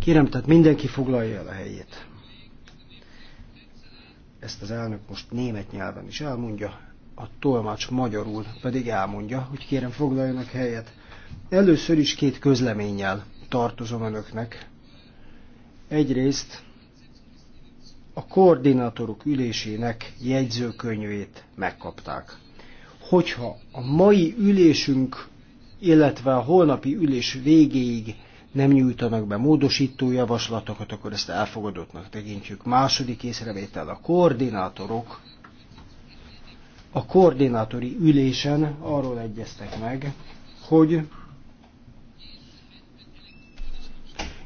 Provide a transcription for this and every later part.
Kérem, tehát mindenki foglalja el a helyét. Ezt az elnök most német nyelven is elmondja, a tolmács magyarul pedig elmondja, hogy kérem foglaljanak helyet. Először is két közleménnyel tartozom önöknek. Egyrészt a koordinátorok ülésének jegyzőkönyvét megkapták. Hogyha a mai ülésünk illetve a holnapi ülés végéig nem nyújtanak be módosító javaslatokat, akkor ezt elfogadottnak tekintjük. Második észrevétel a koordinátorok. A koordinátori ülésen arról egyeztek meg, hogy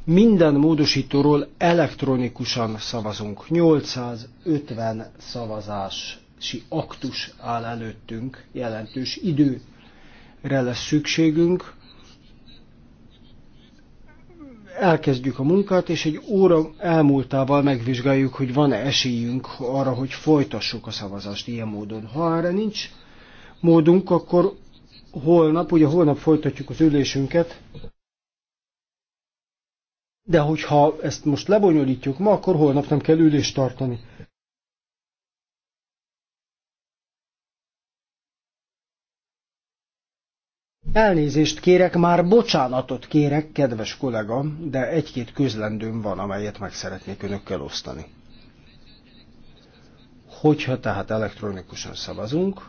minden módosítóról elektronikusan szavazunk. 850 szavazási aktus áll előttünk, jelentős idő lesz szükségünk. Elkezdjük a munkát, és egy óra elmúltával megvizsgáljuk, hogy van-e esélyünk arra, hogy folytassuk a szavazást ilyen módon. Ha erre nincs módunk, akkor holnap, ugye holnap folytatjuk az ülésünket, de hogyha ezt most lebonyolítjuk ma, akkor holnap nem kell ülést tartani. Elnézést kérek, már bocsánatot kérek, kedves kollega, de egy-két közlendőm van, amelyet meg szeretnék önökkel osztani. Hogyha tehát elektronikusan szavazunk,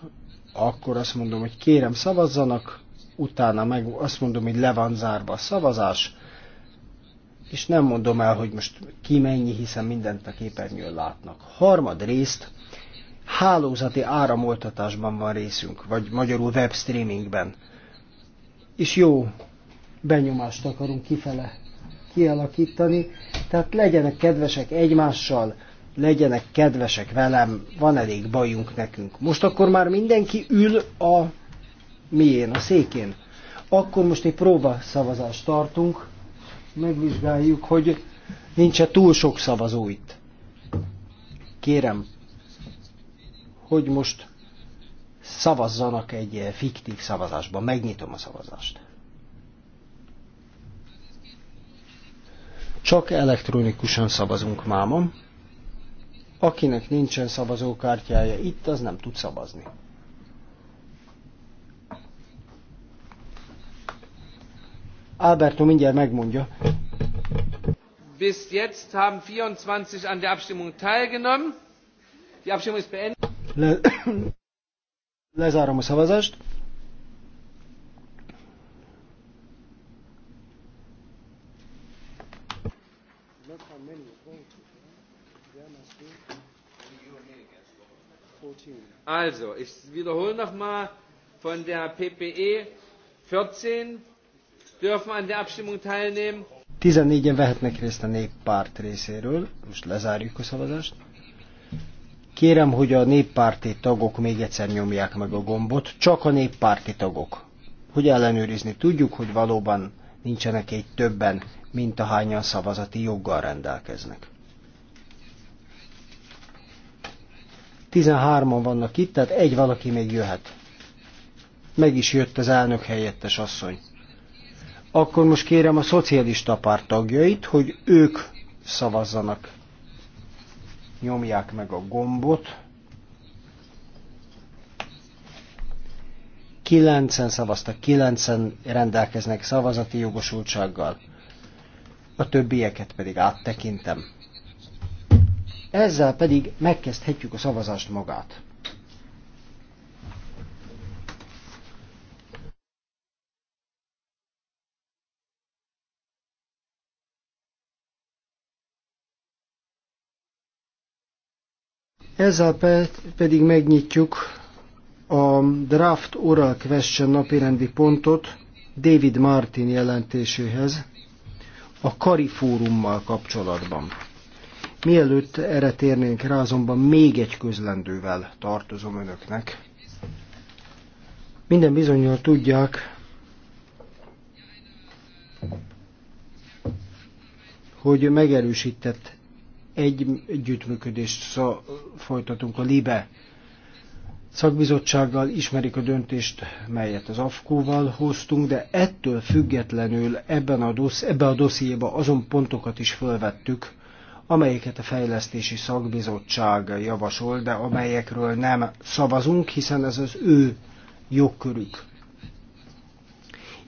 akkor azt mondom, hogy kérem szavazzanak, utána meg azt mondom, hogy le van zárva a szavazás, és nem mondom el, hogy most ki mennyi, hiszen mindent a képernyőn látnak. Harmad részt, hálózati áramoltatásban van részünk, vagy magyarul webstreamingben és jó benyomást akarunk kifele kialakítani. Tehát legyenek kedvesek egymással, legyenek kedvesek velem, van elég bajunk nekünk. Most akkor már mindenki ül a mién, a székén. Akkor most egy próba szavazást tartunk, megvizsgáljuk, hogy nincs-e túl sok szavazó itt. Kérem, hogy most szavazzanak egy eh, fiktív szavazásban. Megnyitom a szavazást. Csak elektronikusan szavazunk mámom. Akinek nincsen szavazókártyája itt, az nem tud szavazni. Alberto mindjárt megmondja. Bis jetzt haben 24 an der Abstimmung teilgenommen. Die Abstimmung ist beendet. Lezárom a szavazást. Also, ich wiederhole nochmal von der PPE 14 dürfen an der Abstimmung teilnehmen. 14-en vehetnek részt a néppárt részéről. Most lezárjuk a szavazást. Kérem, hogy a néppárti tagok még egyszer nyomják meg a gombot, csak a néppárti tagok, hogy ellenőrizni tudjuk, hogy valóban nincsenek egy többen, mint ahányan szavazati joggal rendelkeznek. 13-an vannak itt, tehát egy valaki még jöhet. Meg is jött az elnök helyettes asszony. Akkor most kérem a szocialista párt tagjait, hogy ők szavazzanak nyomják meg a gombot. 90 szavaztak, 90 rendelkeznek szavazati jogosultsággal, a többieket pedig áttekintem. Ezzel pedig megkezdhetjük a szavazást magát. Ezzel pedig megnyitjuk a Draft Oral Question napirendi pontot David Martin jelentéséhez a Kari Fórummal kapcsolatban. Mielőtt erre térnénk rá, azonban még egy közlendővel tartozom önöknek. Minden bizonyal tudják, hogy megerősített egy együttműködést folytatunk a LIBE szakbizottsággal, ismerik a döntést, melyet az afko val hoztunk, de ettől függetlenül ebben a dossz, ebbe a dossziéba azon pontokat is fölvettük, amelyeket a fejlesztési szakbizottság javasol, de amelyekről nem szavazunk, hiszen ez az ő jogkörük.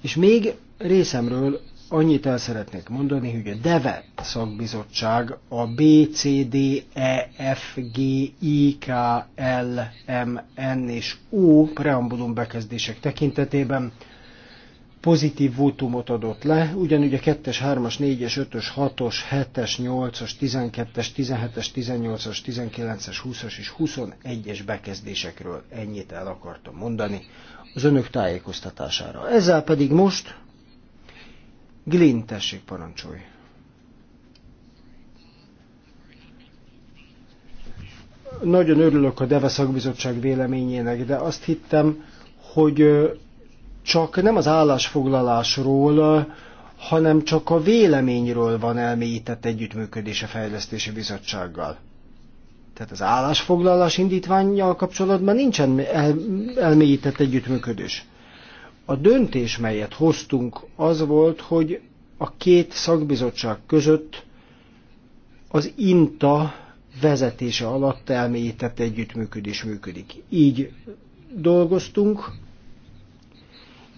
És még részemről annyit el szeretnék mondani, hogy a DEVE szakbizottság a B, C, D, E, F, G, I, K, L, M, N és O preambulum bekezdések tekintetében pozitív votumot adott le, ugyanúgy a 2-es, 3-as, 4-es, 5-ös, 6-os, 7-es, 8-as, 12-es, 17-es, 18-as, 19-es, 20-as és 21-es bekezdésekről ennyit el akartam mondani az önök tájékoztatására. Ezzel pedig most Glin, tessék, parancsolj. Nagyon örülök a Deve szakbizottság véleményének, de azt hittem, hogy csak nem az állásfoglalásról, hanem csak a véleményről van elmélyített együttműködés a Fejlesztési Bizottsággal. Tehát az állásfoglalás indítványjal kapcsolatban nincsen el, elmélyített együttműködés. A döntés, melyet hoztunk, az volt, hogy a két szakbizottság között az INTA vezetése alatt elmélyített együttműködés működik. Így dolgoztunk,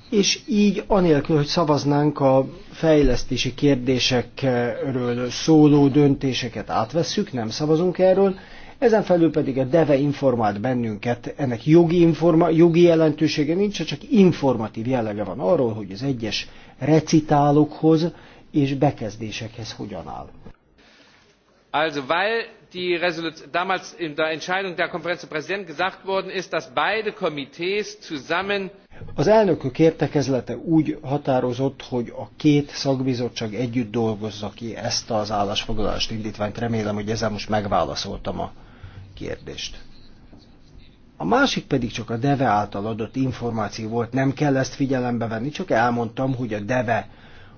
és így anélkül, hogy szavaznánk a fejlesztési kérdésekről szóló döntéseket átvesszük, nem szavazunk erről, ezen felül pedig a DEVE informált bennünket, ennek jogi, informa, jogi jelentősége nincs, csak informatív jellege van arról, hogy az egyes recitálokhoz és bekezdésekhez hogyan áll. Also, weil die Resolution damals in der Entscheidung der Konferenz der Präsidenten gesagt worden ist, dass beide Komitees zusammen az elnökök értekezlete úgy határozott, hogy a két szakbizottság együtt dolgozza ki ezt az állásfoglalást indítványt. Remélem, hogy ezzel most megválaszoltam a kérdést. A másik pedig csak a DEVE által adott információ volt, nem kell ezt figyelembe venni, csak elmondtam, hogy a DEVE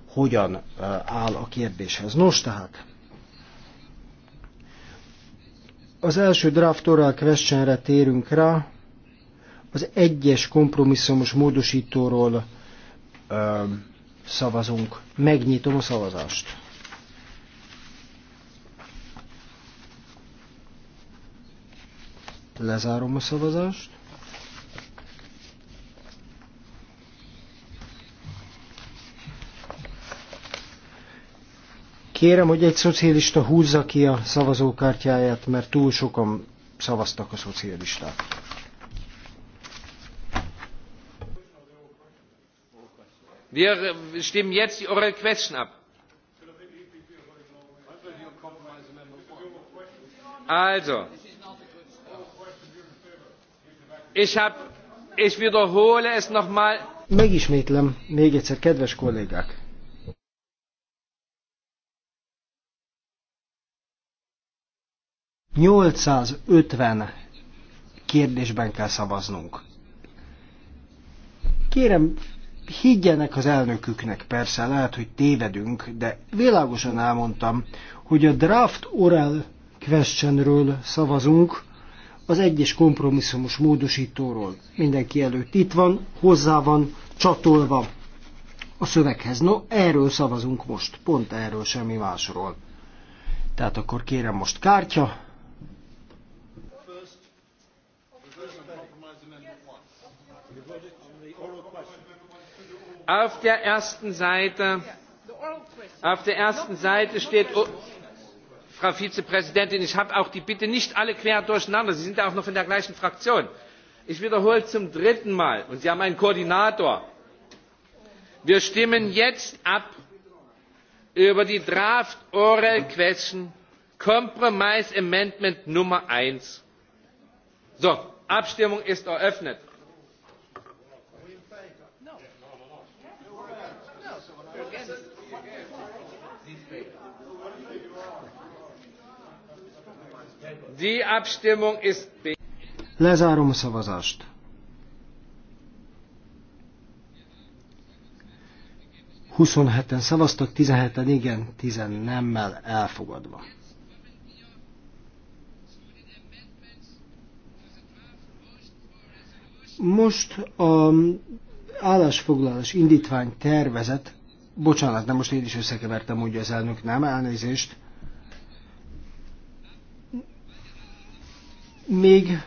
hogyan áll a kérdéshez. Nos tehát, az első draft oral questionre térünk rá, az egyes kompromisszumos módosítóról ö, szavazunk. Megnyitom a szavazást. Lezárom a szavazást. Kérem, hogy egy szocialista húzza ki a szavazókártyáját, mert túl sokan szavaztak a szocialisták. Wir äh, stimmen jetzt die Question ab. Also, és hab, wiederhole es Megismétlem még egyszer, kedves kollégák. ...850 kérdésben kell szavaznunk. Kérem, higgyenek az elnöküknek, persze lehet, hogy tévedünk, de világosan elmondtam, hogy a draft oral questionről szavazunk, az egyes kompromisszumos módosítóról. Mindenki előtt itt van, hozzá van csatolva a szöveghez. No, erről szavazunk most, pont erről semmi másról. Tehát akkor kérem most kártya. Auf der ersten Seite, auf der ersten Seite steht frau vizepräsidentin ich habe auch die bitte nicht alle quer durcheinander sie sind ja auch noch von der gleichen fraktion ich wiederhole zum dritten mal und sie haben einen koordinator wir stimmen jetzt ab über die draft oral question compromise amendment nummer. eins so abstimmung ist eröffnet. Die Abstimmung ist Lezárom a szavazást. Huszonheten szavaztak, 17 igen, 10 nemmel elfogadva. Most a állásfoglalás indítvány tervezet, bocsánat, nem most én is összekevertem, mondja az elnök, nem, elnézést, még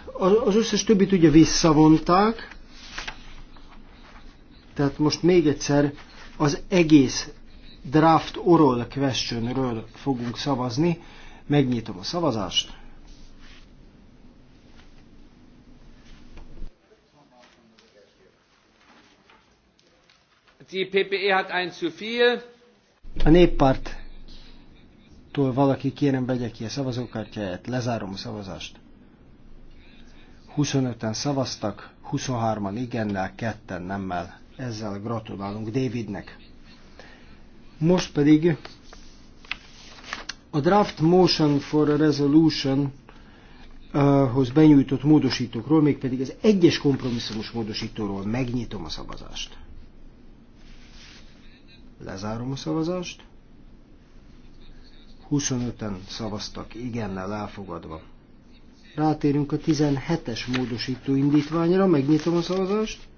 az összes többit ugye visszavonták, tehát most még egyszer az egész draft oral questionről fogunk szavazni. Megnyitom a szavazást. Die PPE hat ein zu viel. A néppárttól valaki kérem vegye ki a szavazókártyáját. Lezárom a szavazást. 25-en szavaztak, 23-an igennel, 2 nemmel. Ezzel gratulálunk Davidnek. Most pedig a Draft Motion for a Resolution hoz uh, benyújtott módosítókról, mégpedig az egyes kompromisszumos módosítóról megnyitom a szavazást. Lezárom a szavazást. 25-en szavaztak igennel elfogadva. Rátérünk a 17-es módosító indítványra, megnyitom a szavazást.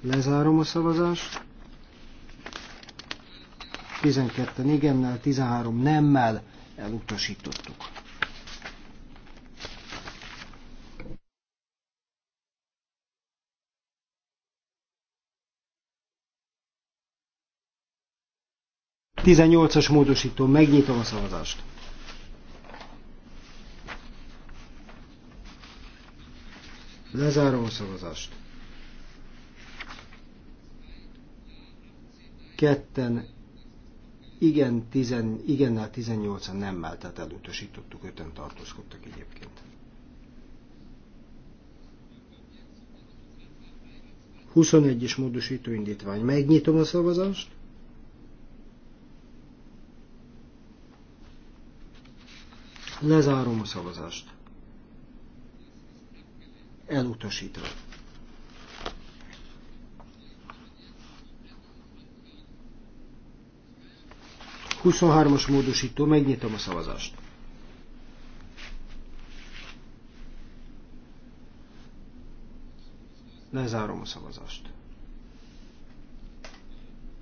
Lezárom a szavazást. 12 igennel, 13 nemmel elutasítottuk. 18-as módosító, megnyitom a szavazást. Lezárom a szavazást. Ketten igen, tizen, igennel 18-an nemmel, tehát elutasítottuk, öten tartózkodtak egyébként. 21-es módosító indítvány. Megnyitom a szavazást. Lezárom a szavazást. Elutasítva. Huszonhármas módosító, megnyitom a szavazást. Lezárom a szavazást.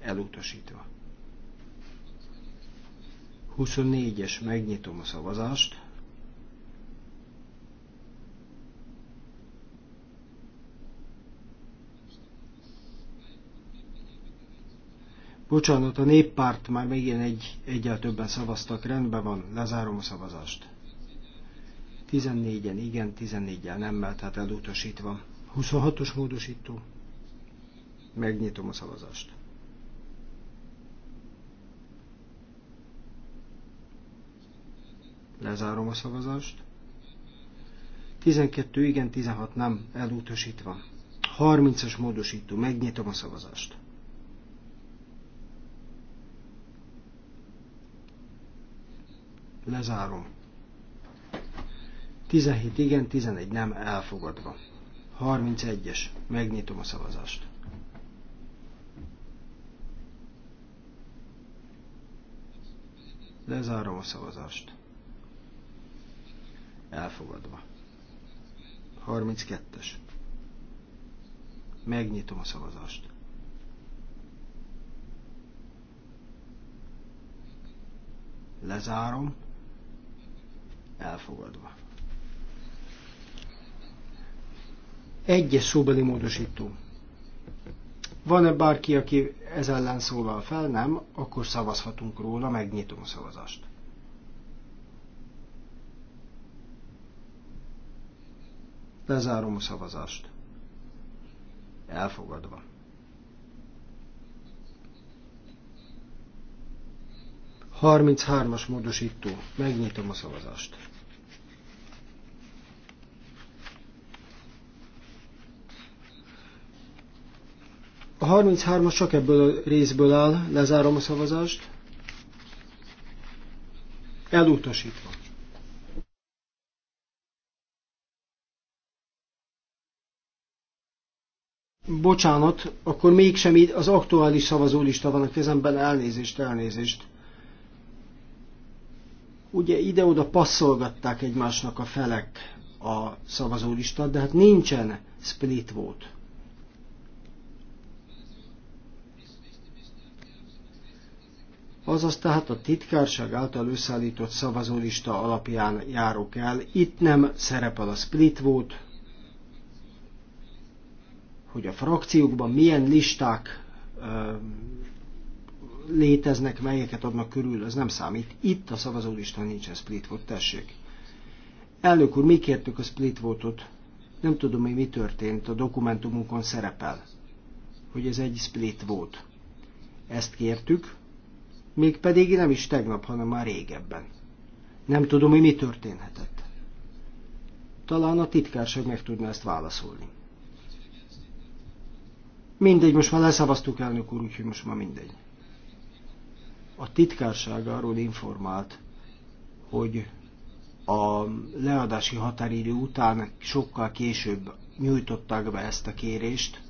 Elutasítva. 24-es, megnyitom a szavazást. Bocsánat, a néppárt már még ilyen egy, egyel többen szavaztak, rendben van, lezárom a szavazást. 14-en igen, 14-en mert tehát elutasítva. 26-os módosító. Megnyitom a szavazást. Lezárom a szavazást. 12 igen, 16 nem, elutasítva. 30-as módosító, megnyitom a szavazást. Lezárom. 17 igen, 11 nem, elfogadva. 31-es, megnyitom a szavazást. Lezárom a szavazást. Elfogadva. 32-es. Megnyitom a szavazást. Lezárom. Elfogadva. Egyes szóbeli módosító. Van-e bárki, aki ez ellen szólal fel? Nem, akkor szavazhatunk róla, megnyitom a szavazást. Lezárom a szavazást. Elfogadva. Harminc hármas módosító. Megnyitom a szavazást. A 33-as csak ebből a részből áll, lezárom a szavazást. Elutasítva. Bocsánat, akkor mégsem így az aktuális szavazólista van a kezemben, elnézést, elnézést. Ugye ide-oda passzolgatták egymásnak a felek a szavazólistát, de hát nincsen split vote. azaz tehát a titkárság által összeállított szavazólista alapján járok el. Itt nem szerepel a split vote, hogy a frakciókban milyen listák léteznek, melyeket adnak körül, az nem számít. Itt a szavazólista nincsen split volt, tessék. Elnök úr, mi kértük a split voltot? Nem tudom, hogy mi történt, a dokumentumunkon szerepel, hogy ez egy split volt. Ezt kértük, mégpedig nem is tegnap, hanem már régebben. Nem tudom, hogy mi történhetett. Talán a titkárság meg tudna ezt válaszolni. Mindegy, most már leszavaztuk elnök úr, úgyhogy most már mindegy. A titkársága arról informált, hogy a leadási határidő után sokkal később nyújtották be ezt a kérést.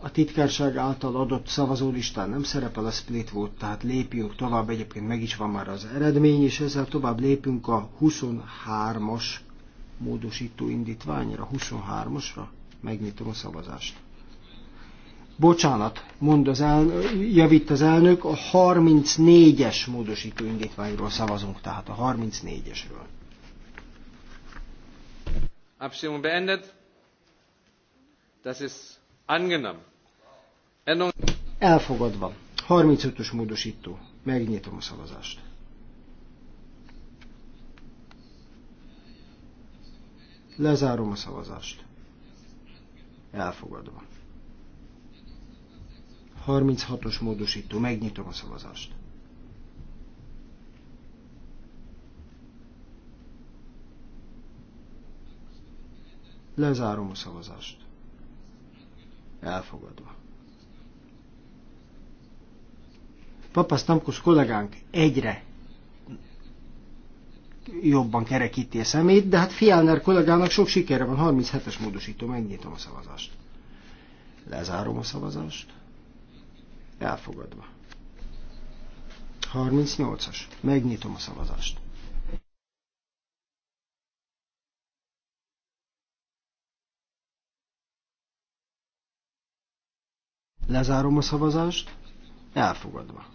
A titkárság által adott szavazólistán nem szerepel a split volt, tehát lépjünk tovább, egyébként meg is van már az eredmény, és ezzel tovább lépünk a 23-as módosító indítványra, 23-asra. Megnyitom a szavazást. Bocsánat, mond az el, javít az elnök, a 34-es módosító indítványról szavazunk, tehát a 34-esről. Abstimmung beendet. Das ist angenommen. Änderung... Elfogadva. 35-ös módosító. Megnyitom a szavazást. Lezárom a szavazást. Elfogadva. 36-os módosító, megnyitom a szavazást. Lezárom a szavazást. Elfogadva. Papasztamkos kollégánk egyre jobban kerekíti a szemét, de hát Fialner kollégának sok sikere van, 37-es módosító, megnyitom a szavazást. Lezárom a szavazást. Elfogadva. 38-as. Megnyitom a szavazást. Lezárom a szavazást. Elfogadva.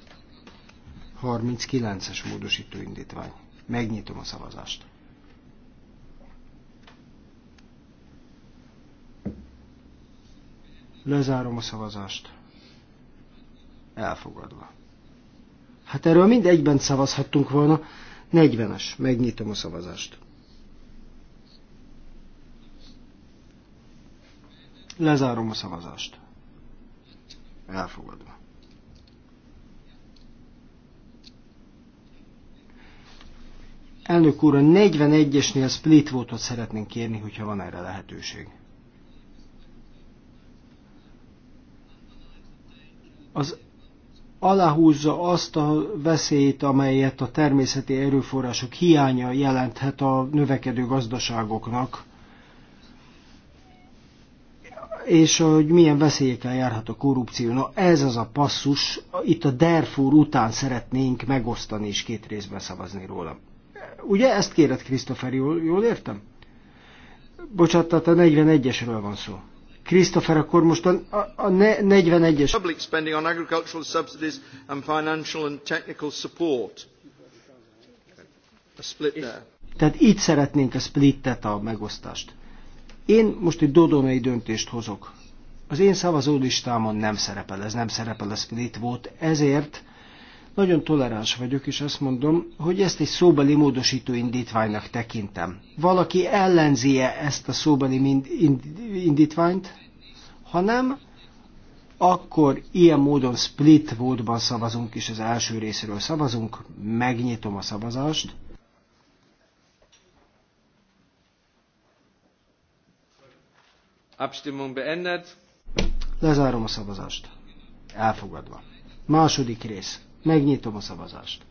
39-es módosító indítvány. Megnyitom a szavazást. Lezárom a szavazást elfogadva. Hát erről mind egyben szavazhattunk volna. 40-es, megnyitom a szavazást. Lezárom a szavazást. Elfogadva. Elnök úr, a 41-esnél split votot szeretnénk kérni, hogyha van erre lehetőség. Az aláhúzza azt a veszélyt, amelyet a természeti erőforrások hiánya jelenthet a növekedő gazdaságoknak, és hogy milyen veszélyekkel járhat a korrupció. Na ez az a passzus, itt a Derfur után szeretnénk megosztani és két részben szavazni róla. Ugye ezt kéred, Krisztofer, jól, jól értem? Bocsát, tehát a 41-esről van szó. Christopher, akkor most a, a 41-es. Public spending on agricultural subsidies and financial and technical support. A split there. Tehát így szeretnénk a splittet, a megosztást. Én most egy dodonai döntést hozok. Az én szavazólistámon nem szerepel, ez nem szerepel a split volt, ezért nagyon toleráns vagyok, és azt mondom, hogy ezt egy szóbeli módosító indítványnak tekintem. Valaki ellenzie ezt a szóbeli indítványt? Ha nem, akkor ilyen módon split vote szavazunk, és az első részről szavazunk. Megnyitom a szavazást. Abstimmung beendet. Lezárom a szavazást. Elfogadva. Második rész. Megnyitom a szavazást.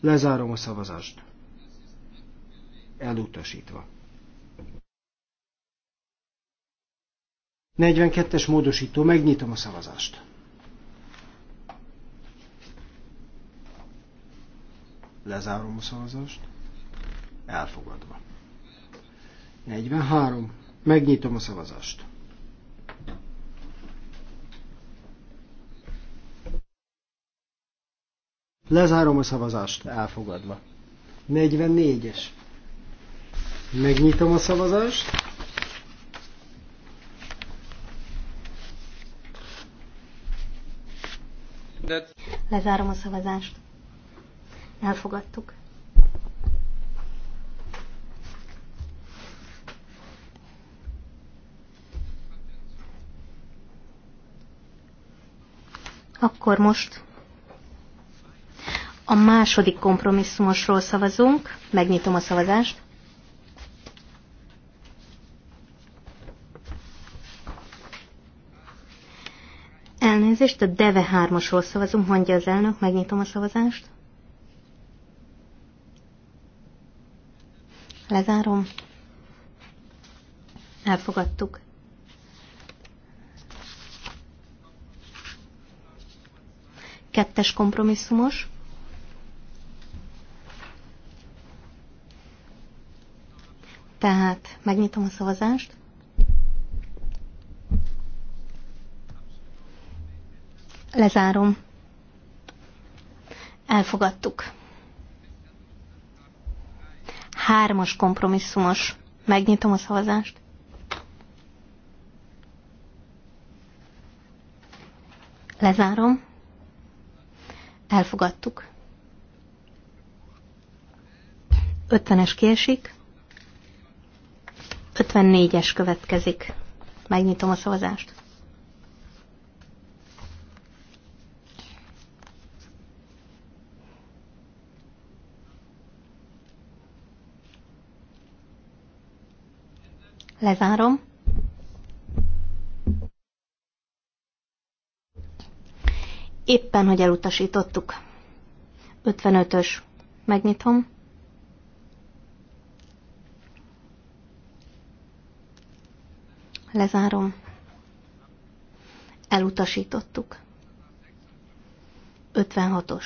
Lezárom a szavazást. Elutasítva. 42-es módosító, megnyitom a szavazást. Lezárom a szavazást. Elfogadva. 43. Megnyitom a szavazást. Lezárom a szavazást, elfogadva. 44-es. Megnyitom a szavazást. Lezárom a szavazást. Elfogadtuk. Akkor most a második kompromisszumosról szavazunk. Megnyitom a szavazást. Elnézést, a DEVE 3 osról szavazunk, mondja az elnök, megnyitom a szavazást. Lezárom. Elfogadtuk. Kettes kompromisszumos. Tehát megnyitom a szavazást. Lezárom. Elfogadtuk. Hármas kompromisszumos. Megnyitom a szavazást. Lezárom. Elfogadtuk. Ötvenes kiesik. 54-es következik. Megnyitom a szavazást. Lezárom. Éppen, hogy elutasítottuk. 55-ös. Megnyitom. Lezárom. Elutasítottuk. 56-os.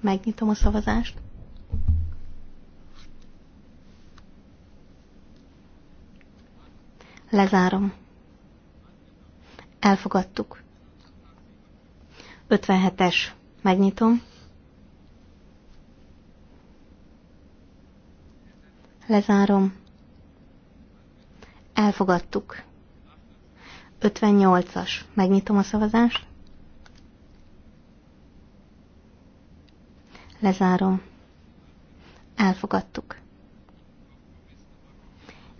Megnyitom a szavazást. Lezárom. Elfogadtuk. 57-es. Megnyitom. Lezárom. Elfogadtuk. 58-as. Megnyitom a szavazást. Lezárom. Elfogadtuk.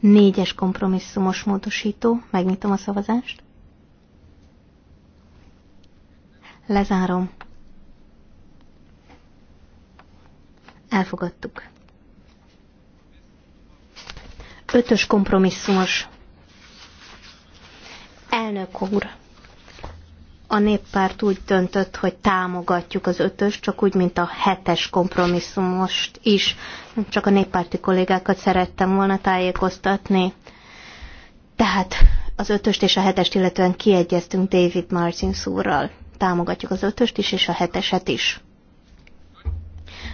Négyes kompromisszumos módosító. Megnyitom a szavazást. Lezárom. Elfogadtuk. Ötös kompromisszumos Elnök úr, a néppárt úgy döntött, hogy támogatjuk az ötös, csak úgy, mint a hetes kompromisszumost is. Csak a néppárti kollégákat szerettem volna tájékoztatni. Tehát az ötöst és a hetest illetően kiegyeztünk David Martin szúrral. Támogatjuk az ötöst is, és a heteset is.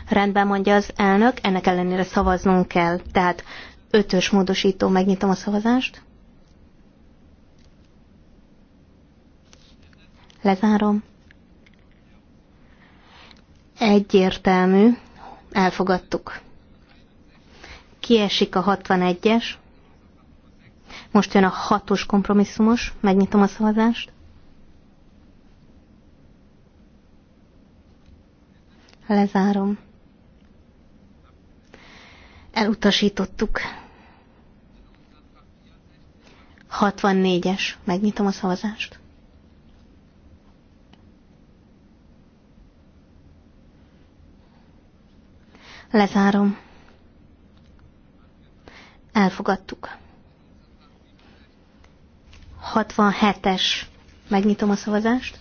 Rendben mondja az elnök, ennek ellenére szavaznunk kell. Tehát ötös módosító, megnyitom a szavazást. Lezárom. Egyértelmű, elfogadtuk. Kiesik a 61-es. Most jön a hatos kompromisszumos, megnyitom a szavazást. Lezárom. Elutasítottuk. 64-es. Megnyitom a szavazást. Lezárom. Elfogadtuk. 67-es. Megnyitom a szavazást.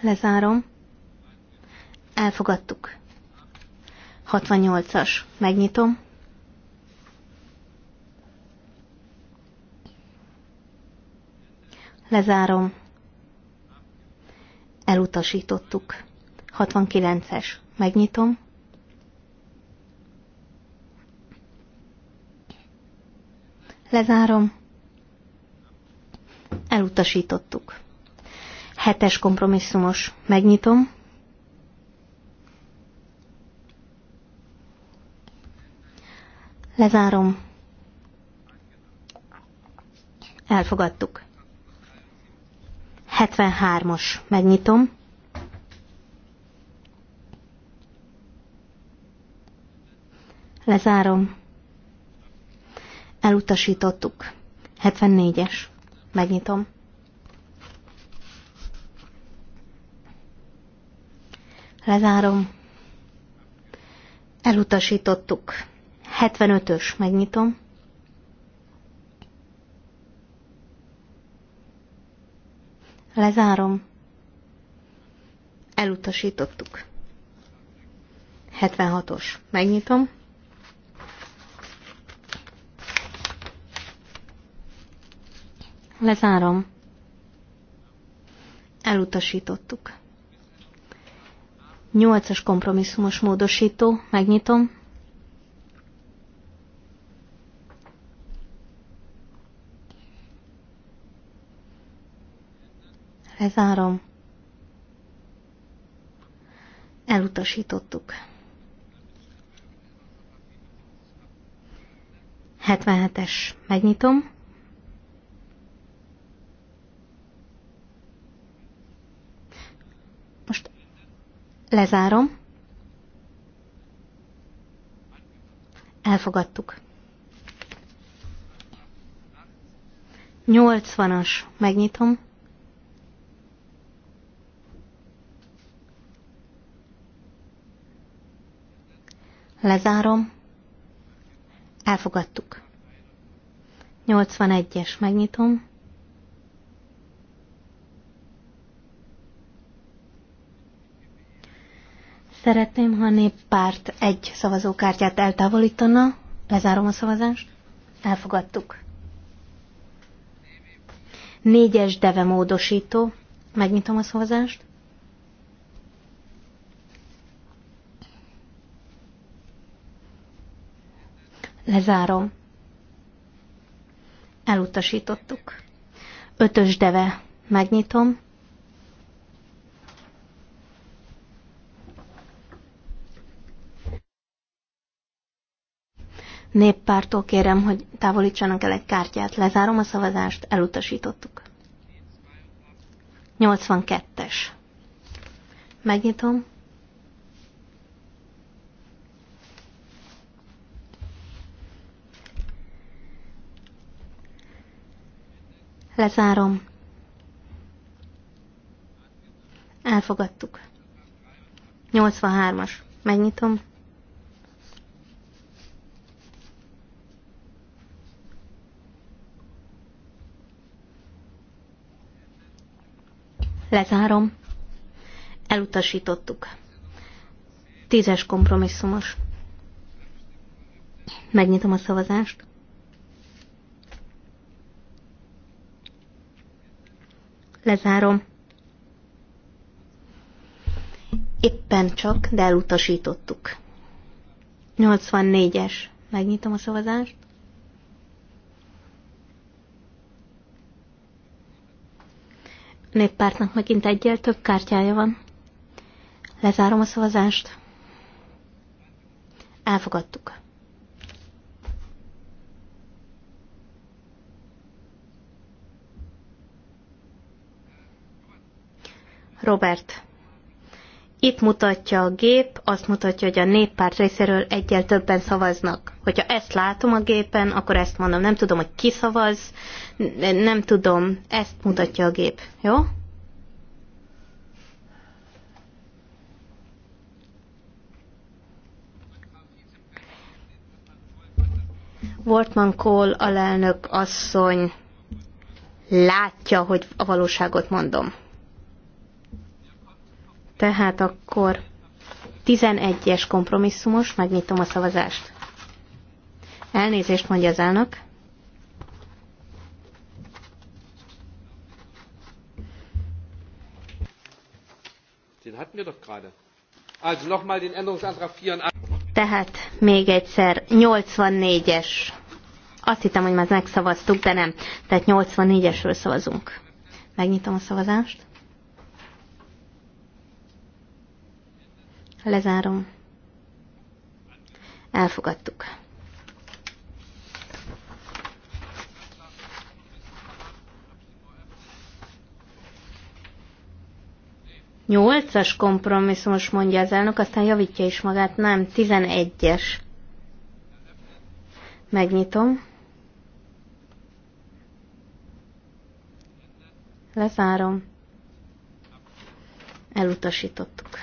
Lezárom. Elfogadtuk. 68-as. Megnyitom. Lezárom. Elutasítottuk. 69-es. Megnyitom. Lezárom. Elutasítottuk. Hetes kompromisszumos. Megnyitom. Lezárom. Elfogadtuk. 73 os Megnyitom. Lezárom. Elutasítottuk. 74-es. Megnyitom. Lezárom. Elutasítottuk. 75-ös. Megnyitom. Lezárom. Elutasítottuk. 76-os. Megnyitom. Lezárom. Elutasítottuk. 8-as kompromisszumos módosító. Megnyitom. Lezárom. Elutasítottuk. 77-es. Megnyitom. Most lezárom. Elfogadtuk. 80-as. Megnyitom. Lezárom. Elfogadtuk. 81-es megnyitom. Szeretném, ha a néppárt egy szavazókártyát eltávolítana. Lezárom a szavazást. Elfogadtuk. Négyes deve módosító. Megnyitom a szavazást. Lezárom. Elutasítottuk. Ötös deve. Megnyitom. Néppártól kérem, hogy távolítsanak el egy kártyát. Lezárom a szavazást, elutasítottuk. 82-es. Megnyitom. Lezárom. Elfogadtuk. 83-as. Megnyitom. Lezárom. Elutasítottuk. Tízes kompromisszumos. Megnyitom a szavazást. Lezárom. Éppen csak, de elutasítottuk. 84-es. Megnyitom a szavazást. A néppártnak megint egyel több kártyája van. Lezárom a szavazást. Elfogadtuk. Robert, itt mutatja a gép, azt mutatja, hogy a néppárt részéről egyel többen szavaznak. Hogyha ezt látom a gépen, akkor ezt mondom. Nem tudom, hogy ki szavaz, nem tudom, ezt mutatja a gép. Jó? Wortman Kohl alelnök asszony látja, hogy a valóságot mondom. Tehát akkor 11-es kompromisszumos, megnyitom a szavazást. Elnézést mondja az elnök. Den hatten wir doch gerade. Also nochmal den Änderungsantrag 84. Tehát még egyszer 84-es. Azt hittem, hogy már megszavaztuk, de nem. Tehát 84-esről szavazunk. Megnyitom a szavazást. Lezárom. Elfogadtuk. Nyolcas kompromisszumos mondja az elnök, aztán javítja is magát. Nem, tizenegyes. Megnyitom. Lezárom. Elutasítottuk.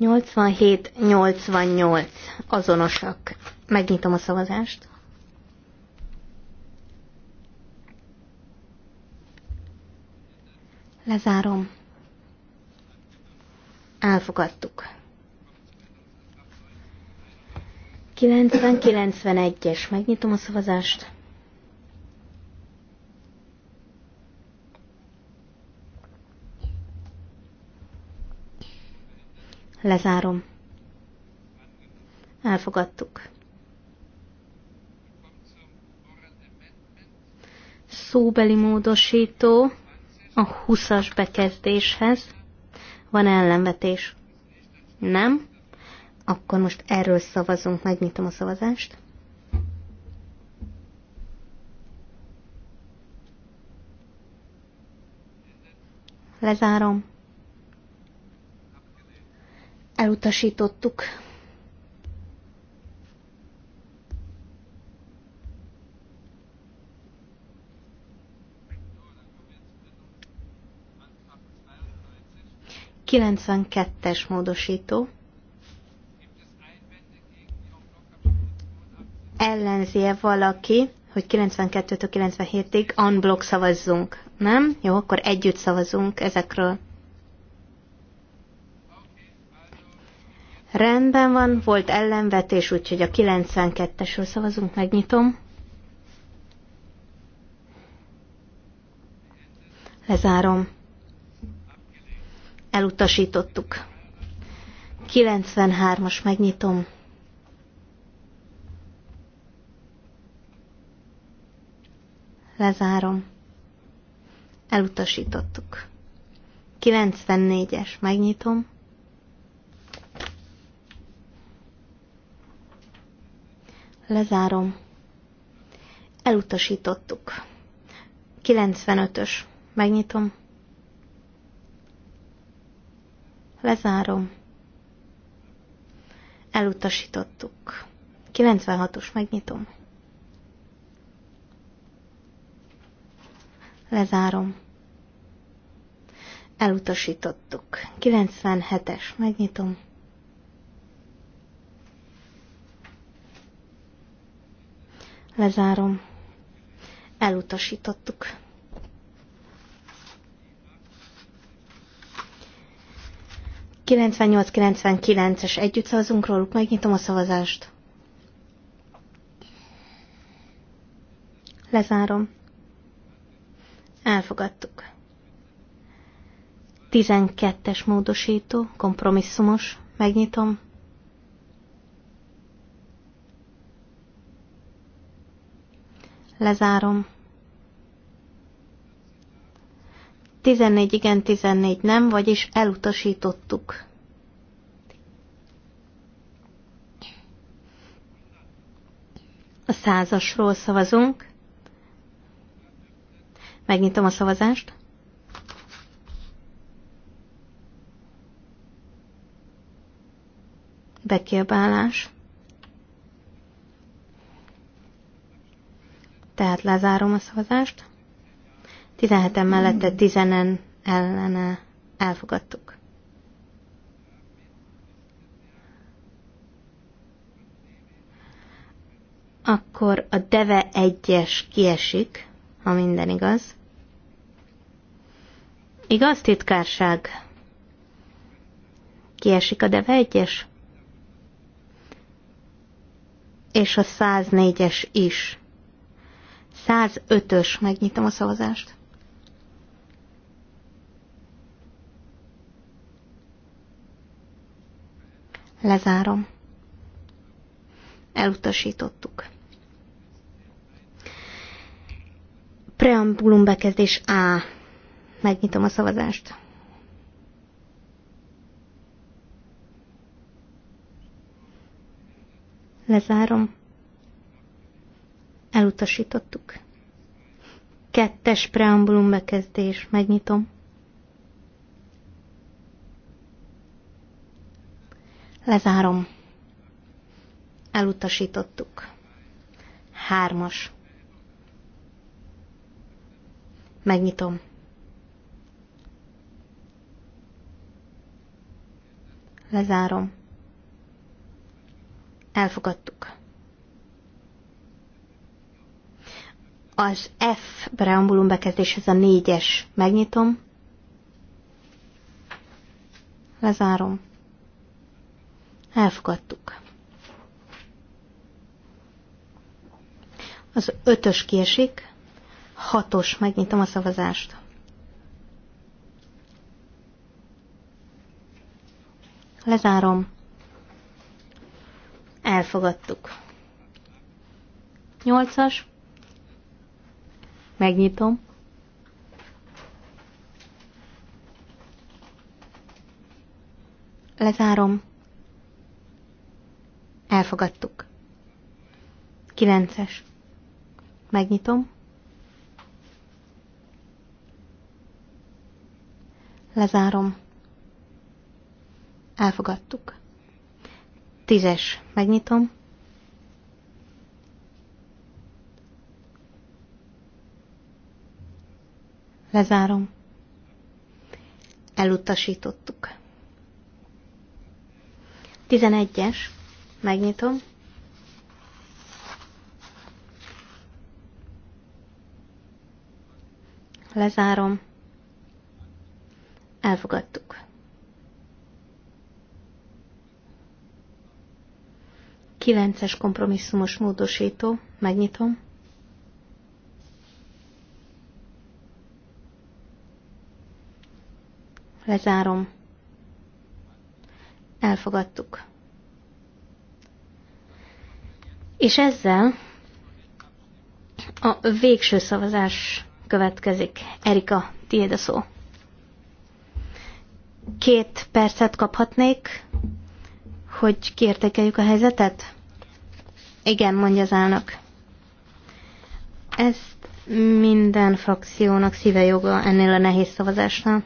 87-88 azonosak. Megnyitom a szavazást. Lezárom. Elfogadtuk. 90-91-es. Megnyitom a szavazást. Lezárom. Elfogadtuk. Szóbeli módosító a 20-as bekezdéshez. Van ellenvetés? Nem? Akkor most erről szavazunk. Megnyitom a szavazást. Lezárom elutasítottuk. Kilencvenkettes módosító. -e valaki, hogy 92-től 97-ig unblock szavazzunk, nem? Jó, akkor együtt szavazunk ezekről. Rendben van, volt ellenvetés, úgyhogy a 92-esről szavazunk, megnyitom. Lezárom. Elutasítottuk. 93-as megnyitom. Lezárom. Elutasítottuk. 94-es megnyitom. Lezárom. Elutasítottuk. 95-ös. Megnyitom. Lezárom. Elutasítottuk. 96-os. Megnyitom. Lezárom. Elutasítottuk. 97-es. Megnyitom. Lezárom. Elutasítottuk. es együtt szavazunk róluk, megnyitom a szavazást. Lezárom. Elfogadtuk. 12-es módosító, kompromisszumos, megnyitom. Lezárom. 14 igen, 14 nem, vagyis elutasítottuk. A százasról szavazunk. Megnyitom a szavazást. Bekiabálás. Tehát lezárom a szavazást. 17-en mellette, 10-en ellene elfogadtuk. Akkor a deve egyes kiesik, ha minden igaz. Igaz, titkárság? Kiesik a deve egyes? És a 104-es is. 105-ös, megnyitom a szavazást. Lezárom. Elutasítottuk. Preambulum bekezdés A. Megnyitom a szavazást. Lezárom. Elutasítottuk. Kettes preambulum bekezdés. Megnyitom. Lezárom. Elutasítottuk. Hármas. Megnyitom. Lezárom. Elfogadtuk. Az F preambulum bekezdéshez a négyes. Megnyitom. Lezárom. Elfogadtuk. Az ötös kiesik. Hatos. Megnyitom a szavazást. Lezárom. Elfogadtuk. Nyolcas. Megnyitom. Lezárom. Elfogadtuk. Kilences. Megnyitom. Lezárom. Elfogadtuk. Tízes. Megnyitom. Lezárom. Elutasítottuk. 11-es. Megnyitom. Lezárom. Elfogadtuk. Kilences kompromisszumos módosító. Megnyitom. Lezárom. Elfogadtuk. És ezzel a végső szavazás következik. Erika, tiéd a szó. Két percet kaphatnék, hogy kiértékeljük a helyzetet? Igen, mondja az állnak. Ezt minden frakciónak szíve joga ennél a nehéz szavazásnál.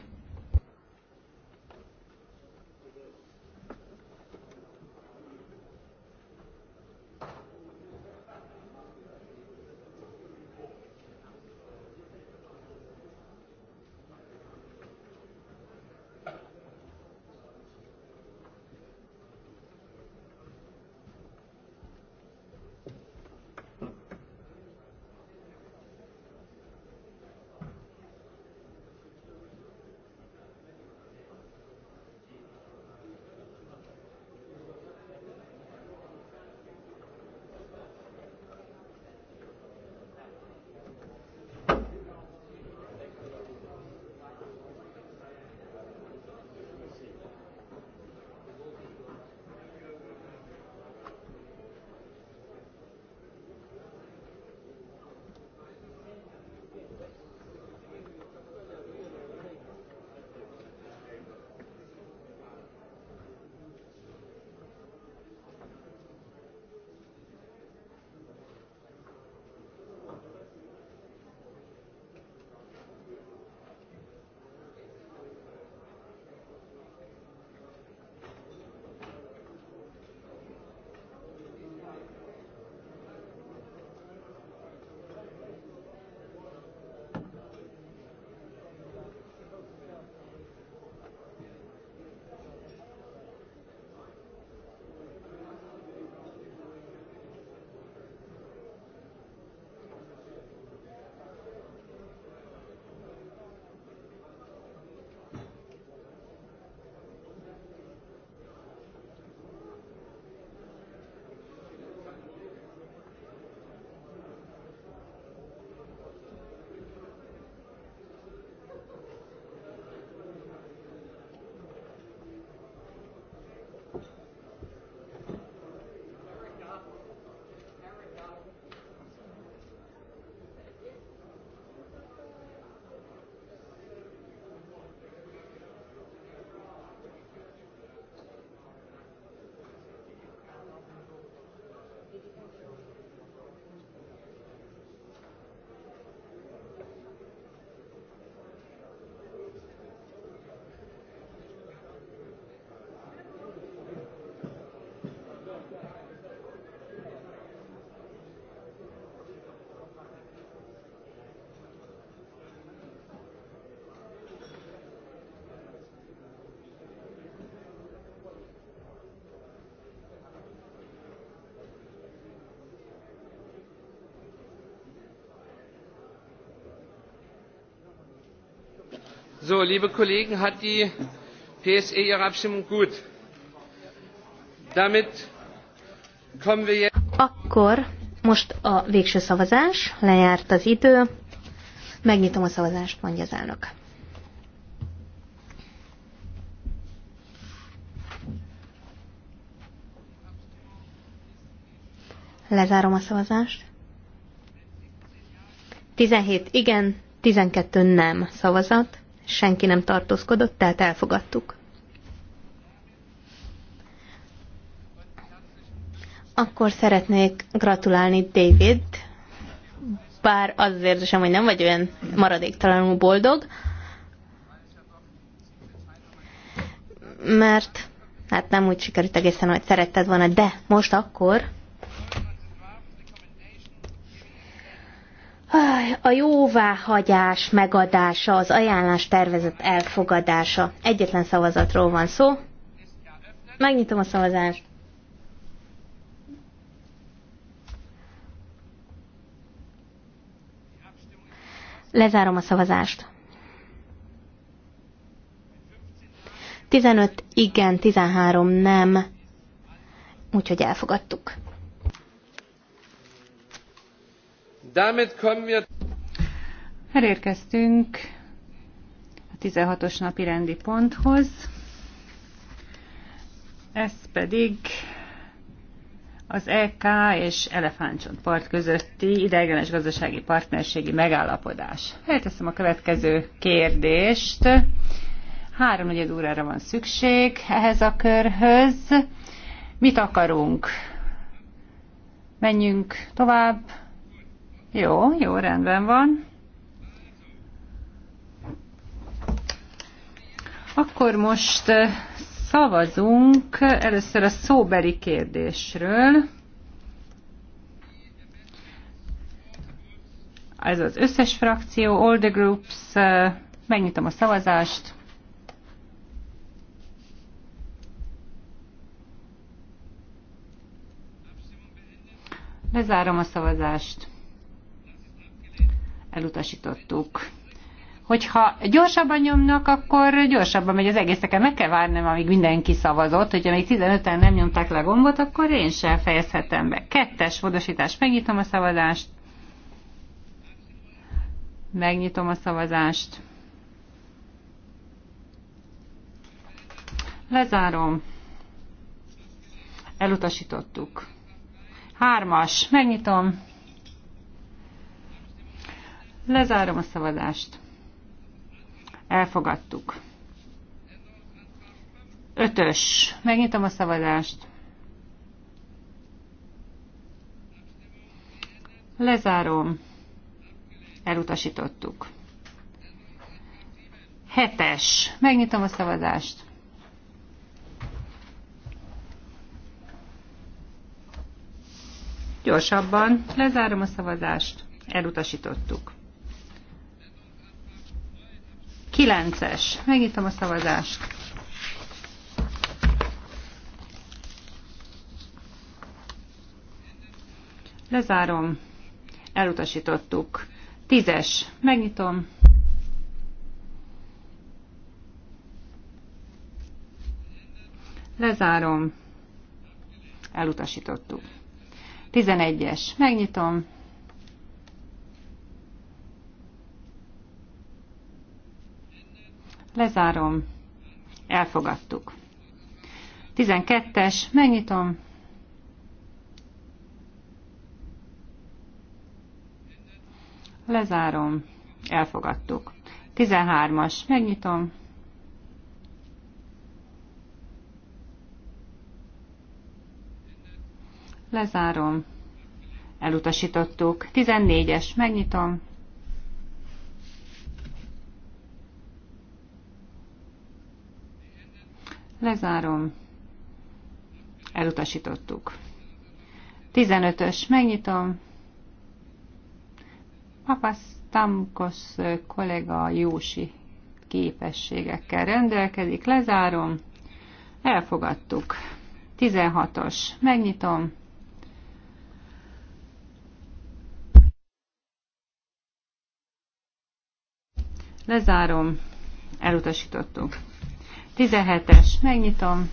liebe Kollegen, hat die PSE ihre Abstimmung gut? Damit kommen wir jetzt. Akkor most a végső szavazás, lejárt az idő. Megnyitom a szavazást, mondja az elnök. Lezárom a szavazást. 17 igen, 12 nem szavazat senki nem tartózkodott, tehát elfogadtuk. Akkor szeretnék gratulálni David, bár az az érzésem, hogy nem vagy olyan maradéktalanul boldog, mert hát nem úgy sikerült egészen, hogy szeretted volna, de most akkor A jóváhagyás megadása, az ajánlás tervezett elfogadása. Egyetlen szavazatról van szó. Megnyitom a szavazást. Lezárom a szavazást. 15 igen, 13 nem. Úgyhogy elfogadtuk. Elérkeztünk a 16-os napi rendi ponthoz. Ez pedig az EK és Elefántcsontpart közötti ideiglenes gazdasági partnerségi megállapodás. Felteszem a következő kérdést. Háromnegyed órára van szükség ehhez a körhöz. Mit akarunk? Menjünk tovább. Jó, jó, rendben van. Akkor most eh, szavazunk először a szóbeli kérdésről. Ez az összes frakció, all the groups, eh, megnyitom a szavazást. Lezárom a szavazást elutasítottuk. Hogyha gyorsabban nyomnak, akkor gyorsabban megy az egész. Nekem meg kell várnom, amíg mindenki szavazott. Hogyha még 15-en nem nyomták le a gombot, akkor én sem fejezhetem be. Kettes módosítás. Megnyitom a szavazást. Megnyitom a szavazást. Lezárom. Elutasítottuk. Hármas. Megnyitom. Lezárom a szavazást. Elfogadtuk. Ötös. Megnyitom a szavazást. Lezárom. Elutasítottuk. Hetes. Megnyitom a szavazást. Gyorsabban lezárom a szavazást. Elutasítottuk. 9-es. Megnyitom a szavazást. Lezárom. Elutasítottuk. 10-es. Megnyitom. Lezárom. Elutasítottuk. 11-es. Megnyitom. Lezárom. Elfogadtuk. 12-es. Megnyitom. Lezárom. Elfogadtuk. 13-as. Megnyitom. Lezárom. Elutasítottuk. 14-es. Megnyitom. Lezárom. Elutasítottuk. 15-ös. Megnyitom. Tamkos kollega Jósi képességekkel rendelkezik. Lezárom. Elfogadtuk. 16-os. Megnyitom. Lezárom. Elutasítottuk. 17-es, megnyitom.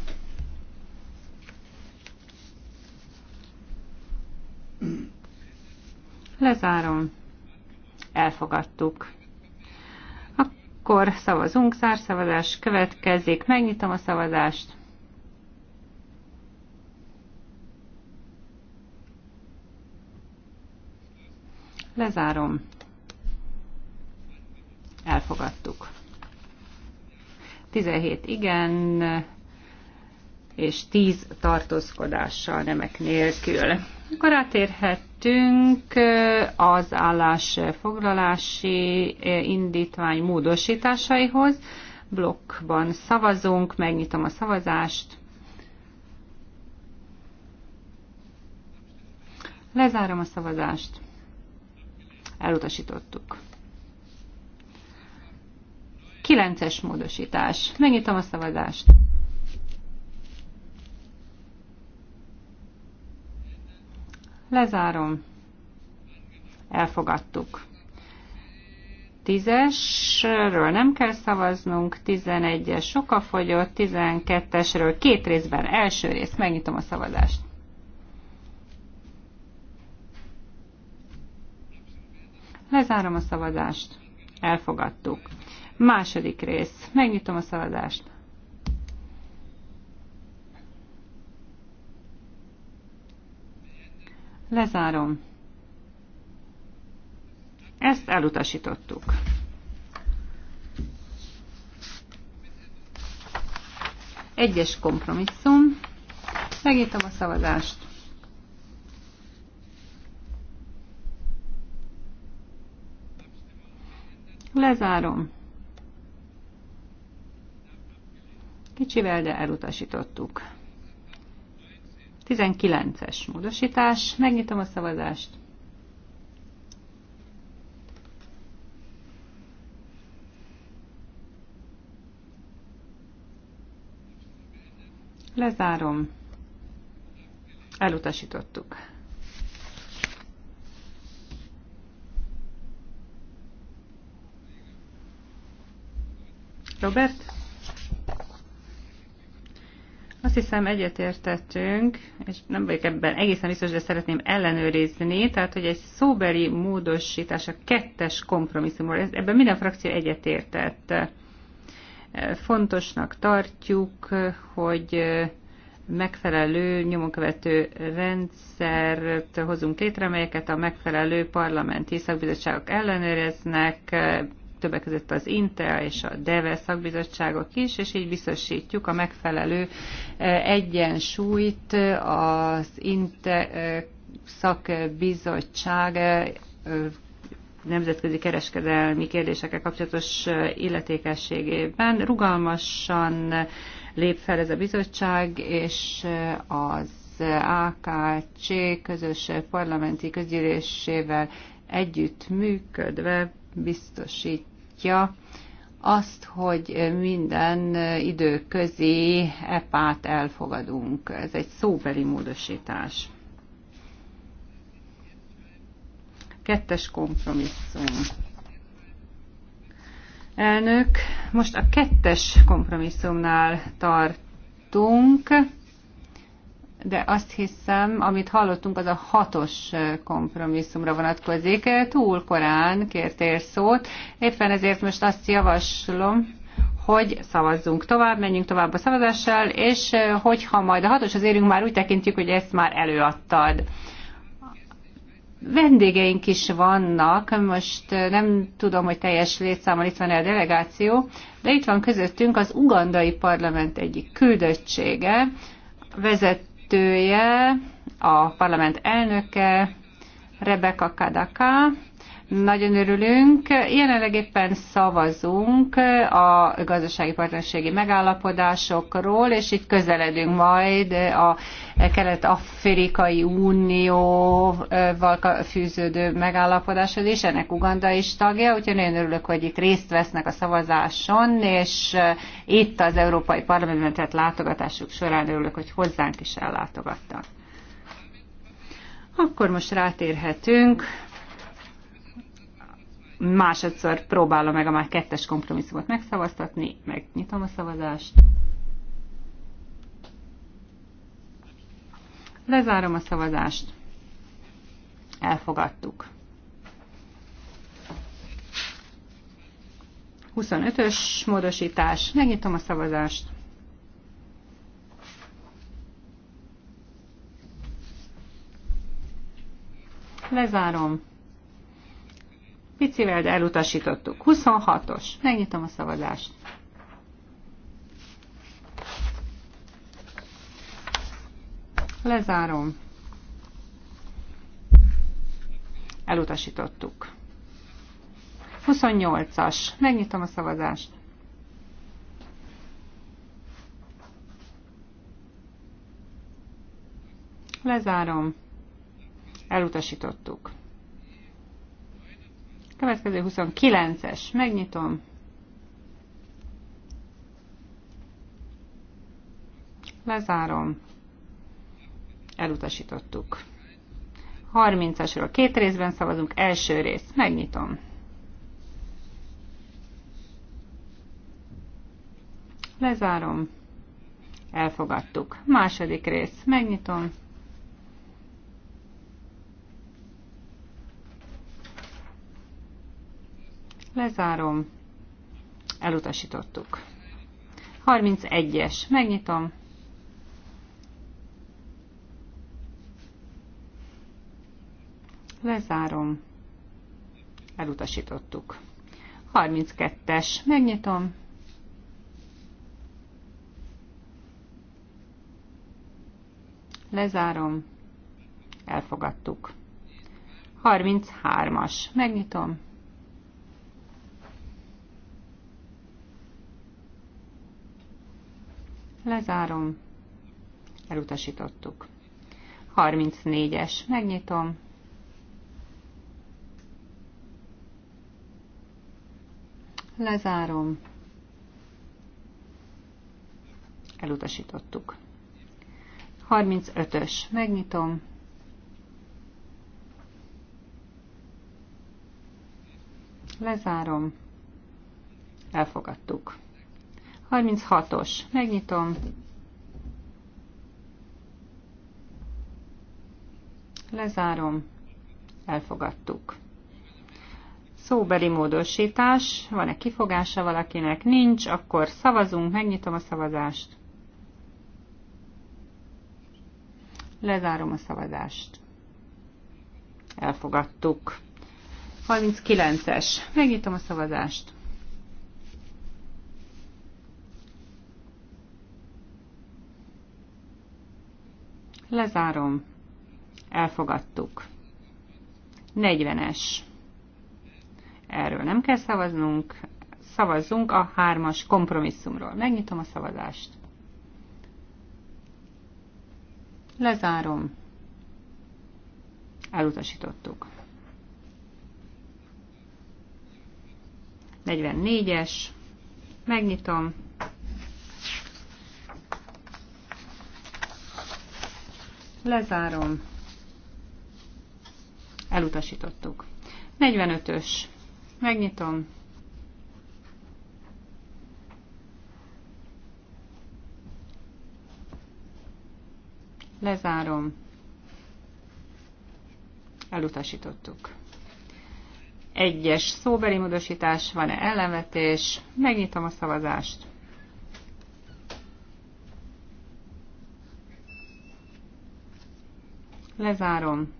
Lezárom. Elfogadtuk. Akkor szavazunk, zárszavazás következik. Megnyitom a szavazást. Lezárom. Elfogadtuk. 17 igen, és 10 tartózkodással nemek nélkül. Akkor átérhettünk az állásfoglalási indítvány módosításaihoz. Blokkban szavazunk, megnyitom a szavazást. Lezárom a szavazást. Elutasítottuk. Kilences módosítás. Megnyitom a szavazást. Lezárom. Elfogadtuk. Tízesről nem kell szavaznunk, 11-es fogyott, 12-esről két részben első rész. Megnyitom a szavazást. Lezárom a szavazást. Elfogadtuk. Második rész. Megnyitom a szavazást. Lezárom. Ezt elutasítottuk. Egyes kompromisszum. Megnyitom a szavazást. Lezárom. Kicsivel, de elutasítottuk. 19-es módosítás. Megnyitom a szavazást. Lezárom. Elutasítottuk. Robert? Azt hiszem egyetértettünk, és nem vagyok ebben egészen biztos, de szeretném ellenőrizni, tehát hogy egy szóbeli módosítás a kettes kompromisszumról, ebben minden frakció egyetértett. Fontosnak tartjuk, hogy megfelelő nyomonkövető rendszert hozunk létre, amelyeket a megfelelő parlamenti szakbizottságok ellenőreznek, többek között az Intel és a DEVE szakbizottságok is, és így biztosítjuk a megfelelő eh, egyensúlyt eh, az Intel eh, szakbizottság nemzetközi kereskedelmi kérdésekkel kapcsolatos illetékességében. Rugalmasan lép fel ez a bizottság, és az AKC közös parlamenti közgyűlésével együtt működve biztosítja azt, hogy minden időközi epát elfogadunk. Ez egy szóbeli módosítás. Kettes kompromisszum. Elnök, most a kettes kompromisszumnál tartunk de azt hiszem, amit hallottunk, az a hatos kompromisszumra vonatkozik. Túl korán kértél szót, éppen ezért most azt javaslom, hogy szavazzunk tovább, menjünk tovább a szavazással, és hogyha majd a hatos az érünk, már úgy tekintjük, hogy ezt már előadtad. Vendégeink is vannak, most nem tudom, hogy teljes létszámmal itt van -e a delegáció, de itt van közöttünk az ugandai parlament egyik küldöttsége, vezet kettője, a parlament elnöke, Rebecca Kadaka, nagyon örülünk. Jelenleg éppen szavazunk a gazdasági partnerségi megállapodásokról, és itt közeledünk majd a Kelet-Afrikai Unióval fűződő megállapodáshoz is, ennek Uganda is tagja, úgyhogy nagyon örülök, hogy itt részt vesznek a szavazáson, és itt az Európai Parlamentben tett látogatásuk során örülök, hogy hozzánk is ellátogattak. Akkor most rátérhetünk másodszor próbálom meg a már kettes kompromisszumot megszavaztatni, megnyitom a szavazást. Lezárom a szavazást. Elfogadtuk. 25-ös módosítás. Megnyitom a szavazást. Lezárom. Picivel, de elutasítottuk. 26-os. Megnyitom a szavazást. Lezárom. Elutasítottuk. 28-as. Megnyitom a szavazást. Lezárom. Elutasítottuk. Következő 29-es. Megnyitom. Lezárom. Elutasítottuk. 30-asról két részben szavazunk. Első rész. Megnyitom. Lezárom. Elfogadtuk. Második rész. Megnyitom. Lezárom. Elutasítottuk. 31-es. Megnyitom. Lezárom. Elutasítottuk. 32-es. Megnyitom. Lezárom. Elfogadtuk. 33-as. Megnyitom. Lezárom. Elutasítottuk. 34-es. Megnyitom. Lezárom. Elutasítottuk. 35-ös. Megnyitom. Lezárom. Elfogadtuk. 36-os. Megnyitom. Lezárom. Elfogadtuk. Szóbeli módosítás. Van-e kifogása valakinek? Nincs. Akkor szavazunk. Megnyitom a szavazást. Lezárom a szavazást. Elfogadtuk. 39-es. Megnyitom a szavazást. Lezárom. Elfogadtuk. 40-es. Erről nem kell szavaznunk. Szavazzunk a hármas kompromisszumról. Megnyitom a szavazást. Lezárom. Elutasítottuk. 44-es. Megnyitom. Lezárom. Elutasítottuk. 45-ös. Megnyitom. Lezárom. Elutasítottuk. Egyes szóbeli módosítás, van-e ellenvetés? Megnyitom a szavazást. Lezárom.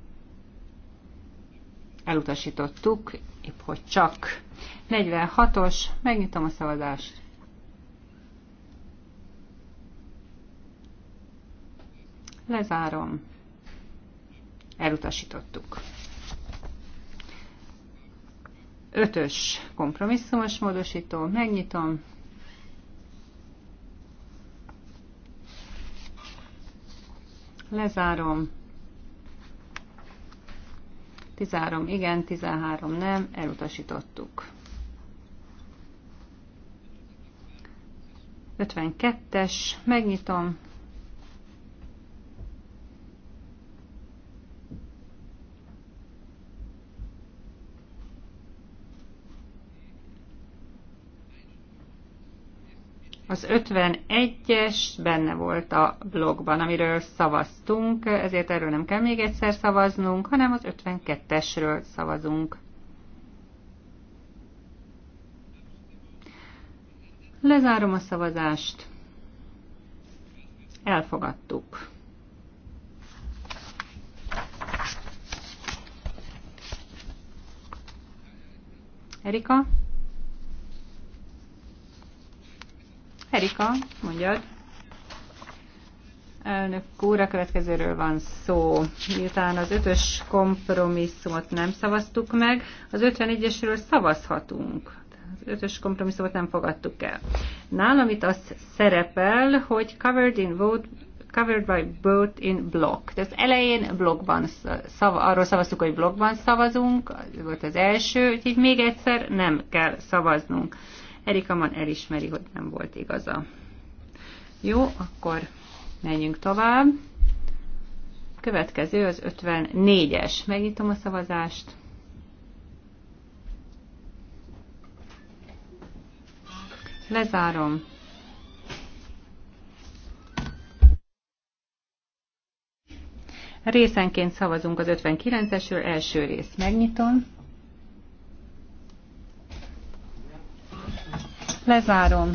Elutasítottuk, épp hogy csak. 46-os, megnyitom a szavazást. Lezárom. Elutasítottuk. Ötös kompromisszumos módosító, megnyitom. Lezárom 13 igen, 13 nem, elutasítottuk. 52-es, megnyitom, Az 51-es benne volt a blogban, amiről szavaztunk, ezért erről nem kell még egyszer szavaznunk, hanem az 52-esről szavazunk. Lezárom a szavazást. Elfogadtuk. Erika? Erika, mondjad. Elnök úr, a következőről van szó. Miután az ötös kompromisszumot nem szavaztuk meg, az 51-esről szavazhatunk. Az ötös kompromisszumot nem fogadtuk el. Nálam itt az szerepel, hogy covered in vote covered by both in block. Tehát elején blokkban szava, arról szavaztuk, hogy blokkban szavazunk, ez volt az első, úgyhogy még egyszer nem kell szavaznunk. Erika Man elismeri, hogy nem volt igaza. Jó, akkor menjünk tovább. Következő az 54-es. Megnyitom a szavazást. Lezárom. Részenként szavazunk az 59-esről, első rész megnyitom. Lezárom.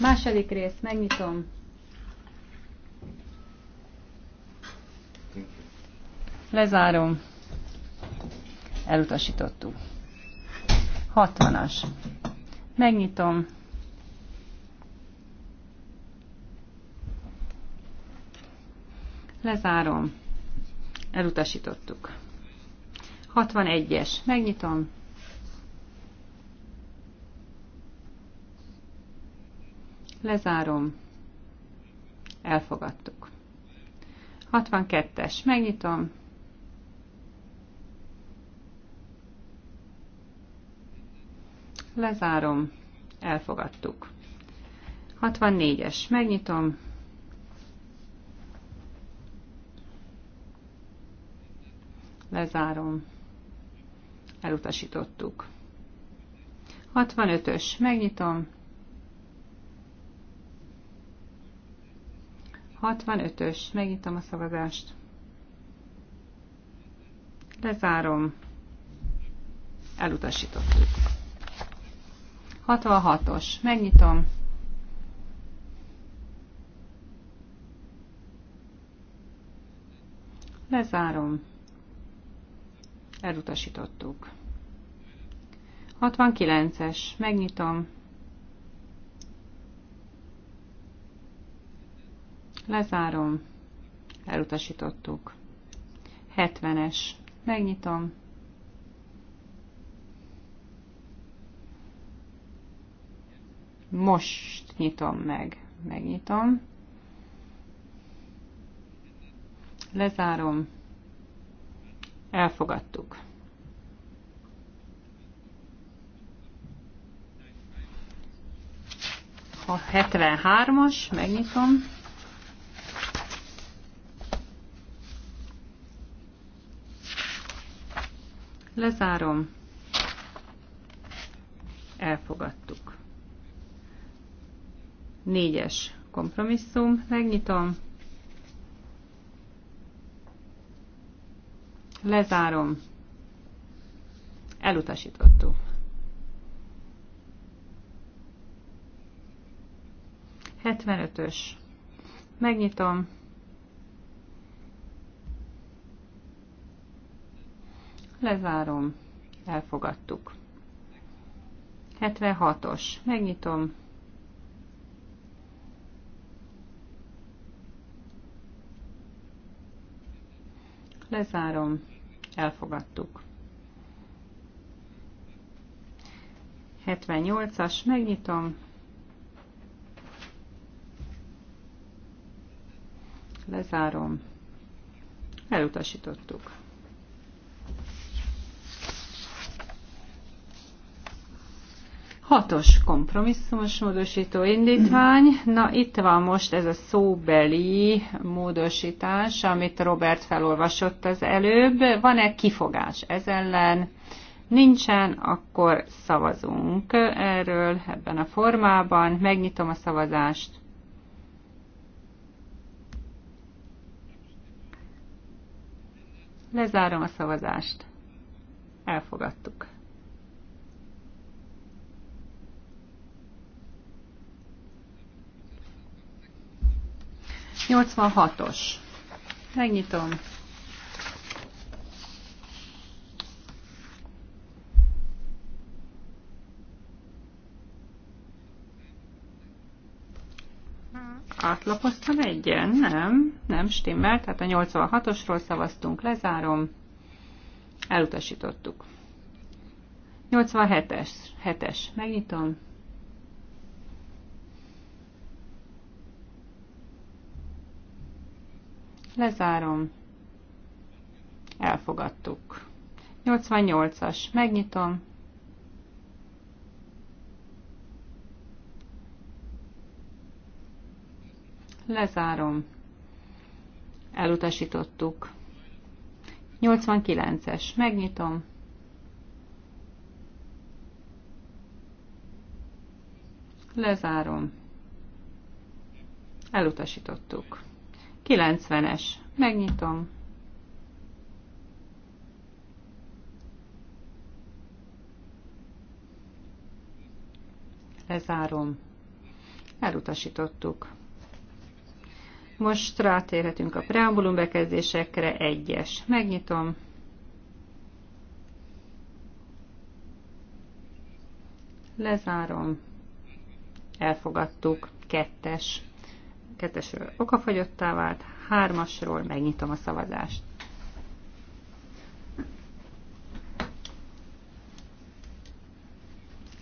Második rész, megnyitom. Lezárom. Elutasítottuk. 60-as. Megnyitom. Lezárom. Elutasítottuk. 61-es. Megnyitom. Lezárom. Elfogadtuk. 62-es. Megnyitom. Lezárom. Elfogadtuk. 64-es. Megnyitom. Lezárom. Elutasítottuk. 65-ös. Megnyitom. 65-ös. Megnyitom a szavazást. Lezárom. Elutasítottuk. 66-os. Megnyitom. Lezárom. Elutasítottuk. 69-es. Megnyitom. Lezárom. Elutasítottuk. 70-es. Megnyitom. Most nyitom meg. Megnyitom. Lezárom. Elfogadtuk. A 73-as, megnyitom. Lezárom. Elfogadtuk. Négyes kompromisszum. Megnyitom. Lezárom. Elutasítottuk. Hetvenötös. Megnyitom. Lezárom. Elfogadtuk. 76-os. Megnyitom. Lezárom. Elfogadtuk. 78-as. Megnyitom. Lezárom. Elutasítottuk. Hatos kompromisszumos módosító indítvány. Na, itt van most ez a szóbeli módosítás, amit Robert felolvasott az előbb. Van-e kifogás ez ellen? Nincsen, akkor szavazunk erről ebben a formában. Megnyitom a szavazást. Lezárom a szavazást. Elfogadtuk. 86-os. Megnyitom. átlapoztam egyen? Nem, nem stimmel, tehát a 86-osról szavaztunk, lezárom, elutasítottuk. 87-es, 7-es, megnyitom. Lezárom. Elfogadtuk. 88-as. Megnyitom. Lezárom. Elutasítottuk. 89-es. Megnyitom. Lezárom. Elutasítottuk. 90-es. Megnyitom. Lezárom. Elutasítottuk. Most rátérhetünk a preambulum bekezdésekre. Egyes. Megnyitom. Lezárom. Elfogadtuk. Kettes kettesről okafagyottá vált, hármasról megnyitom a szavazást.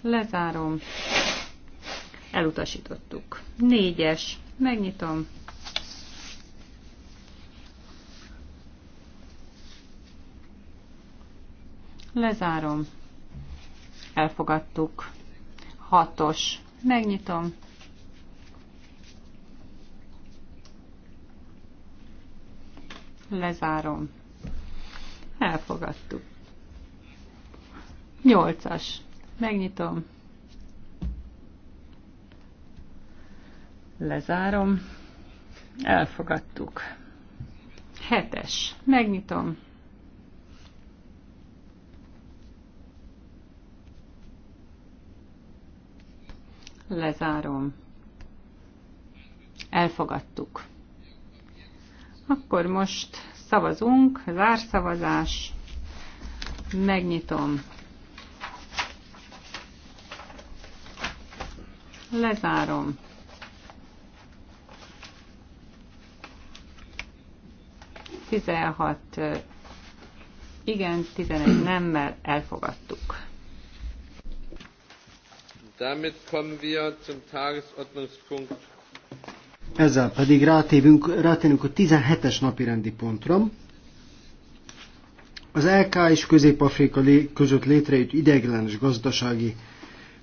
Lezárom. Elutasítottuk. Négyes. Megnyitom. Lezárom. Elfogadtuk. Hatos. Megnyitom. lezárom. Elfogadtuk. Nyolcas. Megnyitom. Lezárom. Elfogadtuk. Hetes. Megnyitom. Lezárom. Elfogadtuk. Akkor most szavazunk, zárszavazás, megnyitom, lezárom. Tizenhat igen, 11 nemmel elfogadtuk. Damit kommen wir zum Tagesordnungspunkt ezzel pedig rátérünk, rátérünk a 17-es napi rendi pontra. Az LK és Közép-Afrika között létrejött ideiglenes gazdasági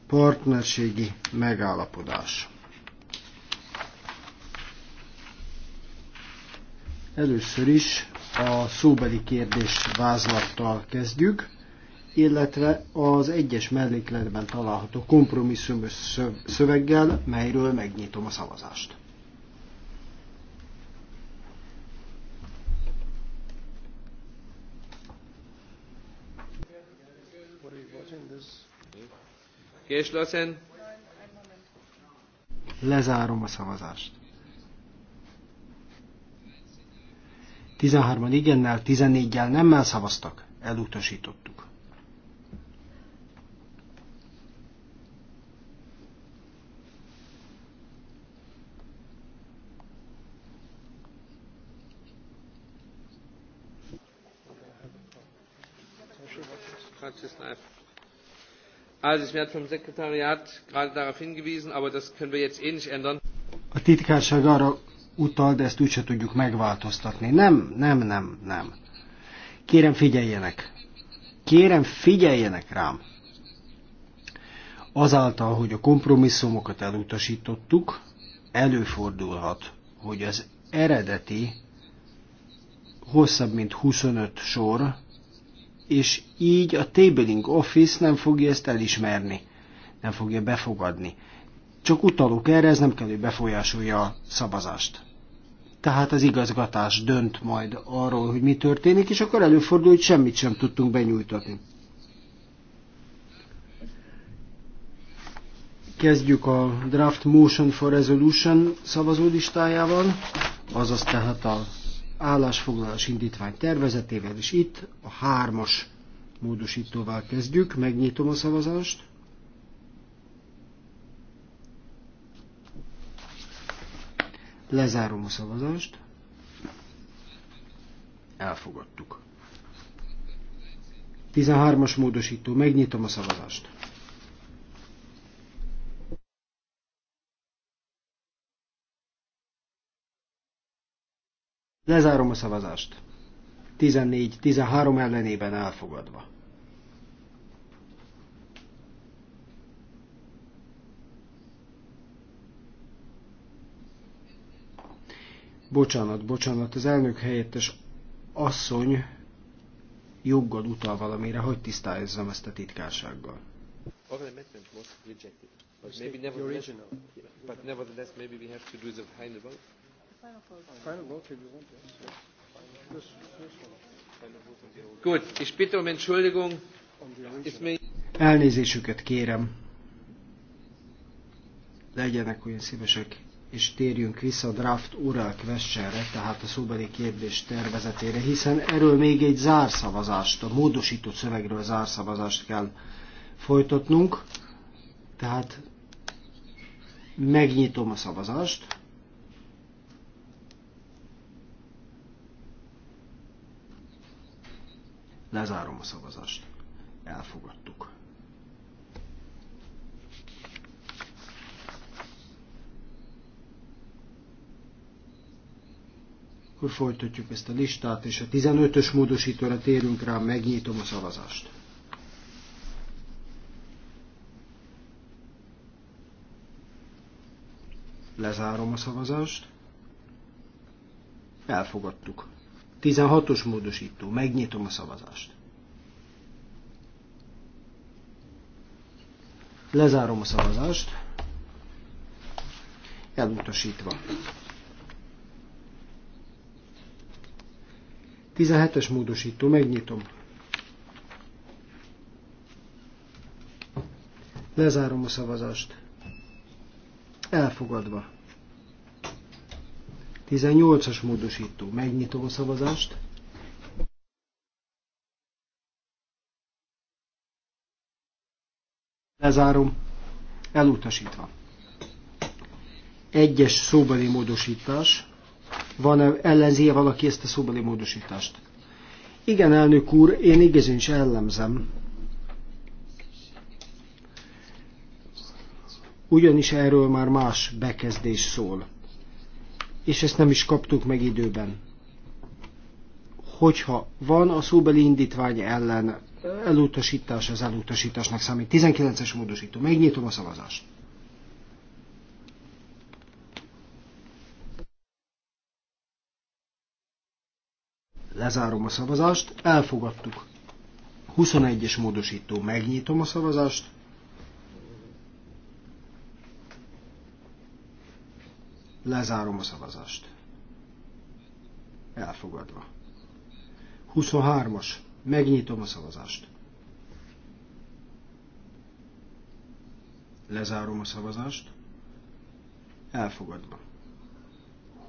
partnerségi megállapodás. Először is a szóbeli kérdés vázlattal kezdjük, illetve az egyes mellékletben található kompromisszumos szöveggel, melyről megnyitom a szavazást. Késlösen. Lezárom a szavazást. 13 igennel, 14-jel nemmel szavaztak. Elutasítottuk. Also ich werde vom Sekretariat gerade darauf hingewiesen, aber das können wir jetzt eh nicht ändern. A titkárság arra utal, de ezt úgyse tudjuk megváltoztatni. Nem, nem, nem, nem. Kérem figyeljenek. Kérem figyeljenek rám. Azáltal, hogy a kompromisszumokat elutasítottuk, előfordulhat, hogy az eredeti hosszabb, mint 25 sor és így a Tabling Office nem fogja ezt elismerni, nem fogja befogadni. Csak utalok erre, ez nem kell, hogy befolyásolja a szavazást. Tehát az igazgatás dönt majd arról, hogy mi történik, és akkor előfordul, hogy semmit sem tudtunk benyújtatni. Kezdjük a Draft Motion for Resolution szavazólistájával, azaz tehát a állásfoglalás indítvány tervezetével is itt a hármas módosítóval kezdjük. Megnyitom a szavazást. Lezárom a szavazást. Elfogadtuk. 13-as módosító. Megnyitom a szavazást. Lezárom a szavazást. 14-13 ellenében elfogadva. Bocsánat, bocsánat, az elnök helyettes asszony joggal utal valamire, hogy tisztázzam ezt a titkársággal. Maybe but nevertheless, maybe we have to do the final vote. Final Ich bitte um Entschuldigung. Um Elnézésüket kérem. Legyenek olyan szívesek, és térjünk vissza a draft oral questionre, tehát a szóbeli kérdés tervezetére, hiszen erről még egy zárszavazást, a módosított szövegről zárszavazást kell folytatnunk. Tehát megnyitom a szavazást. Lezárom a szavazást. Elfogadtuk. Akkor folytatjuk ezt a listát, és a 15-ös módosítóra térünk rá, megnyitom a szavazást. Lezárom a szavazást. Elfogadtuk. 16-os módosító. Megnyitom a szavazást. Lezárom a szavazást. Elutasítva. 17-es módosító. Megnyitom. Lezárom a szavazást. Elfogadva. 18-as módosító. Megnyitom a szavazást. Lezárom. Elutasítva. Egyes szóbeli módosítás. Van -e, ellenzi -e valaki ezt a szóbeli módosítást? Igen, elnök úr, én igazán is ellenzem. Ugyanis erről már más bekezdés szól és ezt nem is kaptuk meg időben. Hogyha van a szóbeli indítvány ellen elutasítás, az elutasításnak számít. 19-es módosító. Megnyitom a szavazást. Lezárom a szavazást, elfogadtuk. 21-es módosító, megnyitom a szavazást. Lezárom a szavazást. Elfogadva. 23-as. Megnyitom a szavazást. Lezárom a szavazást. Elfogadva.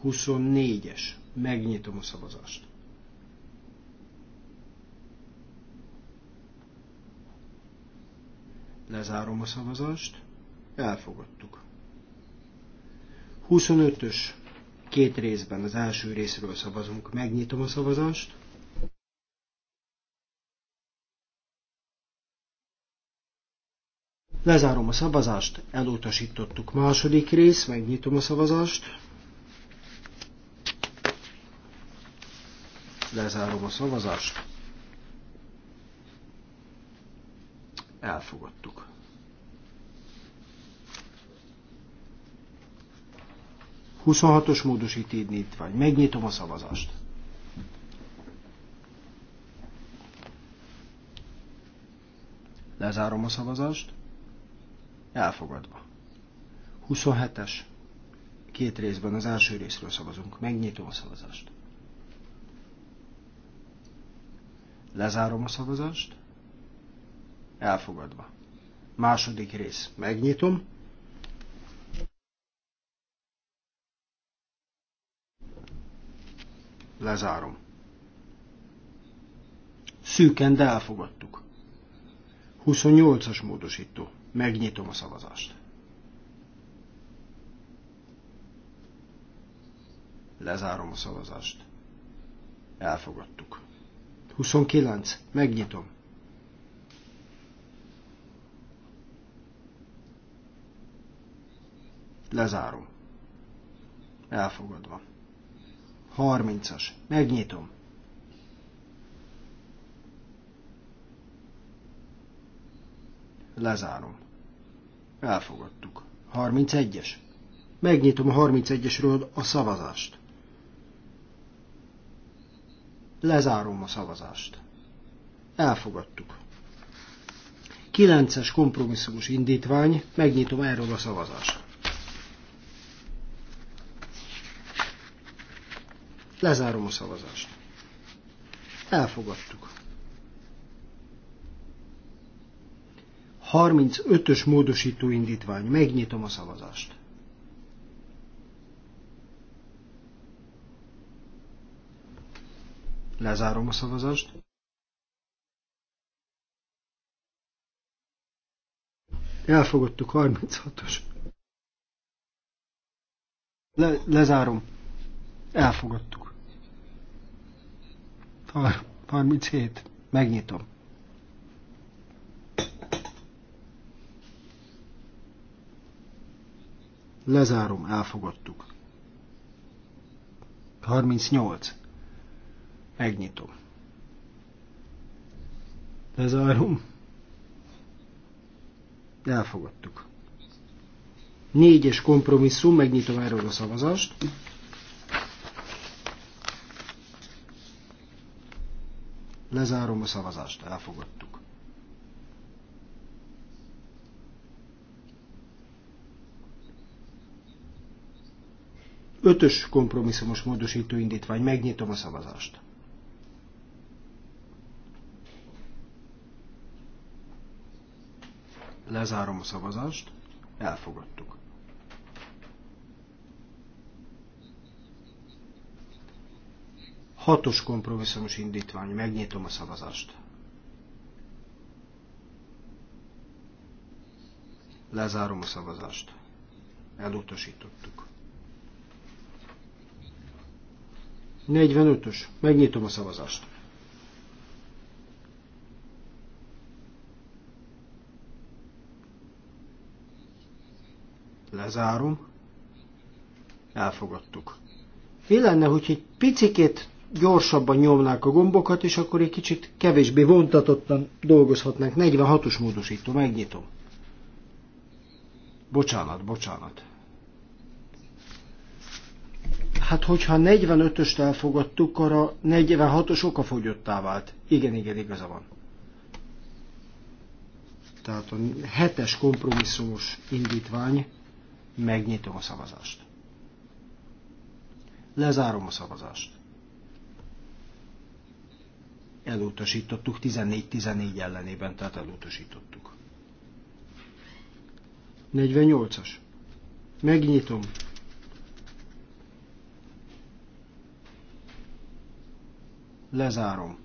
24-es. Megnyitom a szavazást. Lezárom a szavazást. Elfogadtuk. 25-ös két részben az első részről szavazunk. Megnyitom a szavazást. Lezárom a szavazást, elutasítottuk. Második rész, megnyitom a szavazást. Lezárom a szavazást. Elfogadtuk. 26-os módosító vagy Megnyitom a szavazást. Lezárom a szavazást. Elfogadva. 27-es. Két részben az első részről szavazunk. Megnyitom a szavazást. Lezárom a szavazást. Elfogadva. Második rész. Megnyitom. Lezárom. Szűken, de elfogadtuk. 28-as módosító. Megnyitom a szavazást. Lezárom a szavazást. Elfogadtuk. 29. Megnyitom. Lezárom. Elfogadva. 30-as. Megnyitom. Lezárom. Elfogadtuk. 31-es. Megnyitom a 31-esről a szavazást. Lezárom a szavazást. Elfogadtuk. 9-es kompromisszumos indítvány, megnyitom erről a szavazást. Lezárom a szavazást. Elfogadtuk. 35-ös módosító indítvány. Megnyitom a szavazást. Lezárom a szavazást. Elfogadtuk 36-os. Le, lezárom. Elfogadtuk. 37. Megnyitom. Lezárom, elfogadtuk. 38. Megnyitom. Lezárom. Elfogadtuk. Négyes kompromisszum, megnyitom erről a szavazást. Lezárom a szavazást, elfogadtuk. Ötös kompromisszumos módosító indítvány, megnyitom a szavazást. Lezárom a szavazást, elfogadtuk. Hatos kompromisszumos indítvány. Megnyitom a szavazást. Lezárom a szavazást. Elutasítottuk. 45-ös. Megnyitom a szavazást. Lezárom. Elfogadtuk. Mi lenne, hogy egy picikét gyorsabban nyomnák a gombokat, és akkor egy kicsit kevésbé vontatottan dolgozhatnánk. 46-os módosító, megnyitom. Bocsánat, bocsánat. Hát, hogyha 45-öst elfogadtuk, a 46-os okafogyottá vált. Igen, igen, igaza van. Tehát a 7-es kompromisszumos indítvány, megnyitom a szavazást. Lezárom a szavazást elutasítottuk 14-14 ellenében, tehát elutasítottuk. 48-as. Megnyitom. Lezárom.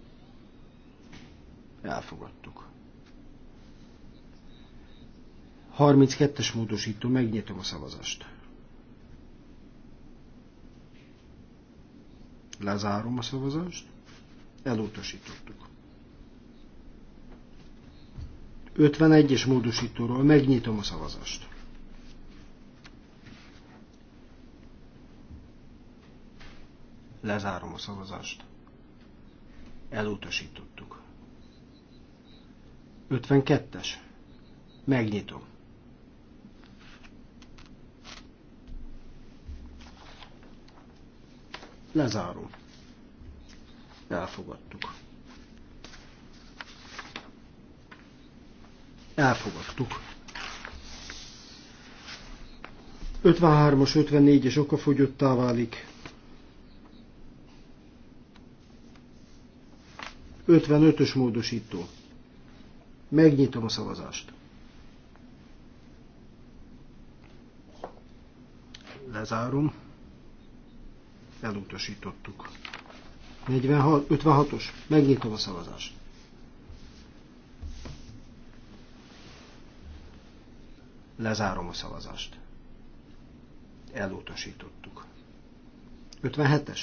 Elfogadtuk. 32-es módosító, megnyitom a szavazást. Lezárom a szavazást elutasítottuk. 51-es módosítóról megnyitom a szavazást. Lezárom a szavazást. Elutasítottuk. 52-es. Megnyitom. Lezárom. Elfogadtuk. Elfogadtuk. 53-as, 54-es okafogyottá válik. 55-ös módosító. Megnyitom a szavazást. Lezárom. Elutasítottuk. 46, 56-os. Megnyitom a szavazást. Lezárom a szavazást. Elutasítottuk. 57-es.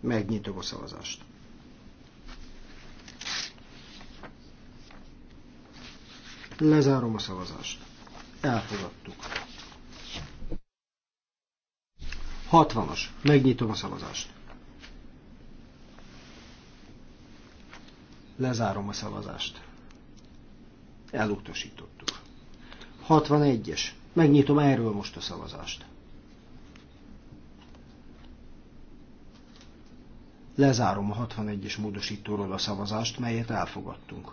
Megnyitom a szavazást. Lezárom a szavazást. Elfogadtuk. 60-as. Megnyitom a szavazást. Lezárom a szavazást. Elutasítottuk. 61-es. Megnyitom erről most a szavazást. Lezárom a 61-es módosítóról a szavazást, melyet elfogadtunk.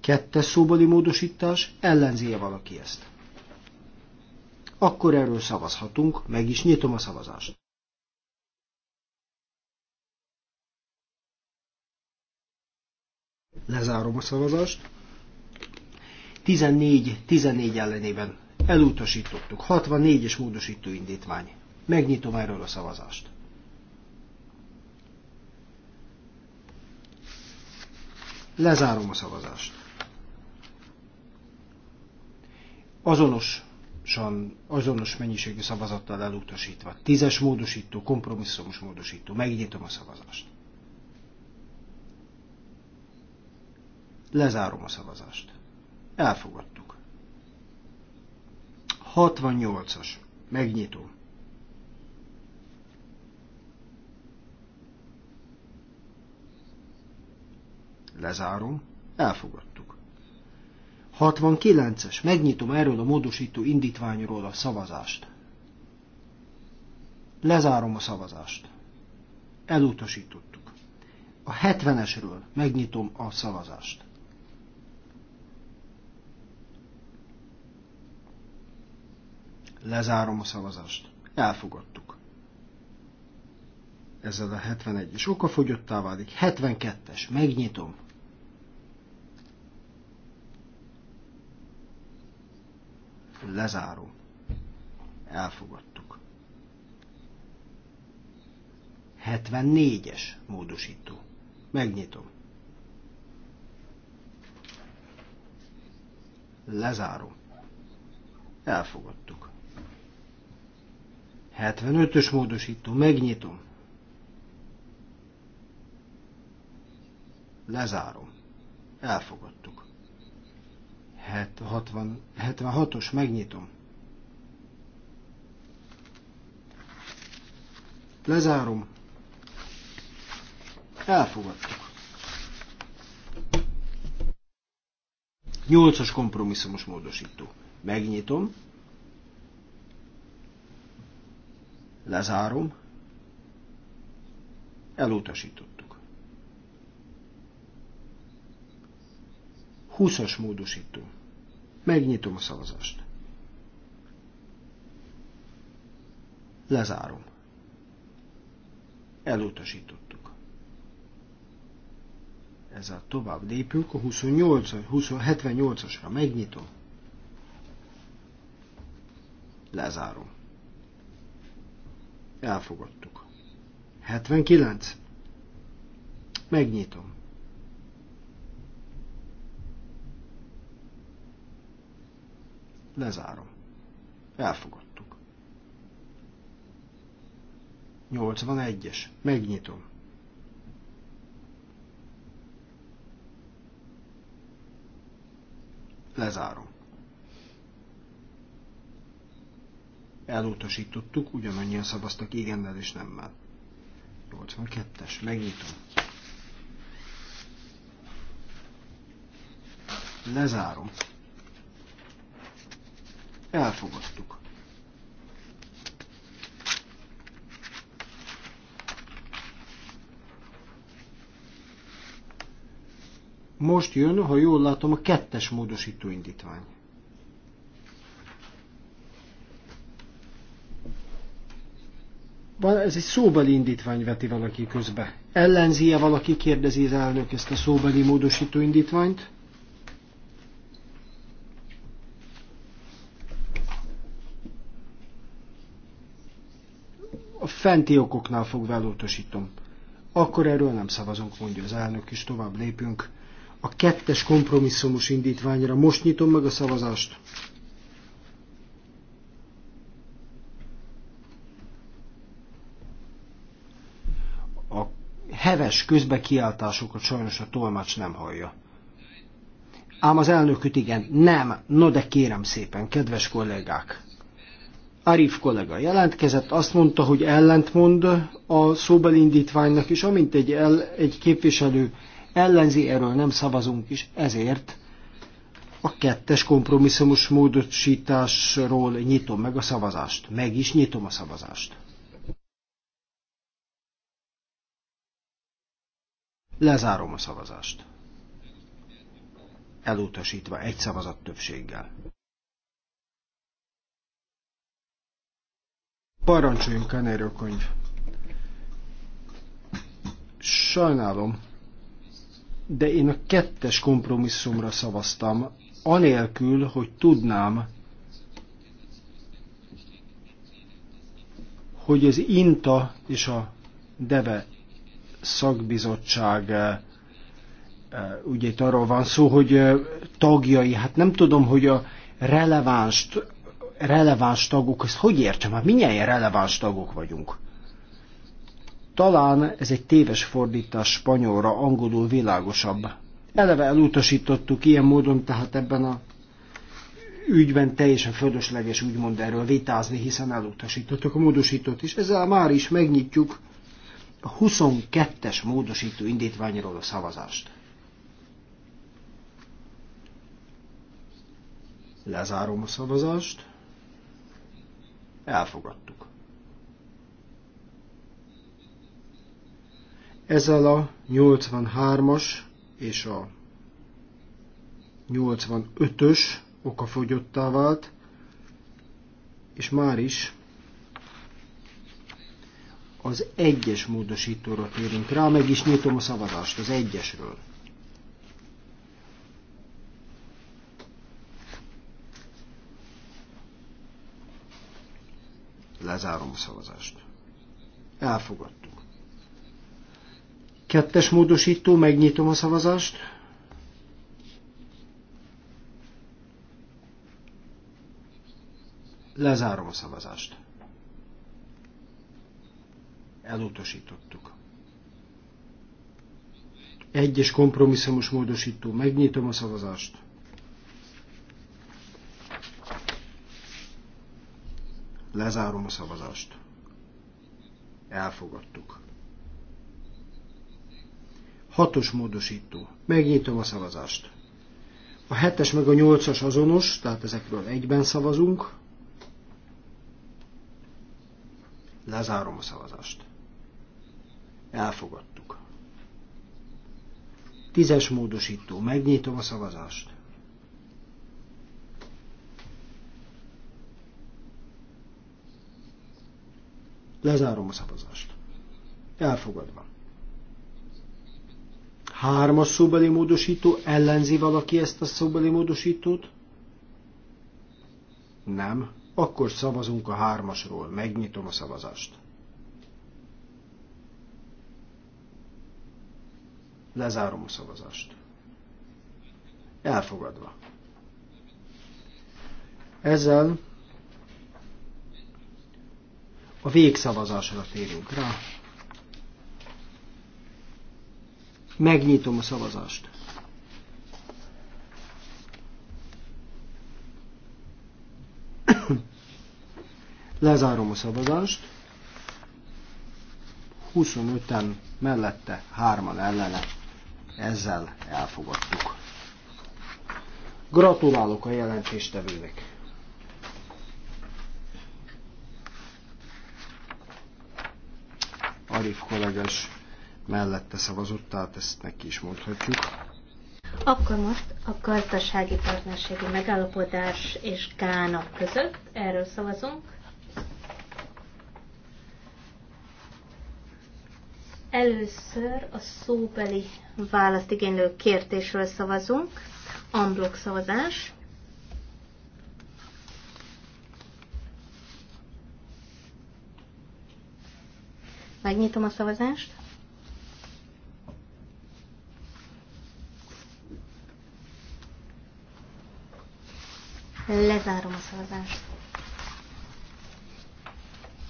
Kettes szóbeli módosítás, ellenzie valaki ezt. Akkor erről szavazhatunk, meg is nyitom a szavazást. Lezárom a szavazást. 14-14 ellenében elutasítottuk. 64-es módosító indítvány. Megnyitom erről a szavazást. Lezárom a szavazást. Azonosan, azonos mennyiségű szavazattal elutasítva. Tízes módosító, kompromisszumos módosító. Megnyitom a szavazást. Lezárom a szavazást. Elfogadtuk. 68-as. Megnyitom. Lezárom. Elfogadtuk. 69-es. Megnyitom erről a módosító indítványról a szavazást. Lezárom a szavazást. Elutasítottuk. A 70-esről megnyitom a szavazást. Lezárom a szavazást. Elfogadtuk. Ezzel a 71-es okafogyottá válik. 72-es. Megnyitom. Lezárom. Elfogadtuk. 74-es módosító. Megnyitom. Lezárom. Elfogadtuk. 75-ös módosító, megnyitom. Lezárom. Elfogadtuk. 76-os, megnyitom. Lezárom. Elfogadtuk. 8-as kompromisszumos módosító. Megnyitom. Lezárom. Elutasítottuk. 20-as módosító. Megnyitom a szavazást. Lezárom. Elutasítottuk. Ezzel tovább lépünk a 28, 20, 78-asra. Megnyitom. Lezárom. Elfogadtuk. 79. Megnyitom. Lezárom. Elfogadtuk. 81-es. Megnyitom. Lezárom. elutasítottuk, ugyanannyian szavaztak igennel és nemmel. 82-es, megnyitom. Lezárom. Elfogadtuk. Most jön, ha jól látom, a kettes módosító indítvány. Van, ez egy szóbeli indítvány veti valaki közbe. Ellenzi-e valaki, kérdezi az elnök ezt a szóbeli módosító indítványt? A fenti okoknál fogva elutasítom. Akkor erről nem szavazunk, mondja az elnök, és tovább lépünk. A kettes kompromisszumos indítványra most nyitom meg a szavazást. neves közbekiáltásokat sajnos a tolmács nem hallja. Ám az elnököt igen, nem, no de kérem szépen, kedves kollégák. Arif kollega jelentkezett, azt mondta, hogy ellentmond a szóbeli indítványnak, és amint egy, el, egy képviselő ellenzi, erről nem szavazunk is, ezért a kettes kompromisszumos módosításról nyitom meg a szavazást. Meg is nyitom a szavazást. Lezárom a szavazást. Elutasítva egy szavazat többséggel. Parancsoljunk a könyv. Sajnálom, de én a kettes kompromisszumra szavaztam, anélkül, hogy tudnám, hogy az INTA és a DEVE szakbizottság eh, eh, ugye itt arról van szó, hogy eh, tagjai, hát nem tudom, hogy a releváns, releváns tagok, ezt hogy értsem, hát minnyi releváns tagok vagyunk. Talán ez egy téves fordítás spanyolra, angolul világosabb. Eleve elutasítottuk ilyen módon, tehát ebben a ügyben teljesen fölösleges úgymond erről vitázni, hiszen elutasítottuk a módosítót is. Ezzel már is megnyitjuk 22-es módosító indítványról a szavazást. Lezárom a szavazást. Elfogadtuk. Ezzel a 83-as és a 85-ös okafogyottá vált, és már is az egyes módosítóra térünk rá, meg is nyitom a szavazást az egyesről. Lezárom a szavazást. Elfogadtuk. Kettes módosító, megnyitom a szavazást. Lezárom a szavazást elutasítottuk. Egyes kompromisszumos módosító, megnyitom a szavazást. Lezárom a szavazást. Elfogadtuk. Hatos módosító. Megnyitom a szavazást. A hetes meg a nyolcas azonos, tehát ezekről egyben szavazunk. Lezárom a szavazást. Elfogadtuk. Tízes módosító. Megnyitom a szavazást. Lezárom a szavazást. Elfogadva. Hármas szóbeli módosító, ellenzi valaki ezt a szóbeli módosítót? Nem. Akkor szavazunk a hármasról. Megnyitom a szavazást. Lezárom a szavazást. Elfogadva. Ezzel a végszavazásra térünk rá. Megnyitom a szavazást. Lezárom a szavazást. 25-en mellette, 3-an ellene ezzel elfogadtuk. Gratulálok a jelentéstevőnek! Arif kollégás mellette szavazott, tehát ezt neki is mondhatjuk. Akkor most a gazdasági partnerségi megállapodás és Gána között erről szavazunk. Először a szóbeli választ igénylő kértésről szavazunk. Amblok szavazás. Megnyitom a szavazást. Lezárom a szavazást.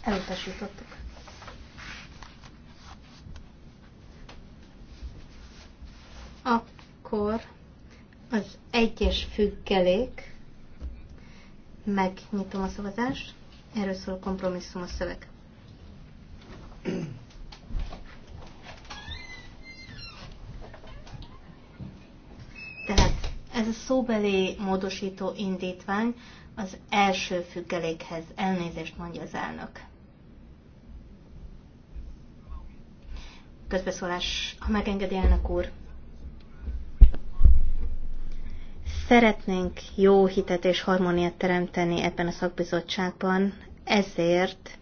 Elutasítottuk. Akkor az egyes függelék, megnyitom a szavazást, erről szól a kompromisszumos szöveg. Tehát ez a szóbeli módosító indítvány az első függelékhez elnézést mondja az elnök. Közbeszólás, ha megengedi elnök úr. Szeretnénk jó hitet és harmóniát teremteni ebben a szakbizottságban, ezért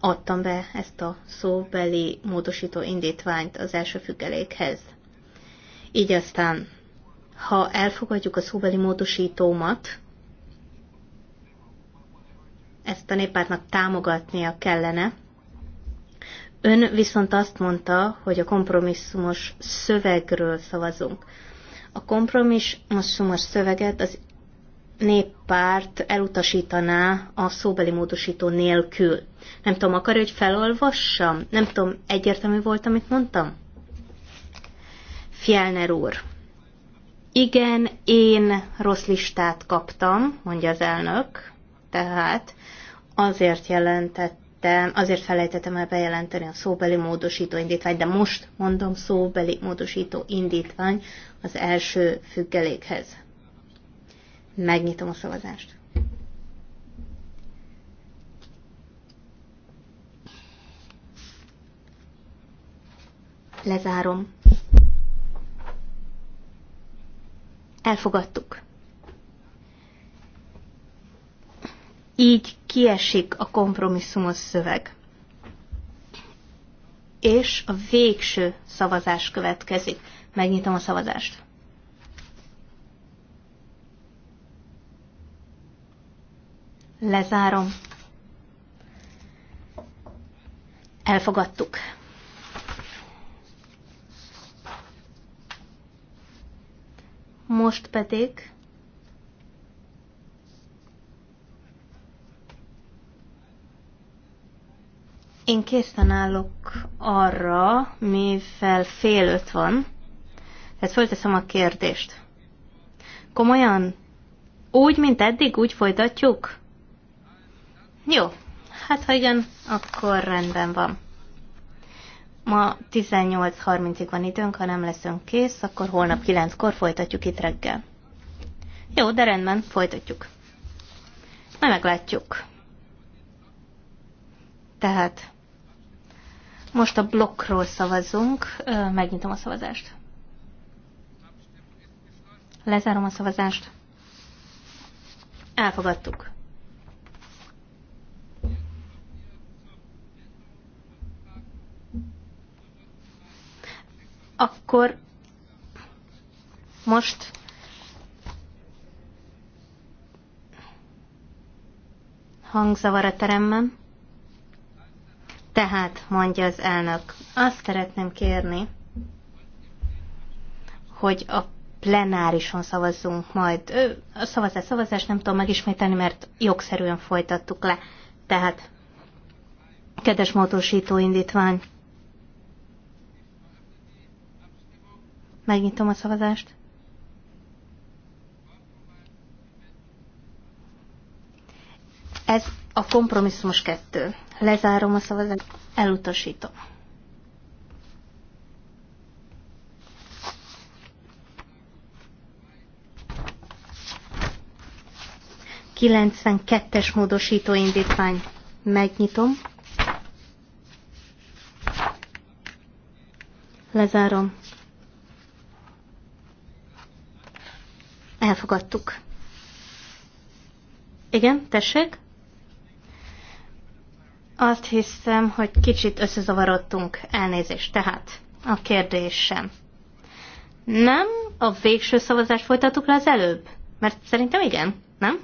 adtam be ezt a szóbeli módosító indítványt az első függelékhez. Így aztán, ha elfogadjuk a szóbeli módosítómat, ezt a néppártnak támogatnia kellene. Ön viszont azt mondta, hogy a kompromisszumos szövegről szavazunk. A kompromisszumos szöveget az néppárt elutasítaná a szóbeli módosító nélkül. Nem tudom, akar, hogy felolvassam? Nem tudom, egyértelmű volt, amit mondtam? Fjellner úr. Igen, én rossz listát kaptam, mondja az elnök, tehát azért jelentett de azért felejtettem el bejelenteni a szóbeli módosító indítvány, de most mondom szóbeli módosító indítvány az első függelékhez. Megnyitom a szavazást. Lezárom. Elfogadtuk. Így kiesik a kompromisszumos szöveg. És a végső szavazás következik. Megnyitom a szavazást. Lezárom. Elfogadtuk. Most pedig Én készen állok arra, mivel fél öt van, tehát fölteszem a kérdést. Komolyan? Úgy, mint eddig, úgy folytatjuk? Jó, hát ha igen, akkor rendben van. Ma 18.30-ig van időnk, ha nem leszünk kész, akkor holnap 9-kor folytatjuk itt reggel. Jó, de rendben, folytatjuk. Majd meglátjuk. Tehát most a blokkról szavazunk. Megnyitom a szavazást. Lezárom a szavazást. Elfogadtuk. Akkor most hangzavar a teremben. Tehát, mondja az elnök, azt szeretném kérni, hogy a plenárison szavazzunk majd. Ő, a szavazás, szavazás nem tudom megismételni, mert jogszerűen folytattuk le. Tehát, kedves módosító indítvány, megnyitom a szavazást. Ez a kompromisszumos kettő. Lezárom a szavazást. Elutasítom. kettes módosító indítvány. Megnyitom. Lezárom. Elfogadtuk. Igen, tessék? Azt hiszem, hogy kicsit összezavarodtunk, elnézést. Tehát a kérdésem. Nem a végső szavazást folytattuk le az előbb? Mert szerintem igen, nem?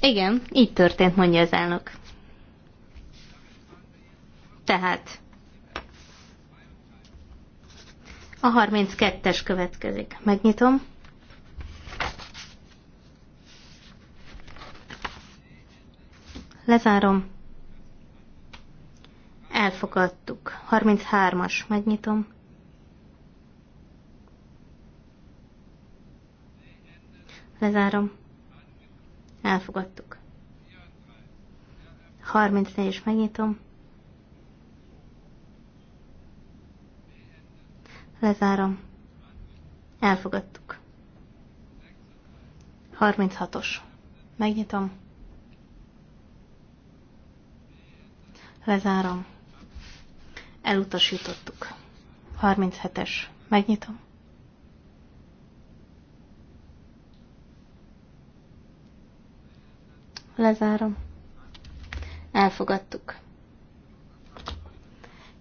Igen, így történt, mondja az elnök. Tehát a 32-es következik. Megnyitom. Lezárom. Elfogadtuk. 33-as. Megnyitom. Lezárom. Elfogadtuk. 34 is megnyitom. Lezárom. Elfogadtuk. 36-os. Megnyitom. Lezárom. Elutasítottuk. 37-es. Megnyitom. Lezárom. Elfogadtuk.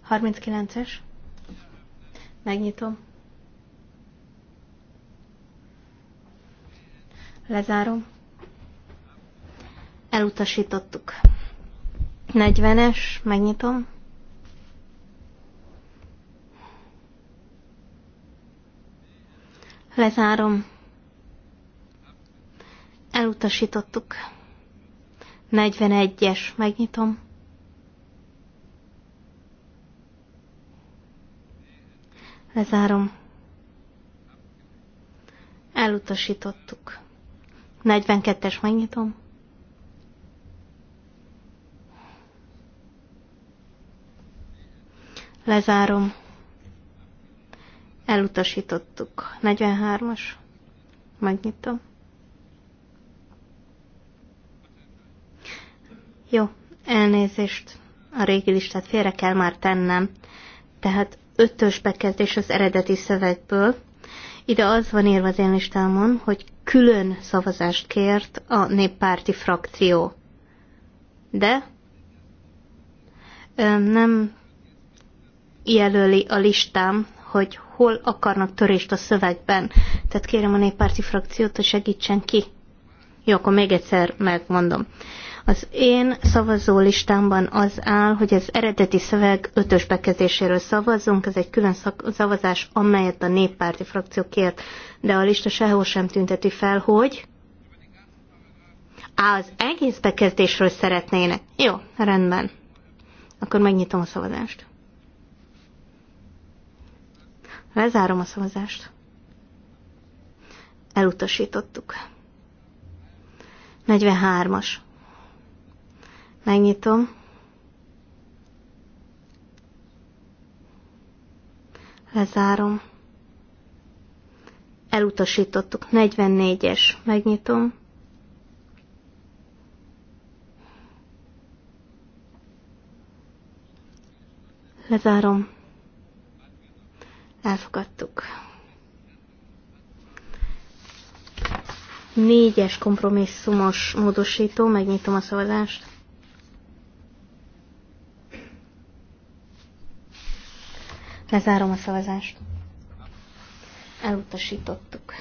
39-es. Megnyitom. Lezárom. Elutasítottuk. 40-es, megnyitom. Lezárom. Elutasítottuk. 41-es, megnyitom. Lezárom. Elutasítottuk. 42-es, megnyitom. Lezárom. Elutasítottuk. 43-as. Megnyitom. Jó, elnézést. A régi listát félre kell már tennem. Tehát ötös bekezdés az eredeti szövegből. Ide az van írva az én listámon, hogy külön szavazást kért a néppárti frakció. De nem jelöli a listám, hogy hol akarnak törést a szövegben. Tehát kérem a néppárti frakciót, hogy segítsen ki. Jó, akkor még egyszer megmondom. Az én szavazó listámban az áll, hogy az eredeti szöveg ötös bekezdéséről szavazzunk, ez egy külön szavazás, amelyet a néppárti frakció kért, de a lista sehol sem tünteti fel, hogy Á, az egész bekezdésről szeretnének. Jó, rendben. Akkor megnyitom a szavazást. Lezárom a szavazást. Elutasítottuk. 43-as. Megnyitom. Lezárom. Elutasítottuk. 44-es. Megnyitom. Lezárom. Elfogadtuk. Négyes kompromisszumos módosító, megnyitom a szavazást. Lezárom a szavazást. Elutasítottuk.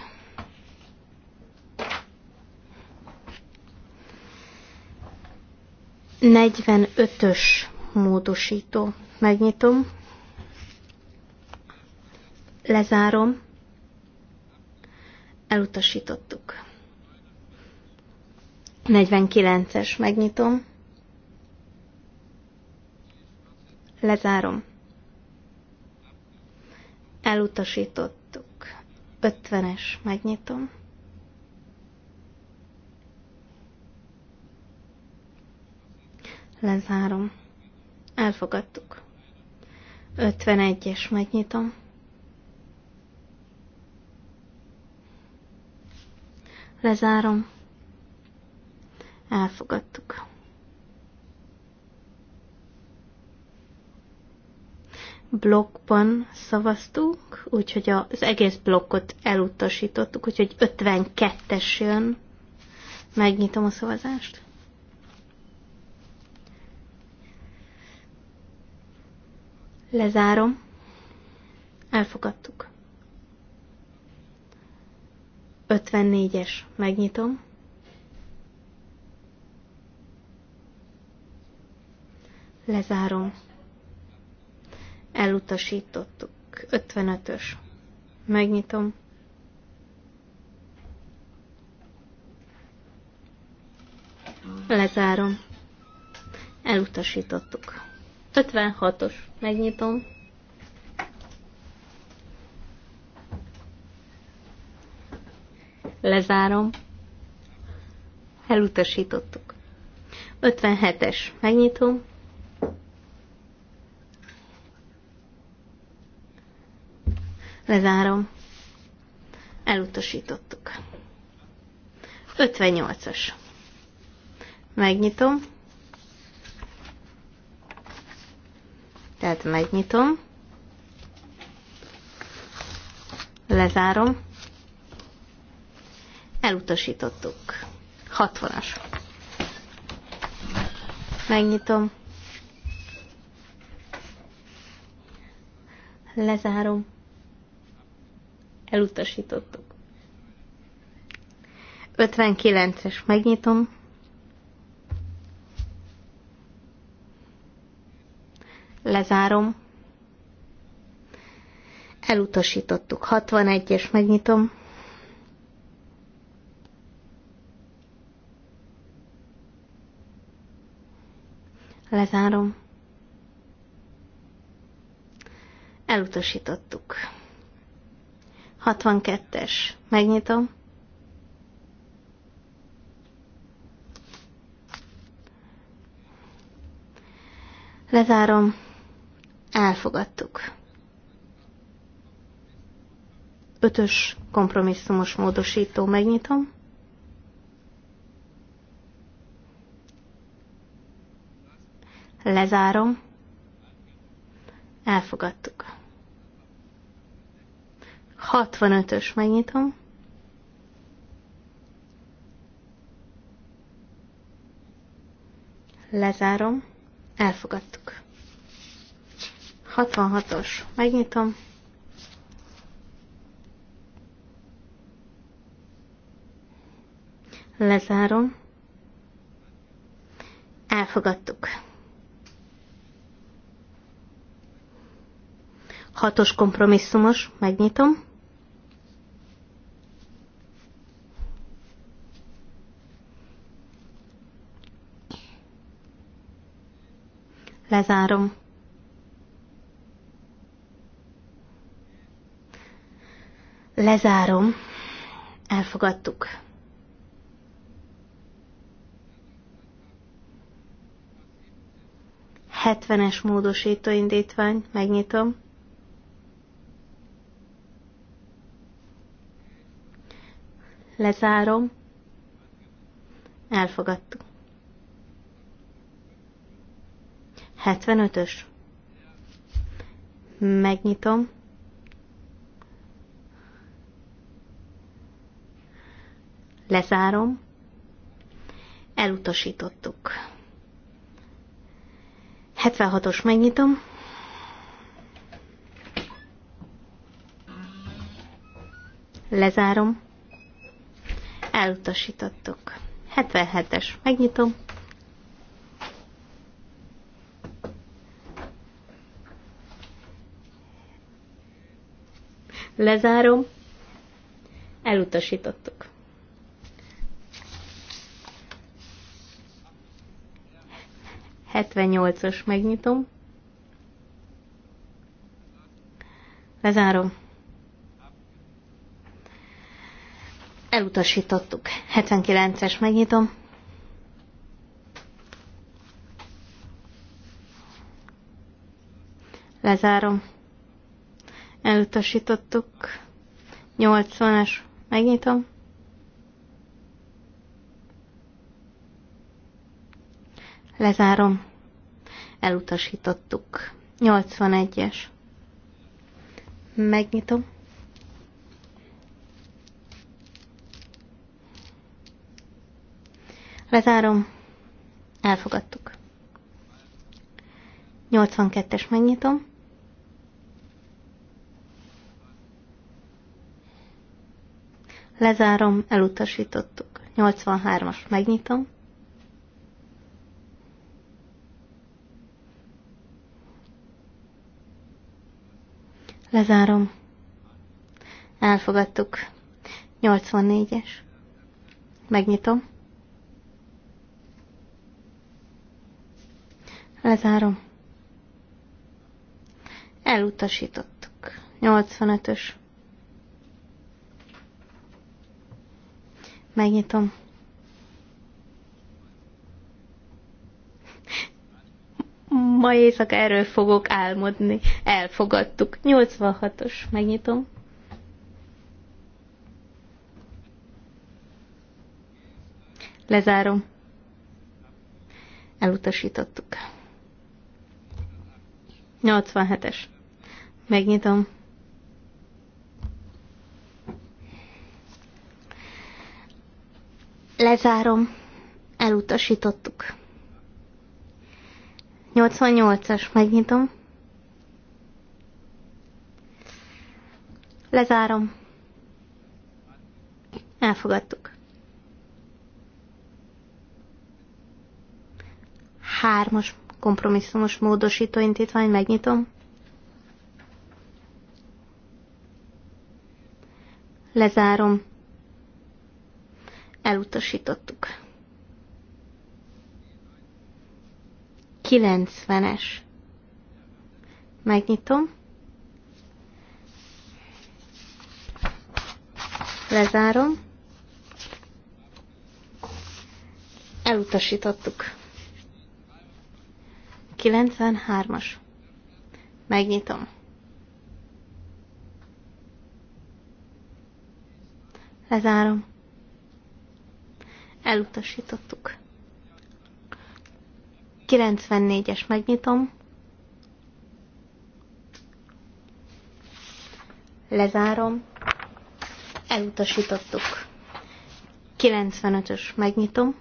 Negyvenötös módosító. Megnyitom. Lezárom. Elutasítottuk. 49-es megnyitom. Lezárom. Elutasítottuk. 50-es megnyitom. Lezárom. Elfogadtuk. 51-es megnyitom. Lezárom. Elfogadtuk. Blokkban szavaztunk, úgyhogy az egész blokkot elutasítottuk, úgyhogy 52-es jön. Megnyitom a szavazást. Lezárom. Elfogadtuk. 54-es. Megnyitom. Lezárom. Elutasítottuk. 55-ös. Megnyitom. Lezárom. Elutasítottuk. 56-os. Megnyitom. Lezárom. Elutasítottuk. 57-es. Megnyitom. Lezárom. Elutasítottuk. 58-as. Megnyitom. Tehát megnyitom. Lezárom. Elutasítottuk. 60-as. Megnyitom. Lezárom. Elutasítottuk. 59-es. Megnyitom. Lezárom. Elutasítottuk. 61-es. Megnyitom. Lezárom. Elutasítottuk. 62-es. Megnyitom. Lezárom. Elfogadtuk. Ötös kompromisszumos módosító megnyitom. Lezárom. Elfogadtuk. 65-ös megnyitom. Lezárom. Elfogadtuk. 66-os. Megnyitom. Lezárom. Elfogadtuk. Hatos kompromisszumos, megnyitom. Lezárom. Lezárom. Elfogadtuk. Hetvenes módosító indítvány, megnyitom. Lezárom. Elfogadtuk. 75-ös. Megnyitom. Lezárom. Elutasítottuk. 76-os megnyitom. Lezárom elutasítottuk. 77-es, megnyitom. Lezárom, elutasítottuk. Hetvennyolcas megnyitom. Lezárom. Elutasítottuk. 79-es megnyitom. Lezárom. Elutasítottuk. 80 es megnyitom. Lezárom. Elutasítottuk. 81-es. Megnyitom. Lezárom. Elfogadtuk. 82-es megnyitom. Lezárom, elutasítottuk. 83-as megnyitom. Lezárom. Elfogadtuk. 84-es. Megnyitom. Lezárom. Elutasítottuk. 85-ös. Megnyitom. Ma éjszaka erről fogok álmodni. Elfogadtuk. 86-os. Megnyitom. Lezárom. Elutasítottuk. 87-es. Megnyitom. Lezárom. Elutasítottuk. 88-as. Megnyitom. Lezárom. Elfogadtuk. Hármas kompromisszumos módosító indítvány, megnyitom. Lezárom. Elutasítottuk. 90-es. Megnyitom. Lezárom. Elutasítottuk. 93-as. Megnyitom. Lezárom. Elutasítottuk. 94-es megnyitom. Lezárom. Elutasítottuk. 95-ös megnyitom.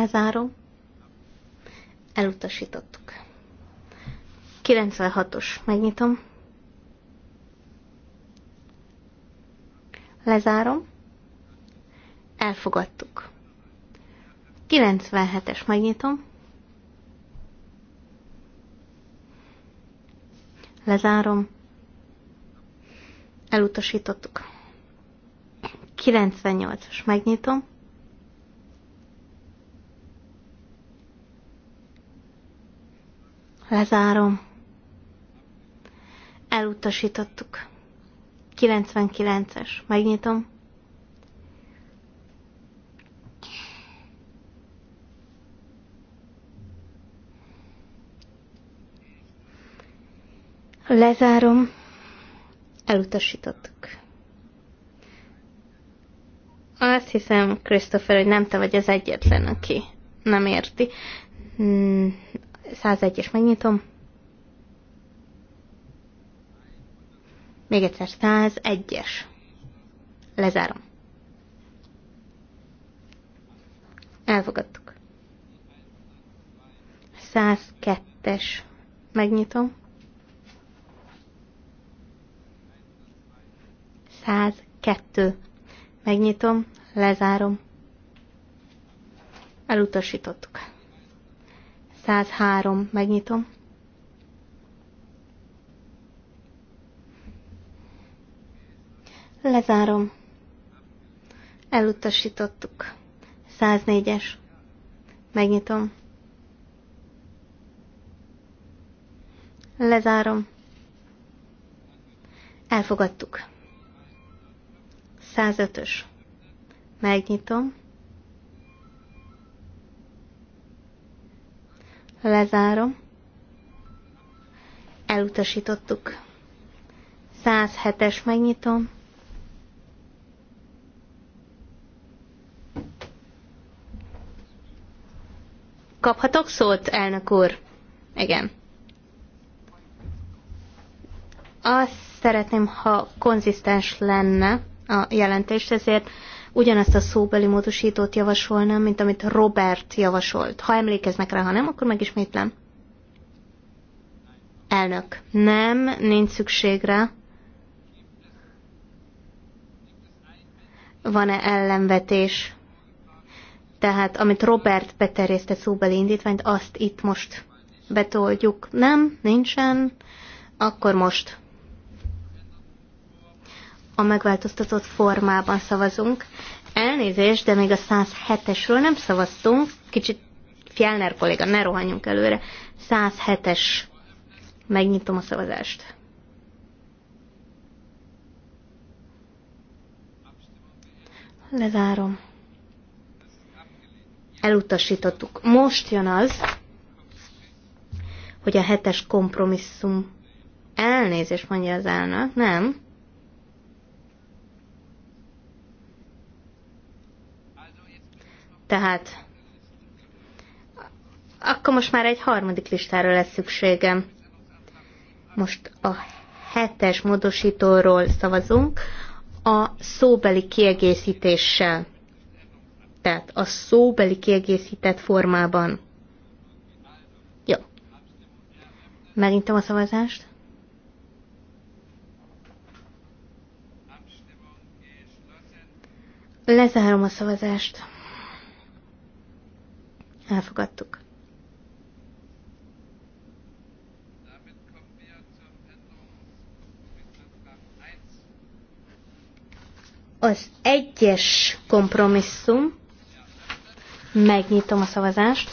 Lezárom. Elutasítottuk. 96-os. Megnyitom. Lezárom. Elfogadtuk. 97-es. Megnyitom. Lezárom. Elutasítottuk. 98-as. Megnyitom. Lezárom. Elutasítottuk. 99-es. Megnyitom. Lezárom. Elutasítottuk. Azt hiszem, Christopher, hogy nem te vagy az egyetlen, aki nem érti. Hmm, 101-es megnyitom. Még egyszer 101-es. Lezárom. Elfogadtuk. 102-es. Megnyitom. 102. Megnyitom, lezárom. Elutasítottuk. 103. Megnyitom. Lezárom. Elutasítottuk. 104-es. Megnyitom. Lezárom. Elfogadtuk. 105-ös. Megnyitom. Lezárom. Elutasítottuk. 107-es megnyitom. Kaphatok szót, elnök úr? Igen. Azt szeretném, ha konzisztens lenne a jelentést, ezért ugyanazt a szóbeli módosítót javasolnám, mint amit Robert javasolt. Ha emlékeznek rá, ha nem, akkor megismétlem. Elnök. Nem, nincs szükség rá. Van-e ellenvetés? Tehát, amit Robert beterjesztett szóbeli indítványt, azt itt most betoldjuk. Nem, nincsen. Akkor most a megváltoztatott formában szavazunk. Elnézést, de még a 107-esről nem szavaztunk. Kicsit Fjellner kolléga, ne rohanjunk előre. 107-es. Megnyitom a szavazást. Lezárom. Elutasítottuk. Most jön az, hogy a hetes kompromisszum elnézést mondja az elnök, nem. Tehát akkor most már egy harmadik listára lesz szükségem. Most a hetes módosítóról szavazunk, a szóbeli kiegészítéssel. Tehát a szóbeli kiegészített formában. Jó. Megintem a szavazást. Lezárom a szavazást. Elfogadtuk. Az egyes kompromisszum. Megnyitom a szavazást.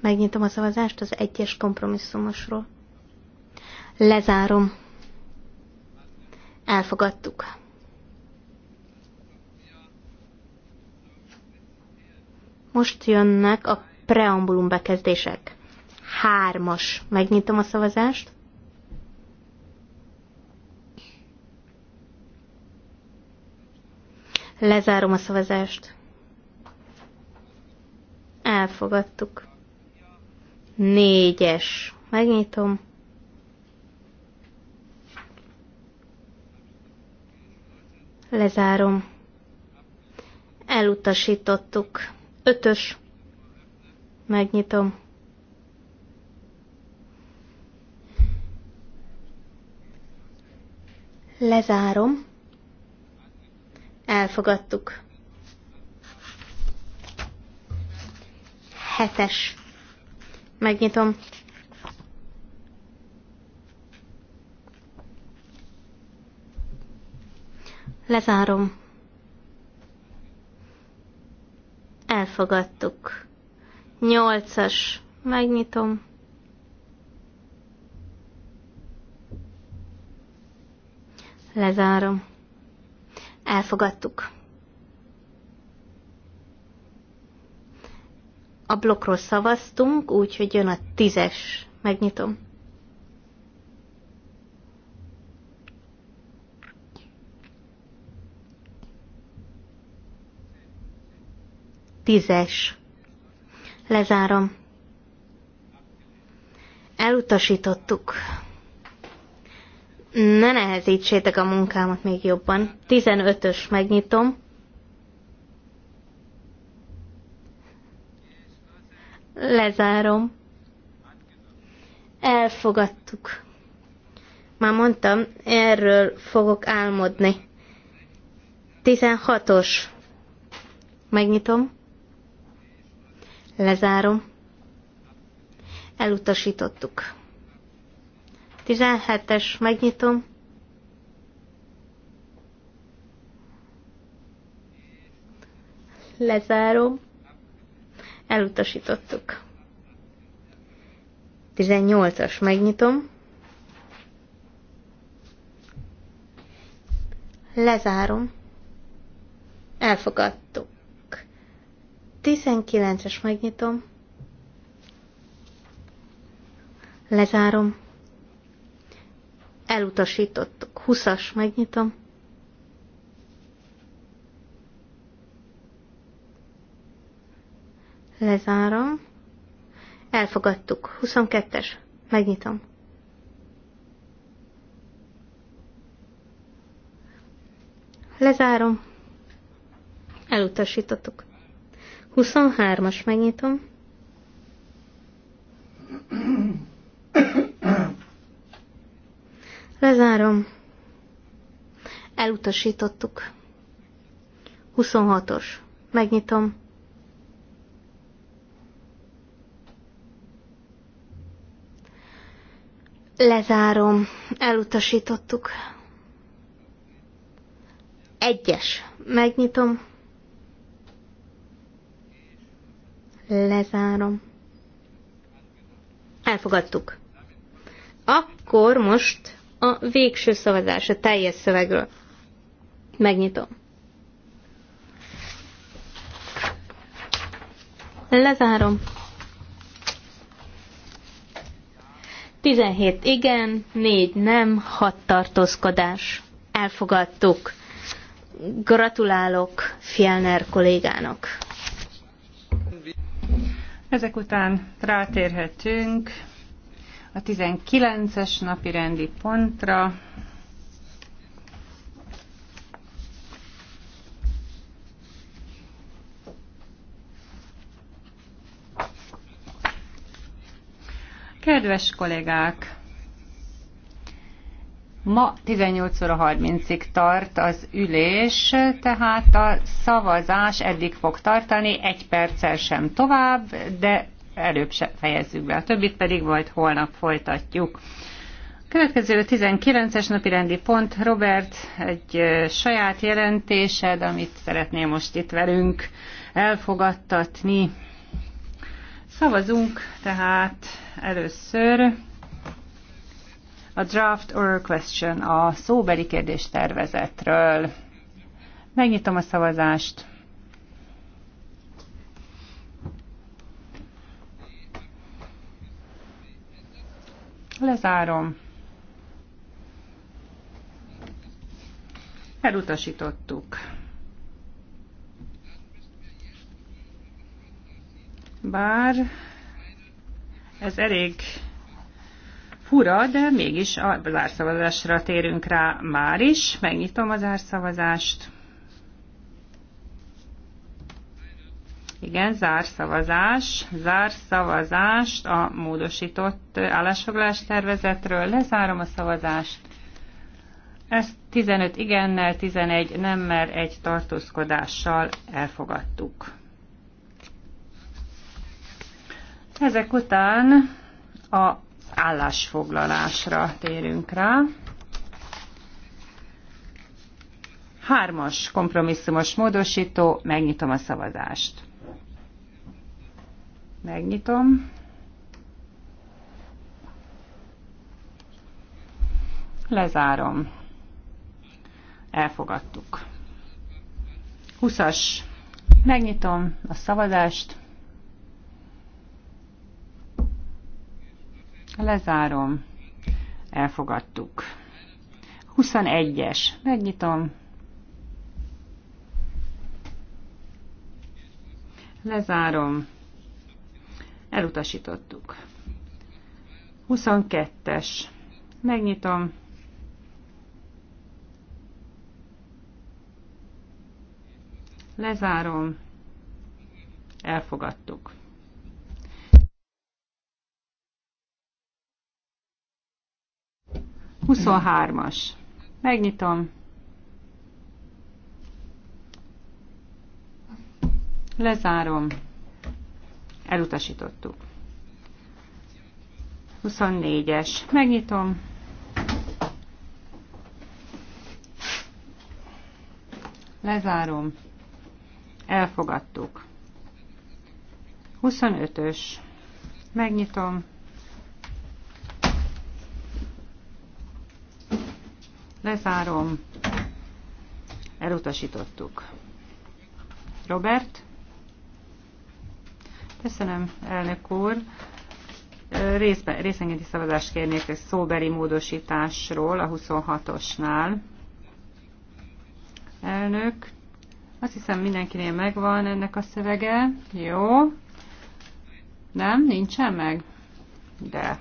Megnyitom a szavazást az egyes kompromisszumosról. Lezárom. Elfogadtuk. Most jönnek a preambulum bekezdések. Hármas. Megnyitom a szavazást. Lezárom a szavazást. Elfogadtuk. Négyes. Megnyitom. Lezárom. Elutasítottuk. Ötös. Megnyitom. Lezárom. Elfogadtuk. Hetes. Megnyitom. Lezárom. Elfogadtuk. Nyolcas. Megnyitom. Lezárom. Elfogadtuk. A blokkról szavaztunk, úgyhogy jön a tízes. Megnyitom. Tízes. Lezárom. Elutasítottuk. Ne nehezítsétek a munkámat még jobban. Tizenötös. megnyitom. Lezárom. Elfogadtuk. Már mondtam, erről fogok álmodni. Tizenhatos. Megnyitom. Lezárom. Elutasítottuk. 17-es megnyitom. Lezárom. Elutasítottuk. 18-as megnyitom. Lezárom. Elfogadtuk. 19-es megnyitom. Lezárom. Elutasítottuk. 20-as megnyitom. Lezárom. Elfogadtuk. 22-es. Megnyitom. Lezárom. Elutasítottuk. 23-as megnyitom. Lezárom. Elutasítottuk. 26-os. Megnyitom. Lezárom. Elutasítottuk. Egyes. Megnyitom. Lezárom. Elfogadtuk. Akkor most a végső szavazás a teljes szövegről. Megnyitom. Lezárom. 17 igen, 4 nem, 6 tartózkodás. Elfogadtuk. Gratulálok Fielner kollégának. Ezek után rátérhetünk a 19-es napi rendi pontra. Kedves kollégák! Ma 18 óra 30-ig tart az ülés, tehát a szavazás eddig fog tartani, egy perccel sem tovább, de előbb se fejezzük be. A többit pedig majd holnap folytatjuk. Következő 19-es napi rendi pont, Robert, egy saját jelentésed, amit szeretném most itt velünk elfogadtatni. Szavazunk tehát először a draft or question a szóbeli kérdés tervezetről. Megnyitom a szavazást. Lezárom. Elutasítottuk. Bár ez elég fura, de mégis a zárszavazásra térünk rá már is. Megnyitom a zárszavazást. Igen, zárszavazás. Zárszavazást a módosított állásfoglalás tervezetről. Lezárom a szavazást. Ez 15 igennel, 11 nemmel, egy tartózkodással elfogadtuk. Ezek után a állásfoglalásra térünk rá. Hármas kompromisszumos módosító, megnyitom a szavazást. Megnyitom. Lezárom. Elfogadtuk. 20-as. Megnyitom a szavazást. Lezárom. Elfogadtuk. 21-es. Megnyitom. Lezárom. Elutasítottuk. 22-es. Megnyitom. Lezárom. Elfogadtuk. 23-as. Megnyitom. Lezárom. Elutasítottuk. 24-es. Megnyitom. Lezárom. Elfogadtuk. 25-ös. Megnyitom. Lezárom. Elutasítottuk. Robert? Köszönöm, elnök úr. részengedi szavazást kérnék egy szóbeli módosításról a 26-osnál. Elnök, azt hiszem mindenkinél megvan ennek a szövege. Jó. Nem, nincsen meg? De.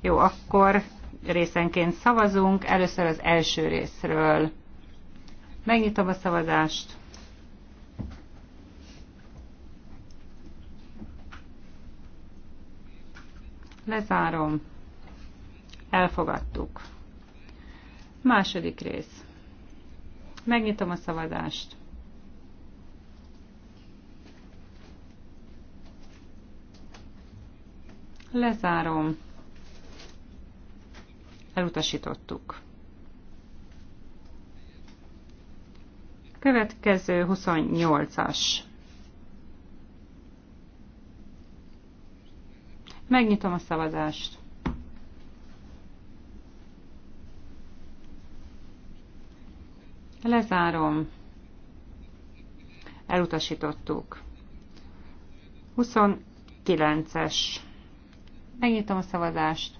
Jó, akkor részenként szavazunk. Először az első részről. Megnyitom a szavazást. Lezárom. Elfogadtuk. Második rész. Megnyitom a szavazást. Lezárom. Elutasítottuk. Következő 28-as. Megnyitom a szavazást. Lezárom. Elutasítottuk. 29-es. Megnyitom a szavazást.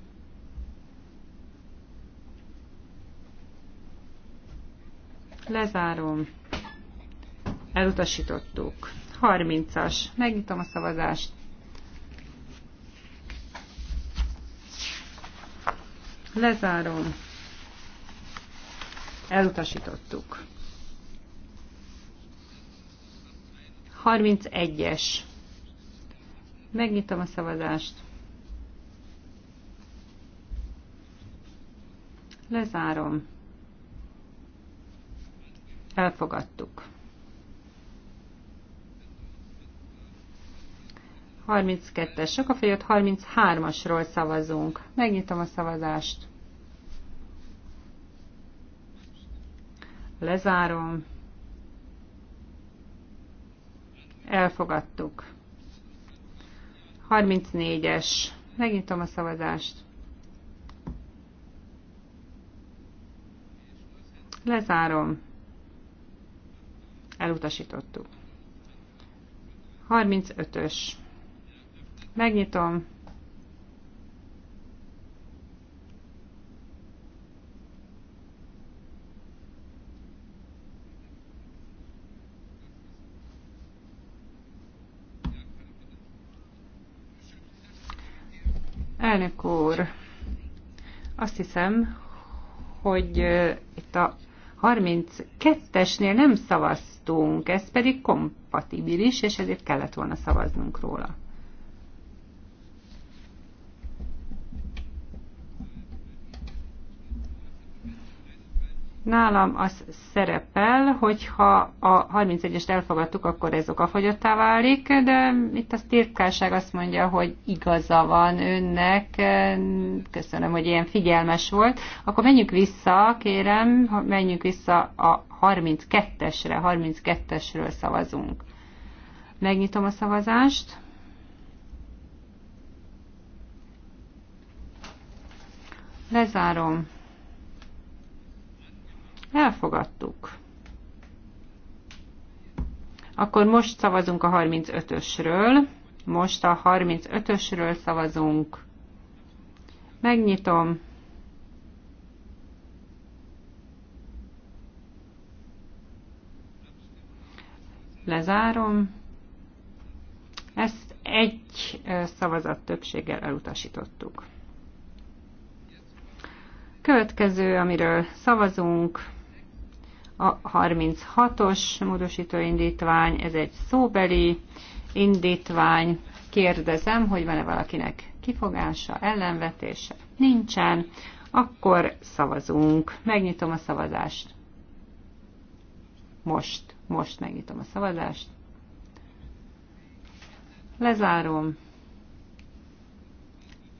Lezárom. Elutasítottuk. 30-as. Megnyitom a szavazást. Lezárom. Elutasítottuk. 31-es. Megnyitom a szavazást. Lezárom. Elfogadtuk. 32-es, sok a fogyott 33-asról szavazunk. Megnyitom a szavazást. Lezárom. Elfogadtuk. 34-es. Megnyitom a szavazást. Lezárom. Elutasítottuk. 35-ös. Megnyitom. Elnök úr, azt hiszem, hogy itt a 32-esnél nem szavaztunk, ez pedig kompatibilis, és ezért kellett volna szavaznunk róla. Nálam az szerepel, hogyha a 31-est elfogadtuk, akkor ez okafogyottá válik, de itt a titkárság azt mondja, hogy igaza van önnek, köszönöm, hogy ilyen figyelmes volt. Akkor menjünk vissza, kérem, menjünk vissza a 32-esre, 32-esről szavazunk. Megnyitom a szavazást. Lezárom. Elfogadtuk. Akkor most szavazunk a 35-ösről. Most a 35-ösről szavazunk. Megnyitom. Lezárom. Ezt egy szavazat többséggel elutasítottuk. Következő, amiről szavazunk, a 36-os módosítóindítvány, ez egy szóbeli indítvány. Kérdezem, hogy van-e valakinek kifogása, ellenvetése? Nincsen. Akkor szavazunk. Megnyitom a szavazást. Most, most megnyitom a szavazást. Lezárom.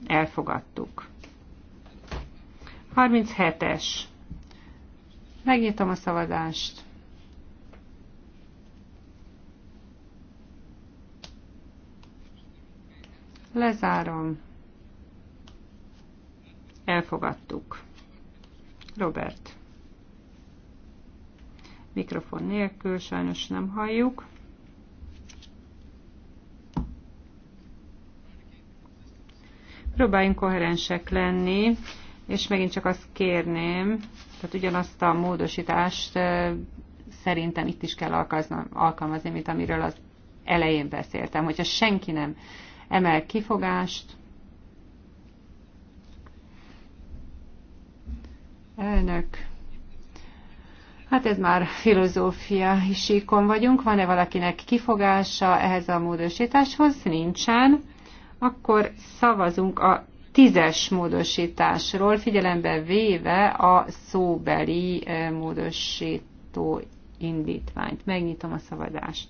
Elfogadtuk. 37-es Megnyitom a szavazást. Lezárom. Elfogadtuk. Robert. Mikrofon nélkül, sajnos nem halljuk. Próbáljunk koherensek lenni és megint csak azt kérném, tehát ugyanazt a módosítást szerintem itt is kell alkalmazni, mint amiről az elején beszéltem. Hogyha senki nem emel kifogást, elnök, Hát ez már filozófia síkon vagyunk. Van-e valakinek kifogása ehhez a módosításhoz? Nincsen. Akkor szavazunk a tízes módosításról, figyelembe véve a szóbeli módosító indítványt. Megnyitom a szavazást.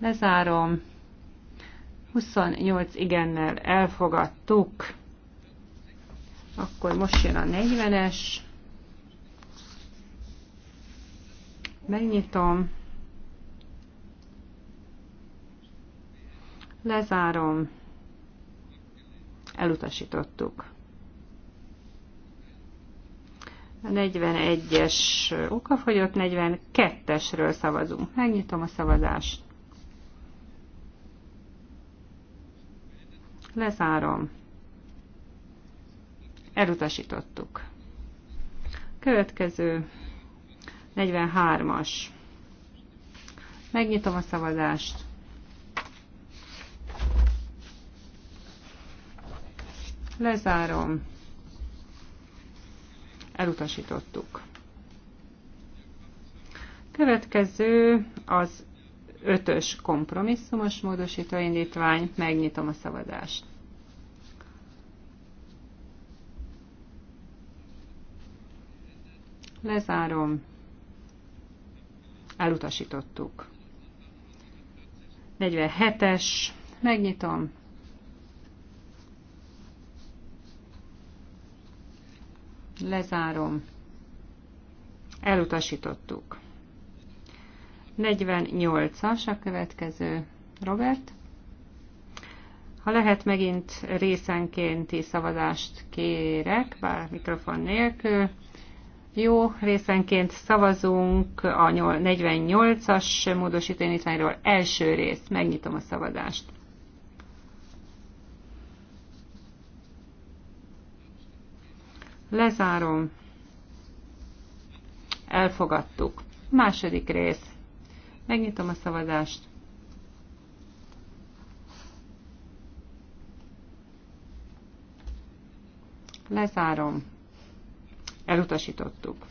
Lezárom. 28 igennel elfogadtuk. Akkor most jön a 40-es. Megnyitom. Lezárom. Elutasítottuk. A 41-es okafogyott, 42-esről szavazunk. Megnyitom a szavazást. Lezárom. Elutasítottuk. Következő 43-as. Megnyitom a szavazást. Lezárom. Elutasítottuk. Következő az ötös kompromisszumos módosítóindítvány, indítvány. Megnyitom a szavazást. Lezárom. Elutasítottuk. 47-es. Megnyitom. Lezárom. Elutasítottuk. 48-as a következő. Robert? Ha lehet, megint részenkénti szavazást kérek, bár mikrofon nélkül. Jó, részenként szavazunk a 48-as módosítóindítványról első részt. Megnyitom a szavazást. Lezárom. Elfogadtuk. Második rész. Megnyitom a szavazást. Lezárom. Elutasítottuk.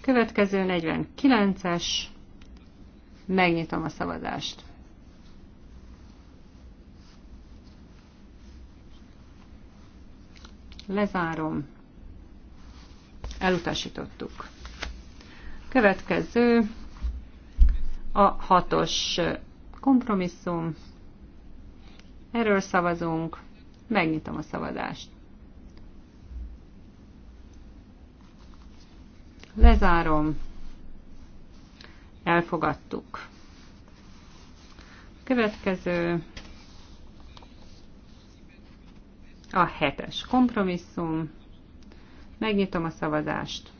Következő 49-es. Megnyitom a szavazást. Lezárom. Elutasítottuk. Következő a hatos kompromisszum. Erről szavazunk. Megnyitom a szavazást. Lezárom. Elfogadtuk. Következő A hetes kompromisszum. Megnyitom a szavazást.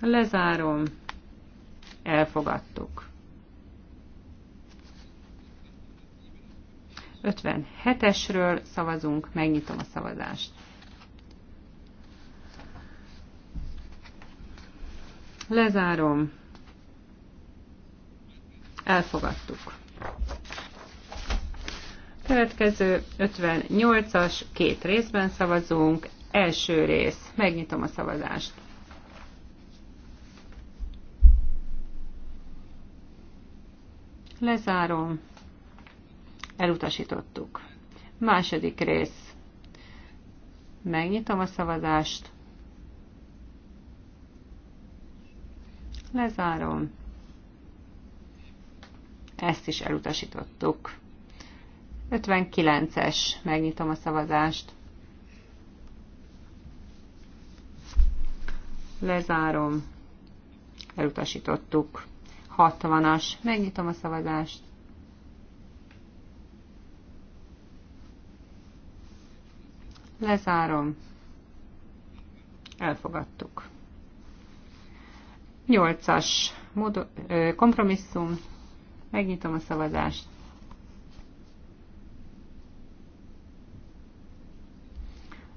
Lezárom. Elfogadtuk. 57-esről szavazunk, megnyitom a szavazást. Lezárom. Elfogadtuk. Következő 58-as, két részben szavazunk. Első rész. Megnyitom a szavazást. Lezárom. Elutasítottuk. Második rész. Megnyitom a szavazást. Lezárom. Ezt is elutasítottuk. 59-es. Megnyitom a szavazást. Lezárom. Elutasítottuk. 60-as. Megnyitom a szavazást. Lezárom. Elfogadtuk. 8-as kompromisszum. Megnyitom a szavazást.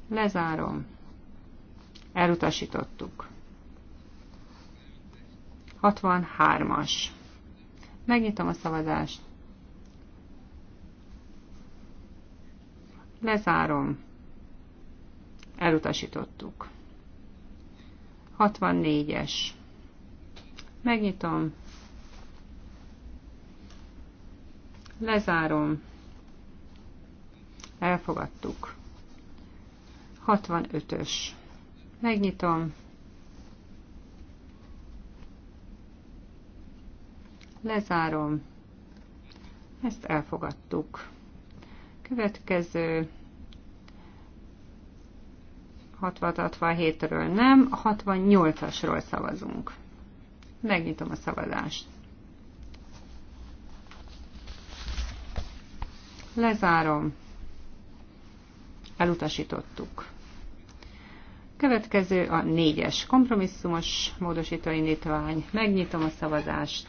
Lezárom. Elutasítottuk. 63-as. Megnyitom a szavazást. Lezárom. Elutasítottuk. 64-es. Megnyitom. Lezárom. Elfogadtuk. 65-ös. Megnyitom. Lezárom. Ezt elfogadtuk. Következő 66-67-ről nem, a 68-asról szavazunk. Megnyitom a szavazást. Lezárom. Elutasítottuk. Következő a négyes kompromisszumos módosítóindítvány. Megnyitom a szavazást.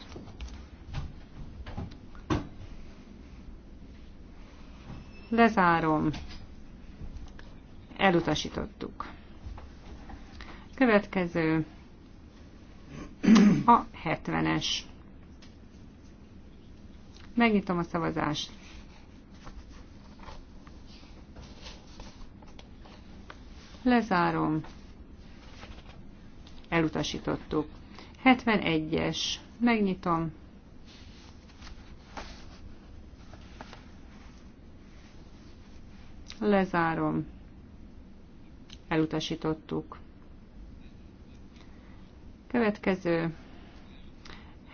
Lezárom. Elutasítottuk. Következő a 70-es. Megnyitom a szavazást. Lezárom. Elutasítottuk. 71-es. Megnyitom. Lezárom. Elutasítottuk. Következő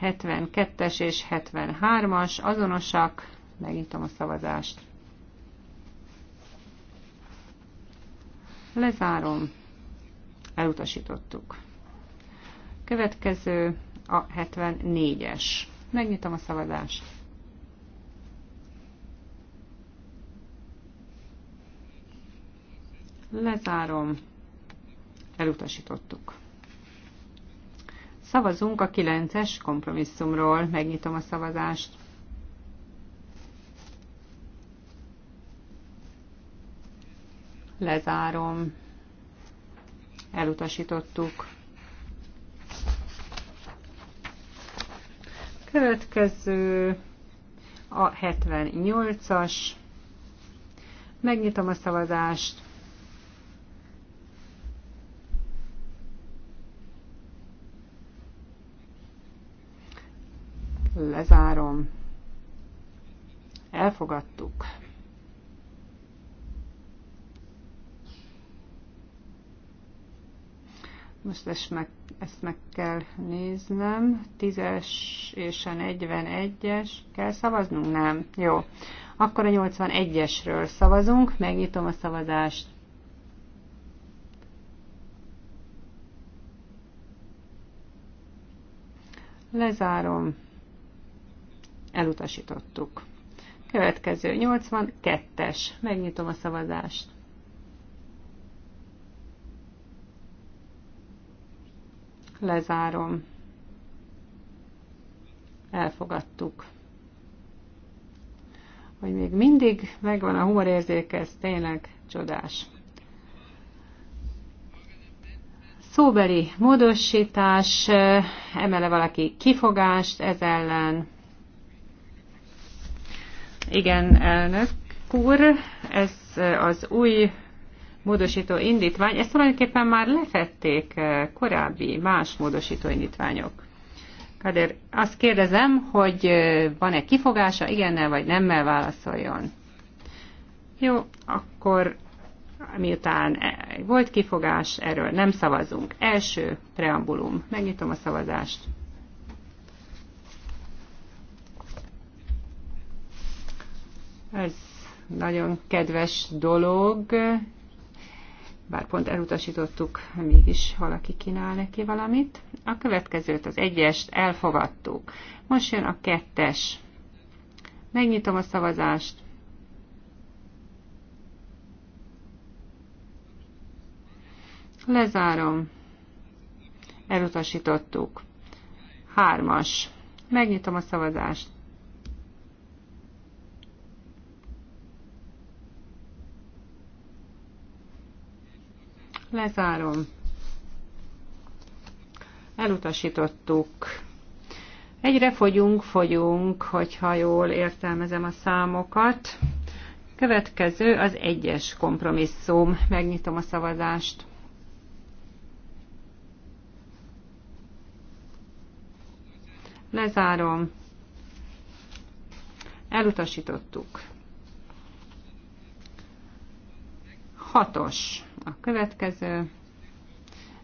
72-es és 73-as azonosak. Megnyitom a szavazást. Lezárom. Elutasítottuk. Következő a 74-es. Megnyitom a szavazást. Lezárom. Elutasítottuk. Szavazunk a 9-es kompromisszumról. Megnyitom a szavazást. Lezárom. Elutasítottuk. Következő a 78-as. Megnyitom a szavazást. Lezárom. Elfogadtuk. Most ezt meg, ezt meg kell néznem. 10-es és a 41-es. Kell szavaznunk? Nem. Jó. Akkor a 81-esről szavazunk. Megnyitom a szavazást. Lezárom. Elutasítottuk. Következő 82-es. Megnyitom a szavazást. Lezárom. Elfogadtuk. Hogy még mindig megvan a humorérzéke, ez tényleg csodás. Szóbeli módosítás, eh, emele valaki kifogást ez ellen. Igen, elnök úr, ez az új módosító indítvány, ezt tulajdonképpen már lefették eh, korábbi más módosító indítványok. Kader, azt kérdezem, hogy eh, van-e kifogása, igennel vagy nemmel válaszoljon. Jó, akkor miután eh, volt kifogás, erről nem szavazunk. Első preambulum. Megnyitom a szavazást. Ez nagyon kedves dolog, bár pont elutasítottuk, mégis valaki kínál neki valamit. A következőt, az egyest elfogadtuk. Most jön a kettes. Megnyitom a szavazást. Lezárom. Elutasítottuk. Hármas. Megnyitom a szavazást. Lezárom. Elutasítottuk. Egyre fogyunk, fogyunk, hogyha jól értelmezem a számokat. Következő az egyes kompromisszum. Megnyitom a szavazást. Lezárom. Elutasítottuk. Hatos. A következő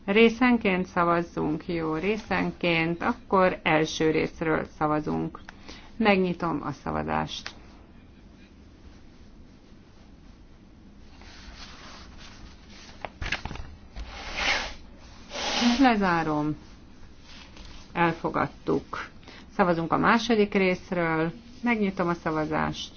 részenként szavazzunk, jó, részenként, akkor első részről szavazunk. Megnyitom a szavazást. Lezárom. Elfogadtuk. Szavazunk a második részről. Megnyitom a szavazást.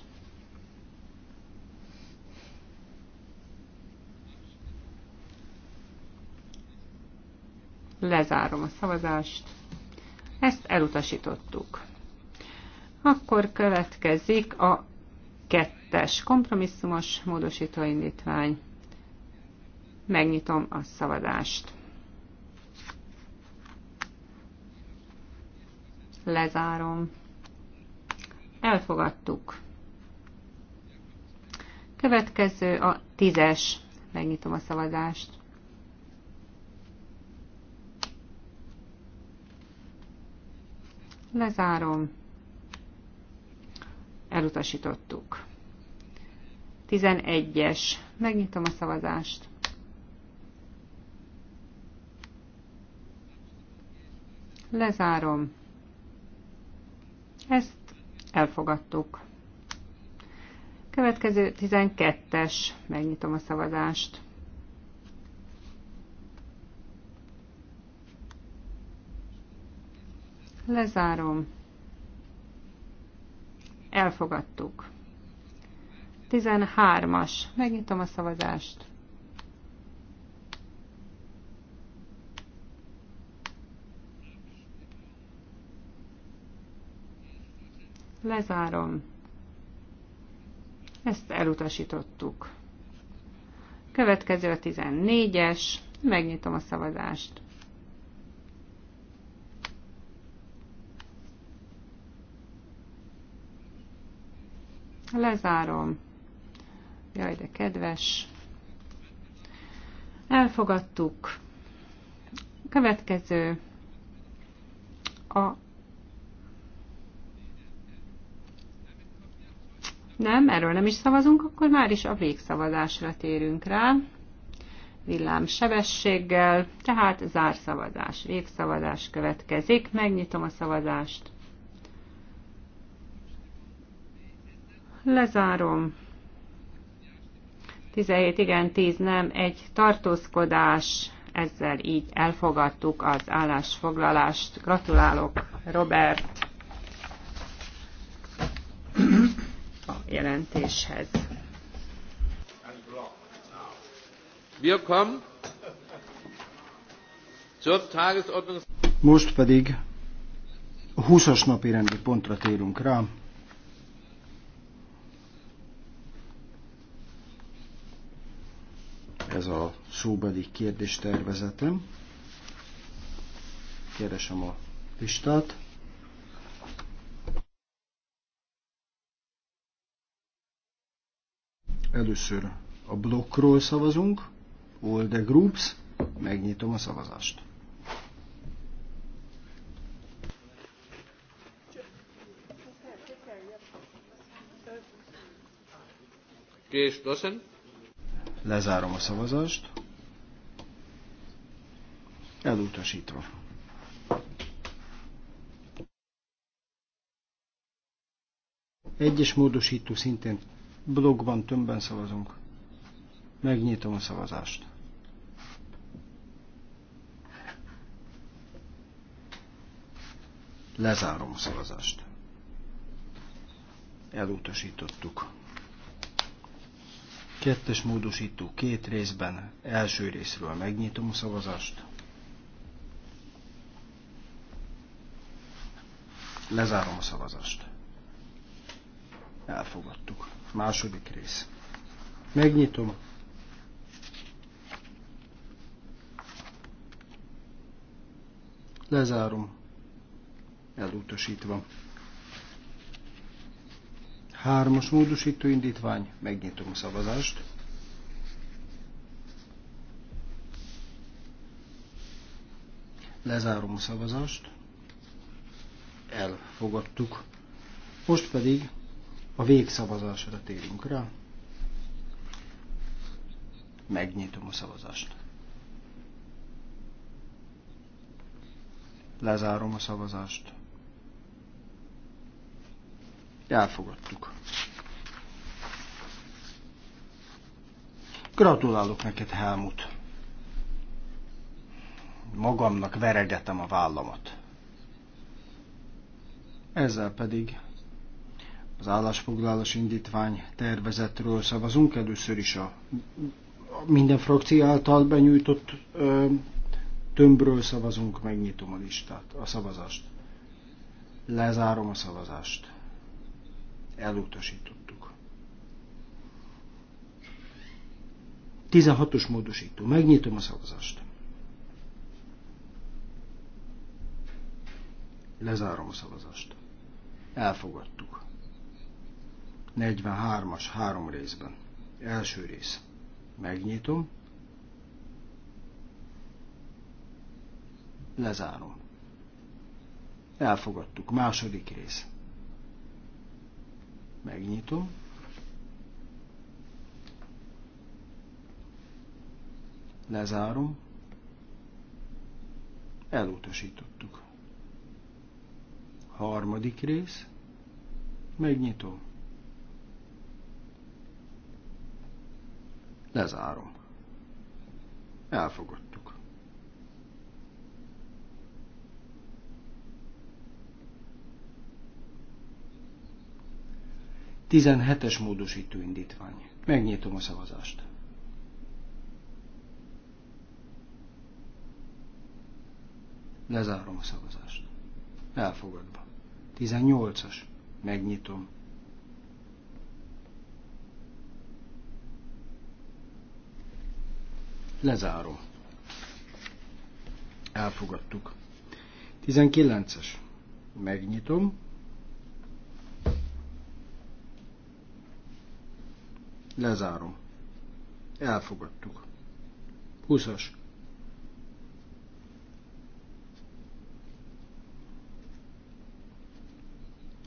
Lezárom a szavazást. Ezt elutasítottuk. Akkor következik a kettes kompromisszumos módosítóindítvány. Megnyitom a szavazást. Lezárom. Elfogadtuk. Következő a tízes. Megnyitom a szavazást. Lezárom. Elutasítottuk. 11-es. Megnyitom a szavazást. Lezárom. Ezt elfogadtuk. Következő 12-es. Megnyitom a szavazást. Lezárom. Elfogadtuk. 13-as. Megnyitom a szavazást. Lezárom. Ezt elutasítottuk. Következő a 14-es. Megnyitom a szavazást. Lezárom. Jaj, de kedves. Elfogadtuk. Következő. A Nem, erről nem is szavazunk, akkor már is a végszavazásra térünk rá. Villám sebességgel, tehát zárszavazás, végszavazás következik. Megnyitom a szavazást. Lezárom. 17 igen, 10 nem, egy tartózkodás, ezzel így elfogadtuk az állásfoglalást. Gratulálok, Robert, a jelentéshez. Most pedig a 20-as napi rendi pontra térünk rá. ez a szóbeli kérdés tervezetem. Keresem a listát. Először a blokkról szavazunk, all the groups, megnyitom a szavazást. Case is Lezárom a szavazást. Elutasítva. Egyes módosító szintén blogban tömbben szavazunk. Megnyitom a szavazást. Lezárom a szavazást. Elutasítottuk. Kettes módosító két részben. Első részről megnyitom a szavazást. Lezárom a szavazást. Elfogadtuk. Második rész. Megnyitom. Lezárom. Elutasítva. Hármas módosító indítvány, megnyitom a szavazást. Lezárom a szavazást. Elfogadtuk. Most pedig a végszavazásra térünk rá. Megnyitom a szavazást. Lezárom a szavazást. Elfogadtuk. Gratulálok neked, Helmut. Magamnak veregetem a vállamat. Ezzel pedig az állásfoglalás indítvány tervezetről szavazunk. Először is a minden frakció által benyújtott ö, tömbről szavazunk, megnyitom a listát, a szavazást. Lezárom a szavazást. Elutasítottuk. 16-os módosító. Megnyitom a szavazást. Lezárom a szavazást. Elfogadtuk. 43-as három részben. Első rész. Megnyitom. Lezárom. Elfogadtuk. Második rész. Megnyitom. Lezárom. Elutasítottuk. Harmadik rész. Megnyitom. Lezárom. Elfogott. 17-es módosító indítvány. Megnyitom a szavazást. Lezárom a szavazást. Elfogadva. 18-as. Megnyitom. Lezárom. Elfogadtuk. 19-es. Megnyitom. Lezárom. Elfogadtuk. 20-as.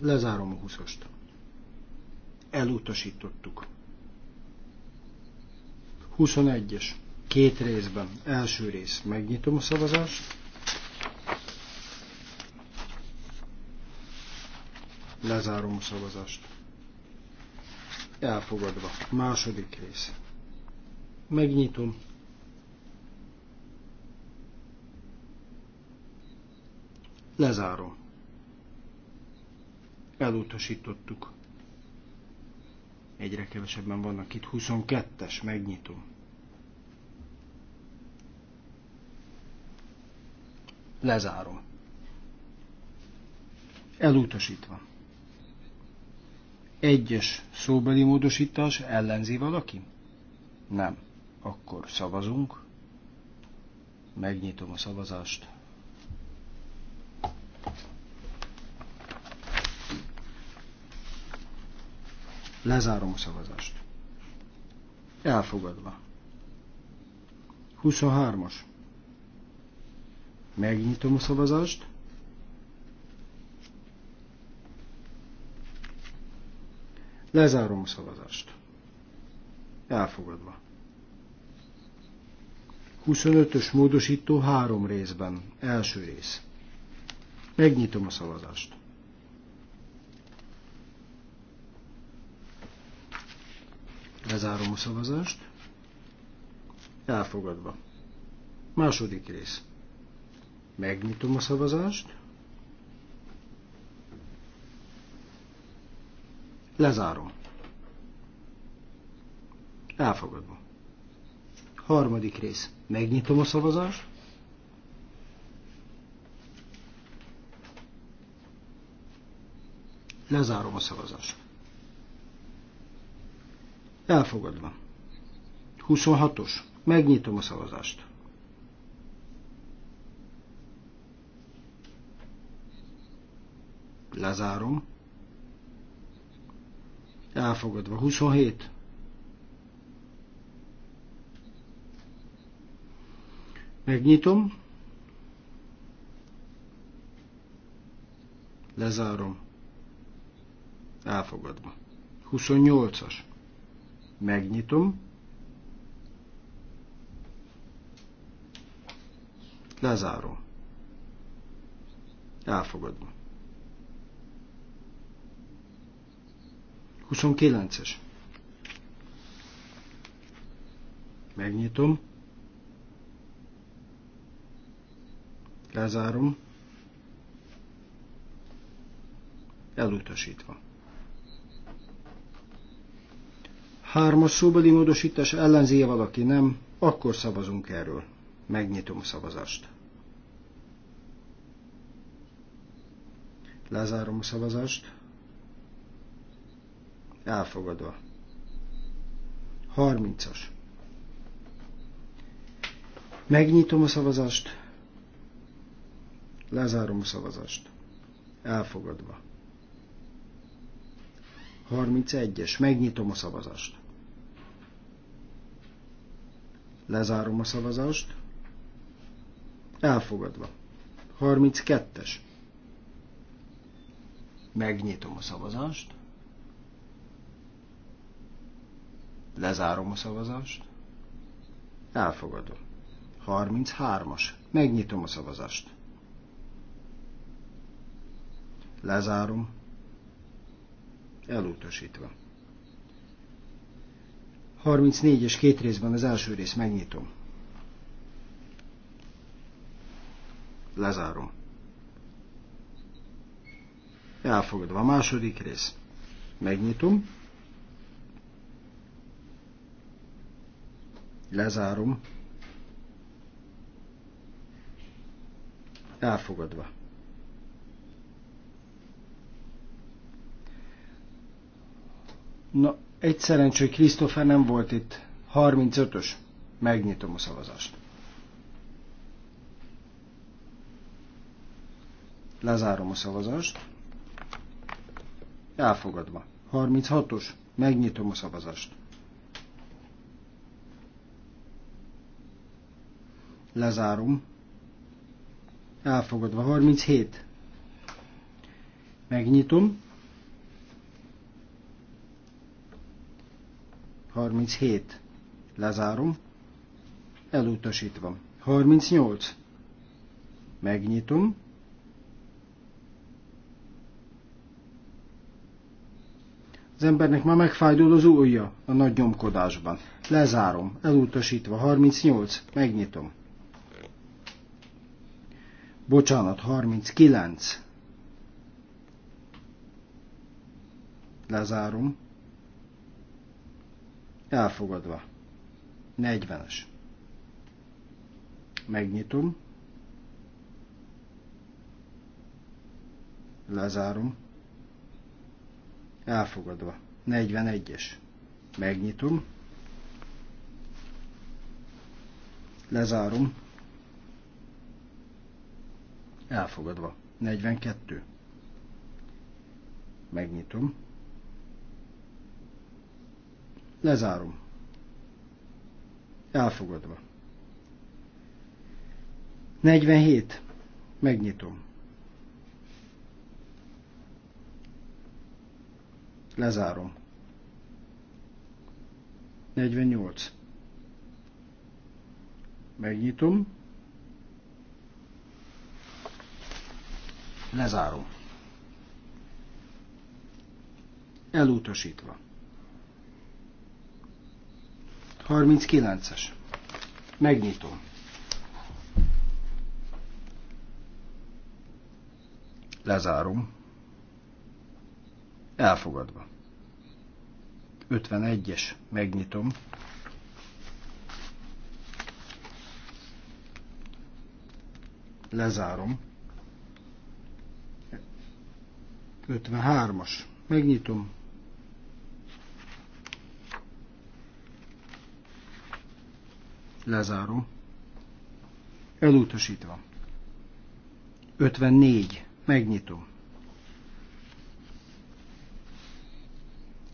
Lezárom a 20-ast. Elutasítottuk. 21-es. Két részben. Első rész. Megnyitom a szavazást. Lezárom a szavazást elfogadva. Második rész. Megnyitom. Lezárom. Elutasítottuk. Egyre kevesebben vannak itt. 22-es, megnyitom. Lezárom. Elutasítva. Egyes szóbeli módosítás ellenzi valaki? Nem. Akkor szavazunk. Megnyitom a szavazást. Lezárom a szavazást. Elfogadva. 23-as. Megnyitom a szavazást. Lezárom a szavazást. Elfogadva. 25-ös módosító három részben. Első rész. Megnyitom a szavazást. Lezárom a szavazást. Elfogadva. Második rész. Megnyitom a szavazást. Lezárom. Elfogadva. Harmadik rész. Megnyitom a szavazást. Lezárom a szavazást. Elfogadva. 26-os. Megnyitom a szavazást. Lezárom. Elfogadva. 27. Megnyitom. Lezárom. Elfogadva. 28-as. Megnyitom. Lezárom. Elfogadva. 29-es. Megnyitom. Lezárom. Elutasítva. Hármas szóbeli módosítás ellenzéje valaki nem, akkor szavazunk erről. Megnyitom a szavazást. Lezárom a szavazást elfogadva. 30-as. Megnyitom a szavazást, lezárom a szavazást, elfogadva. 31-es, megnyitom a szavazást. Lezárom a szavazást, elfogadva. 32-es. Megnyitom a szavazást. Lezárom a szavazást. Elfogadom. 33-as. Megnyitom a szavazást. Lezárom. Elutasítva. 34-es két részben az első rész megnyitom. Lezárom. Elfogadva a második rész. Megnyitom. Lezárom. Elfogadva. Na, egy szerencsé, Krisztófer nem volt itt. 35-ös. Megnyitom a szavazást. Lezárom a szavazást. Elfogadva. 36-os. Megnyitom a szavazást. Lezárom. Elfogadva. 37. Megnyitom. 37. Lezárom. Elutasítva. 38. Megnyitom. Az embernek már megfájdul az ujja a nagy nyomkodásban. Lezárom, elutasítva, 38, megnyitom bocsánat, 39. Lezárom. Elfogadva. 40-es. Megnyitom. Lezárom. Elfogadva. 41-es. Megnyitom. Lezárom elfogadva. 42. Megnyitom. Lezárom. Elfogadva. 47. Megnyitom. Lezárom. 48. Megnyitom. Lezárom. Elutasítva. 39-es. Megnyitom. Lezárom. Elfogadva. 51-es. Megnyitom. Lezárom. 53-as. Megnyitom. Lezárom. Elutasítva. 54. Megnyitom.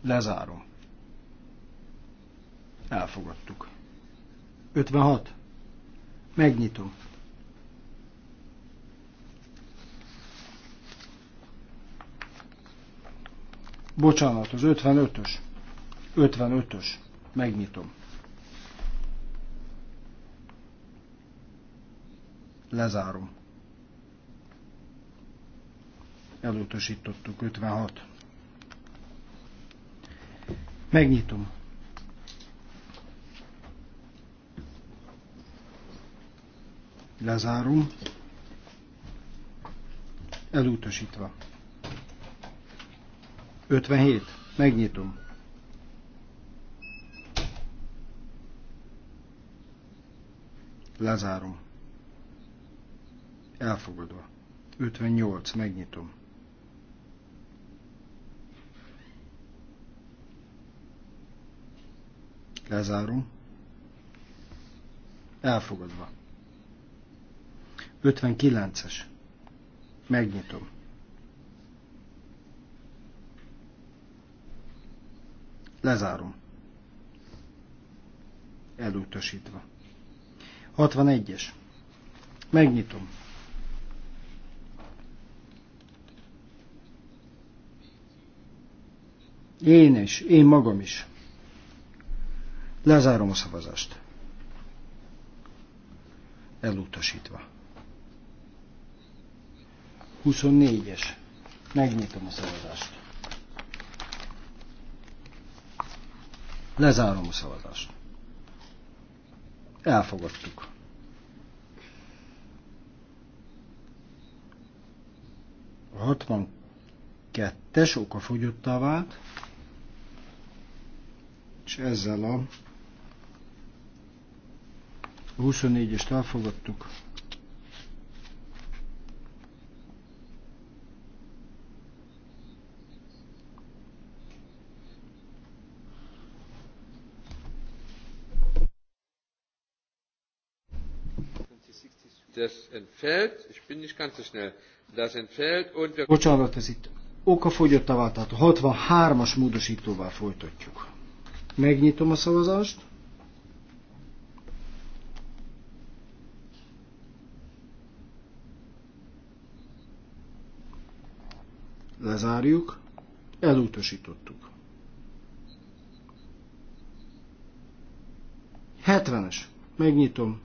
Lezárom. Elfogadtuk. 56. Megnyitom. Bocsánat, az 55-ös. 55-ös. Megnyitom. Lezárom. Elutasítottuk 56. Megnyitom. Lezárom. Elutasítva. 57. Megnyitom. Lezárom. Elfogadva. 58. Megnyitom. Lezárom. Elfogadva. 59-es. Megnyitom. Lezárom. Elutasítva. 61-es. Megnyitom. Én is, én magam is. Lezárom a szavazást. Elutasítva. 24-es. Megnyitom a szavazást. Lezárom a szavazást. Elfogadtuk. A 62-es okafogyottá vált, és ezzel a 24-est elfogadtuk. Das entfällt. Ich bin nicht ganz so schnell. Das entfällt und wir... Bocsánat, ez itt okafogyottá vált, tehát 63-as módosítóval folytatjuk. Megnyitom a szavazást. Lezárjuk. Elutasítottuk. 70-es. Megnyitom.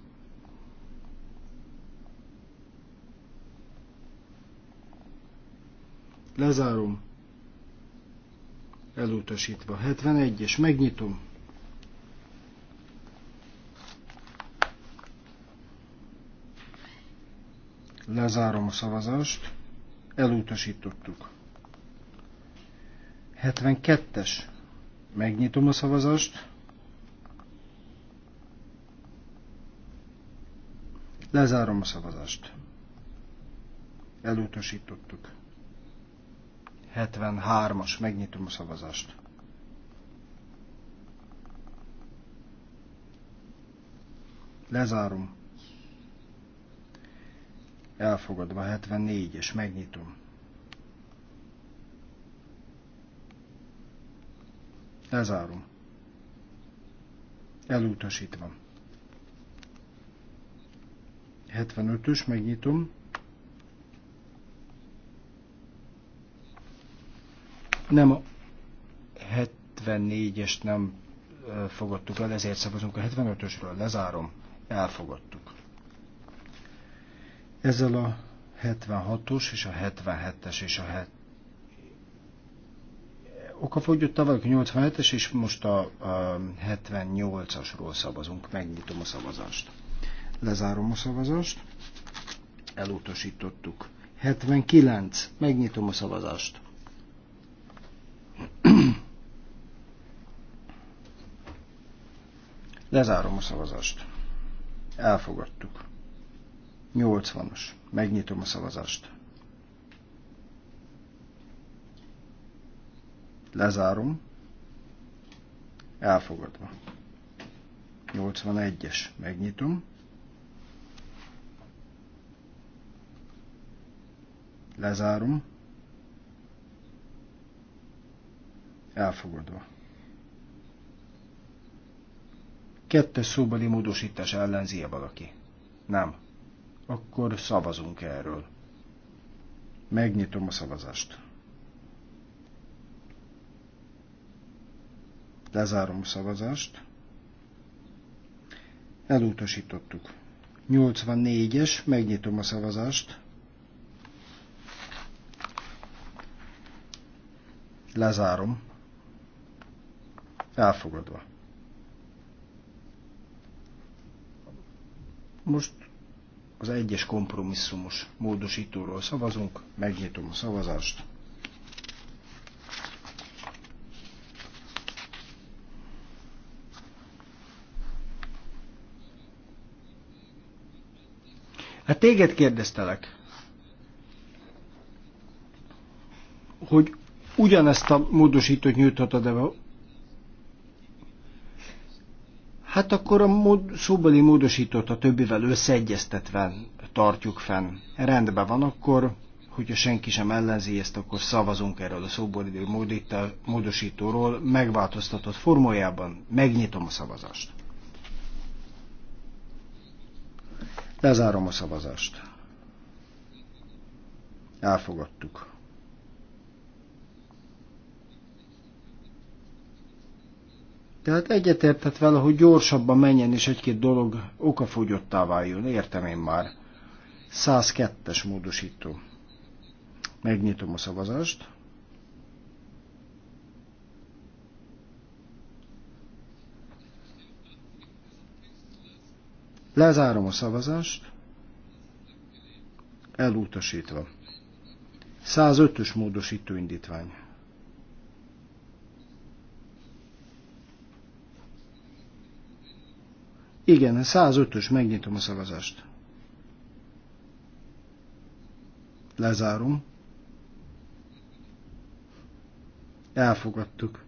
Lezárom. Elutasítva. 71-es. Megnyitom. Lezárom a szavazást. Elutasítottuk. 72-es. Megnyitom a szavazást. Lezárom a szavazást. Elutasítottuk. 73-as, megnyitom a szavazást. Lezárom. Elfogadva 74-es, megnyitom. Lezárom. Elutasítva. 75-ös, megnyitom. Nem a 74-est nem fogadtuk el, ezért szavazunk a 75-ösről. Lezárom. Elfogadtuk. Ezzel a 76-os és a 77-es és a 7 tavaly a 87-es, és most a, a 78-asról szavazunk. Megnyitom a szavazást. Lezárom a szavazást. Elutasítottuk. 79. Megnyitom a szavazást. Lezárom a szavazást. Elfogadtuk. 80-as. Megnyitom a szavazást. Lezárom. Elfogadva. 81-es. Megnyitom. Lezárom. Elfogadva. Kettes szóbeli módosítás ellenzi-e valaki? Nem. Akkor szavazunk erről. Megnyitom a szavazást. Lezárom a szavazást. Elutasítottuk. 84-es, megnyitom a szavazást. Lezárom. Elfogadva. Most az egyes kompromisszumos módosítóról szavazunk, megnyitom a szavazást. Hát téged kérdeztelek, hogy ugyanezt a módosítót nyújthatod -e Hát akkor a mód, szóbeli módosítót a többivel összeegyeztetve tartjuk fenn. Rendben van akkor, hogyha senki sem ellenzi ezt, akkor szavazunk erről a szóbeli módosítóról megváltoztatott formájában. Megnyitom a szavazást. Lezárom a szavazást. Elfogadtuk. Tehát egyetértett vele, hogy gyorsabban menjen, és egy-két dolog okafogyottá váljon. Értem én már. 102-es módosító. Megnyitom a szavazást. Lezárom a szavazást. Elutasítva. 105-ös módosító indítvány. Igen, 105-ös, megnyitom a szavazást. Lezárom. Elfogadtuk.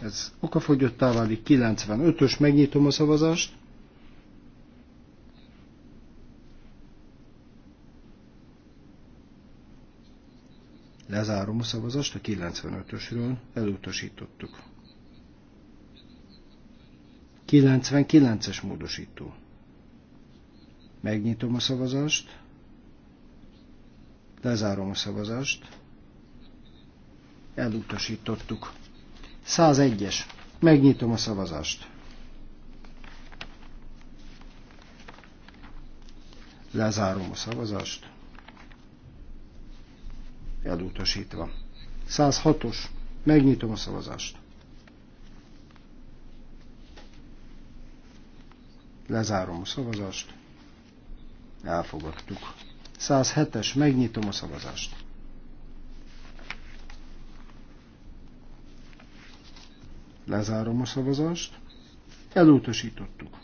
Ez okafogyottá válik. 95-ös, megnyitom a szavazást. Lezárom a szavazást a 95-ösről, elutasítottuk. 99-es módosító. Megnyitom a szavazást. Lezárom a szavazást. Elutasítottuk. 101-es. Megnyitom a szavazást. Lezárom a szavazást. Elutasítva. 106-os. Megnyitom a szavazást. Lezárom a szavazást. Elfogadtuk. 107-es, megnyitom a szavazást. Lezárom a szavazást. Elutasítottuk.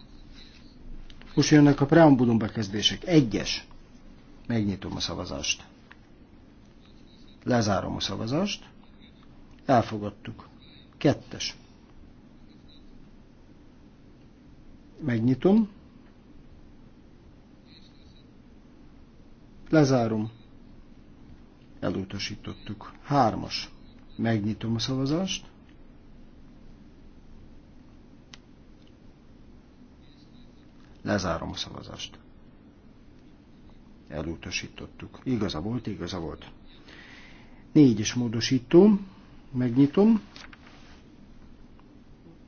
Most jönnek a preambulum bekezdések. Egyes. Megnyitom a szavazást. Lezárom a szavazást. Elfogadtuk. Kettes. Megnyitom. Lezárom. Elutasítottuk. Hármas. Megnyitom a szavazást. Lezárom a szavazást. Elutasítottuk. Igaza volt, igaza volt. Négyes módosító. Megnyitom.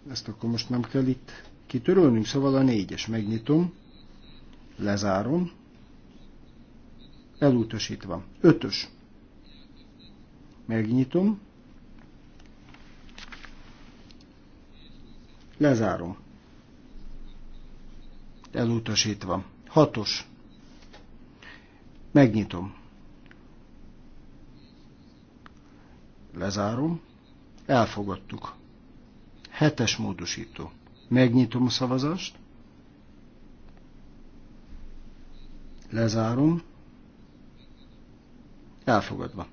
Ezt akkor most nem kell itt kitörölnünk, szóval a négyes megnyitom, lezárom, elutasítva. Ötös. Megnyitom, lezárom, elutasítva. Hatos. Megnyitom. Lezárom. Elfogadtuk. Hetes módosító. Megnyitom a szavazást. Lezárom. Elfogadva.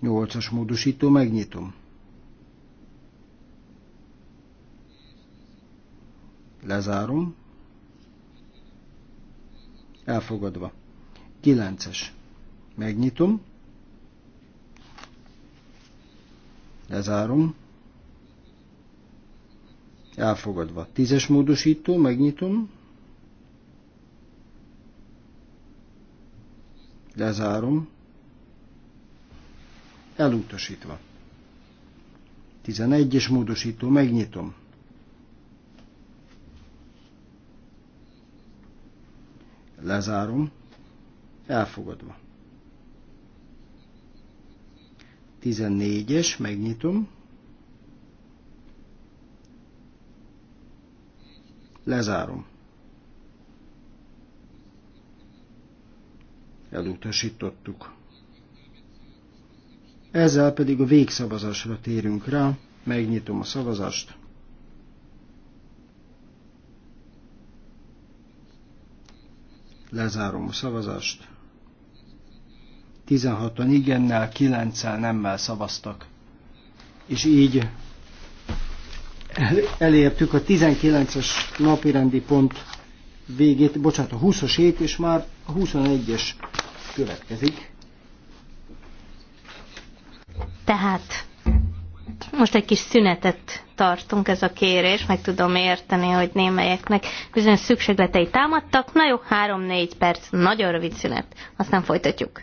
Nyolcas módosító, megnyitom. Lezárom. Elfogadva. Kilences. Megnyitom. Lezárom elfogadva. Tízes módosító, megnyitom. Lezárom. Elutasítva. Tizenegyes módosító, megnyitom. Lezárom. Elfogadva. 14-es, megnyitom. Lezárom. Elutasítottuk. Ezzel pedig a végszavazásra térünk rá. Megnyitom a szavazást. Lezárom a szavazást. 16-an igennel, 9-el nemmel szavaztak. És így elértük a 19-es napirendi pont végét, bocsánat, a 20 hét, és már a 21-es következik. Tehát most egy kis szünetet tartunk, ez a kérés, meg tudom érteni, hogy némelyeknek bizonyos szükségletei támadtak. Na jó, 3-4 perc, nagyon rövid szünet, aztán folytatjuk.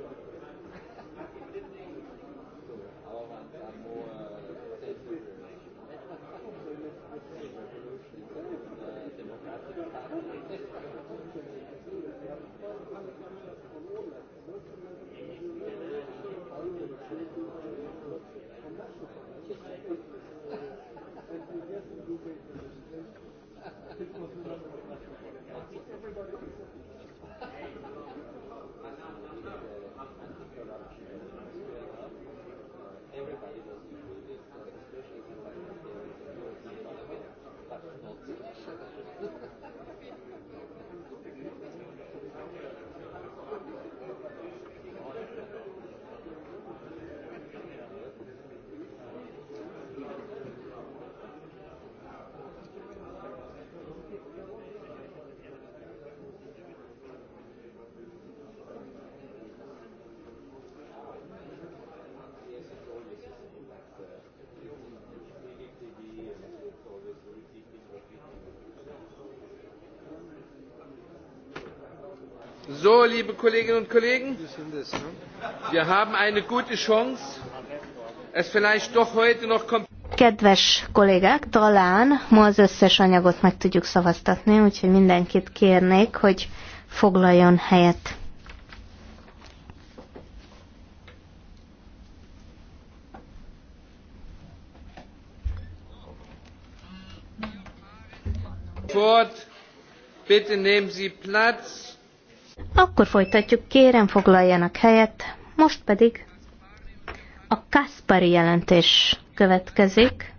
So, liebe Kolleginnen und Kollegen, wir haben eine gute Chance, es vielleicht doch heute noch Kedves kollégák, talán ma az összes anyagot meg tudjuk szavaztatni, úgyhogy mindenkit kérnék, hogy foglaljon helyet. Fort, bitte nehmen Sie Platz. Akkor folytatjuk, kérem foglaljanak helyet, most pedig a Kaspari jelentés következik.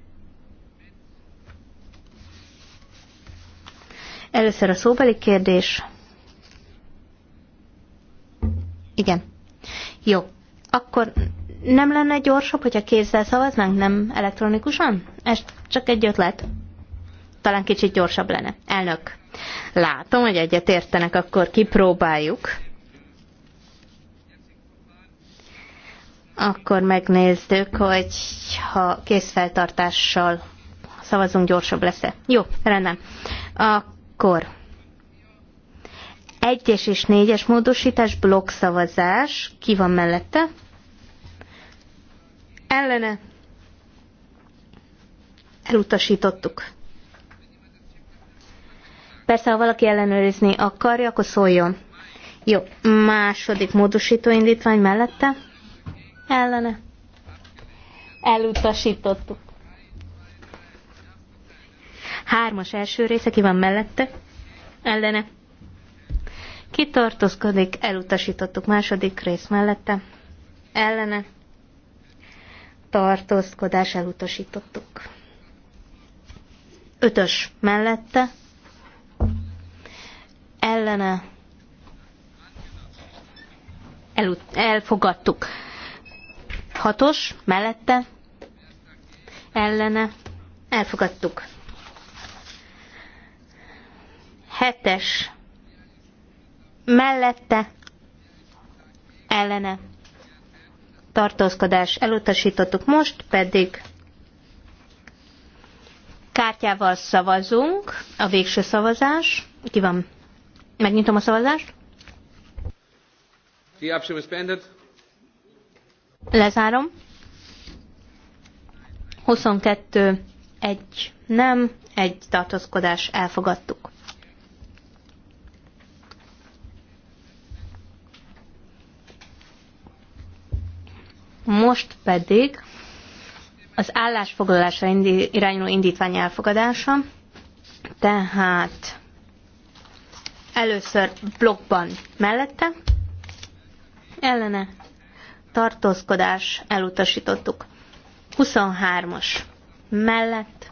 Először a szóbeli kérdés. Igen. Jó. Akkor nem lenne gyorsabb, hogyha kézzel szavaznánk, nem elektronikusan? Ez csak egy ötlet. Talán kicsit gyorsabb lenne. Elnök. Látom, hogy egyet értenek, akkor kipróbáljuk. Akkor megnézzük, hogy ha készfeltartással szavazunk, gyorsabb lesz-e. Jó, rendben. Akkor egyes és négyes módosítás, blokkszavazás. Ki van mellette? Ellene. Elutasítottuk. Persze, ha valaki ellenőrizni akarja, akkor szóljon. Jó, második módosító indítvány mellette? Ellene? Elutasítottuk. Hármas első része, ki van mellette? Ellene? Ki tartózkodik? Elutasítottuk második rész mellette. Ellene? Tartózkodás elutasítottuk. Ötös mellette? ellene el, elfogadtuk. Hatos, mellette, ellene, elfogadtuk. Hetes, mellette, ellene, tartózkodás elutasítottuk. Most pedig kártyával szavazunk, a végső szavazás. Ki van Megnyitom a szavazást. Die Abstimmung ist beendet. Lezárom. 22, 1 nem, egy tartózkodás elfogadtuk. Most pedig az állásfoglalásra irányuló indítvány elfogadása, tehát Először blokkban mellette, ellene tartózkodás elutasítottuk. 23-as mellett,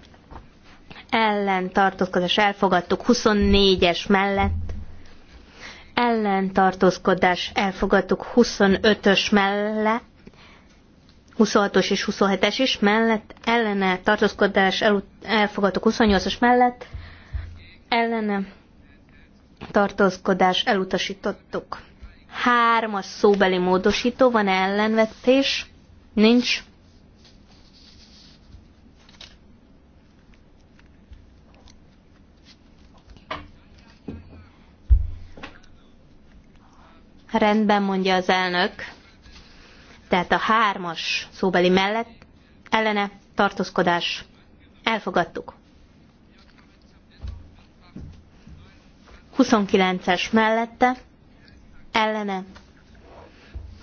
ellen tartózkodás elfogadtuk. 24-es mellett, ellen tartózkodás elfogadtuk. 25-ös mellett, 26-os és 27-es is mellett, ellene tartózkodás elfogadtuk 28-as mellett, ellene tartózkodás elutasítottuk. Hármas szóbeli módosító, van -e ellenvetés? Nincs. Rendben mondja az elnök. Tehát a hármas szóbeli mellett ellene tartózkodás. Elfogadtuk. 29-es mellette, ellene,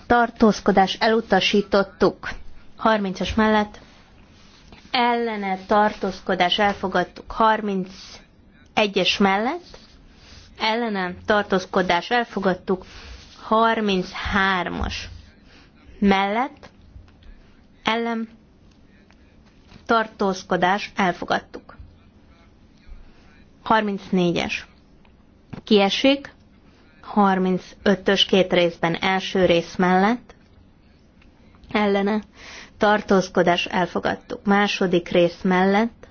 tartózkodás elutasítottuk. 30-as mellett, ellene, tartózkodás elfogadtuk. 31-es mellett, ellene, tartózkodás elfogadtuk. 33-as mellett, ellen, tartózkodás elfogadtuk. 34-es kiesik, 35-ös két részben első rész mellett, ellene, tartózkodás elfogadtuk második rész mellett,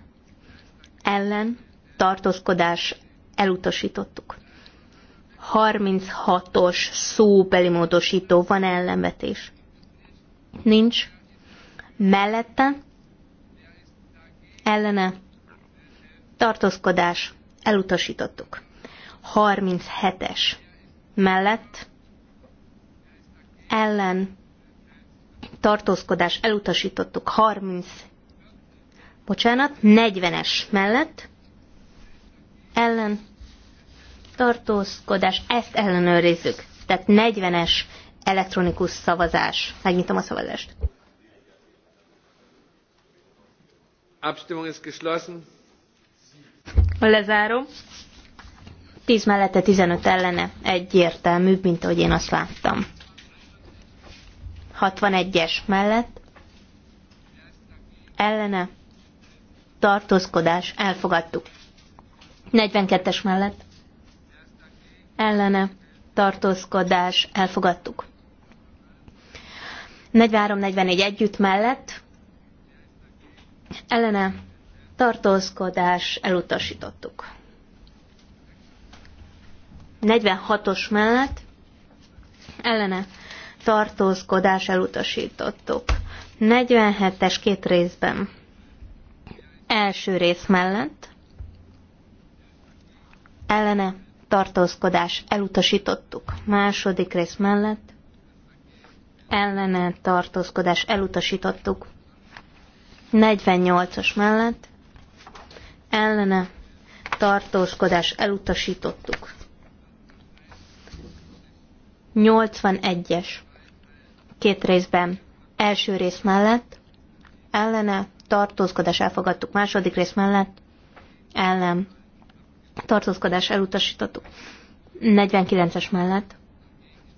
ellen, tartózkodás elutasítottuk. 36-os szóbeli módosító van ellenvetés. Nincs. Mellette, ellene, tartózkodás elutasítottuk. 37-es mellett ellen tartózkodás elutasítottuk 30, bocsánat, 40-es mellett ellen tartózkodás, ezt ellenőrizzük. Tehát 40-es elektronikus szavazás. Megnyitom a szavazást. Abstimmung ist geschlossen. Lezárom. 10 mellette 15 ellene egyértelműbb, mint ahogy én azt láttam. 61-es mellett ellene tartózkodás elfogadtuk. 42-es mellett ellene tartózkodás elfogadtuk. 43-44 együtt mellett ellene tartózkodás elutasítottuk. 46-os mellett ellene tartózkodás elutasítottuk. 47-es két részben. Első rész mellett ellene tartózkodás elutasítottuk. Második rész mellett ellene tartózkodás elutasítottuk. 48-as mellett ellene tartózkodás elutasítottuk. 81-es. Két részben. Első rész mellett, ellene, tartózkodás elfogadtuk. Második rész mellett, ellen, tartózkodás elutasítottuk. 49-es mellett,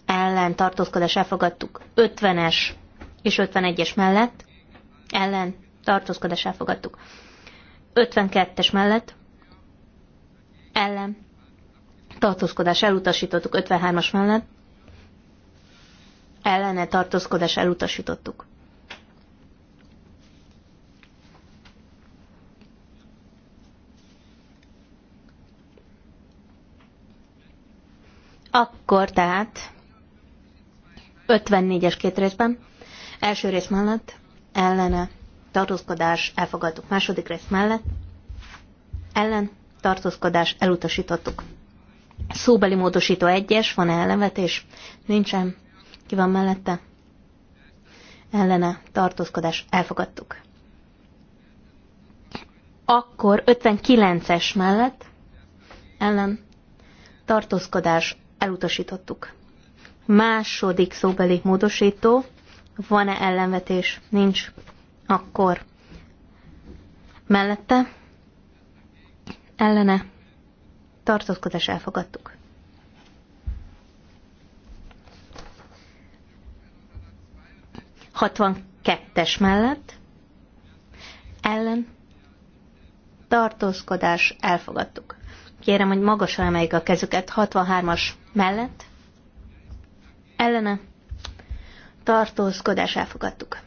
ellen, tartózkodás elfogadtuk. 50-es és 51-es mellett, ellen, tartózkodás elfogadtuk. 52-es mellett, ellen, tartózkodás elutasítottuk 53-as mellett, ellene tartózkodás elutasítottuk. Akkor tehát 54-es két részben, első rész mellett ellene tartózkodás elfogadtuk, második rész mellett ellen tartózkodás elutasítottuk. Szóbeli módosító egyes, van -e ellenvetés? Nincsen. Ki van mellette? Ellene tartózkodás elfogadtuk. Akkor 59-es mellett ellen tartózkodás elutasítottuk. Második szóbeli módosító, van-e ellenvetés? Nincs. Akkor mellette ellene tartózkodás elfogadtuk. 62-es mellett ellen tartózkodás elfogadtuk. Kérem, hogy magasra emeljük a kezüket 63-as mellett ellene tartózkodás elfogadtuk.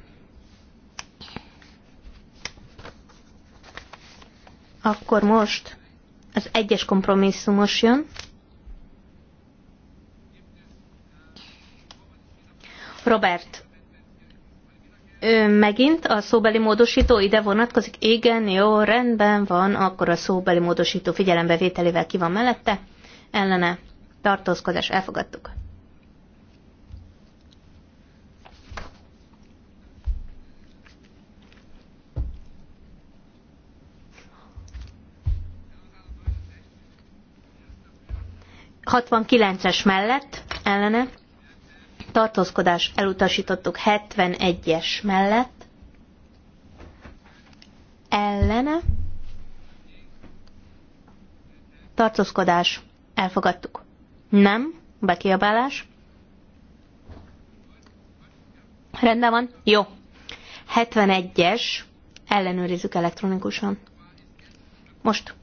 Akkor most az egyes kompromisszumos jön. Robert megint a szóbeli módosító ide vonatkozik? Igen, jó, rendben van, akkor a szóbeli módosító figyelembevételével ki van mellette? Ellene tartózkodás elfogadtuk. Hatvankilences mellett ellene tartózkodás elutasítottuk 71-es mellett, ellene, tartózkodás elfogadtuk. Nem, bekiabálás. Rendben van, jó. 71-es, ellenőrizzük elektronikusan. Most.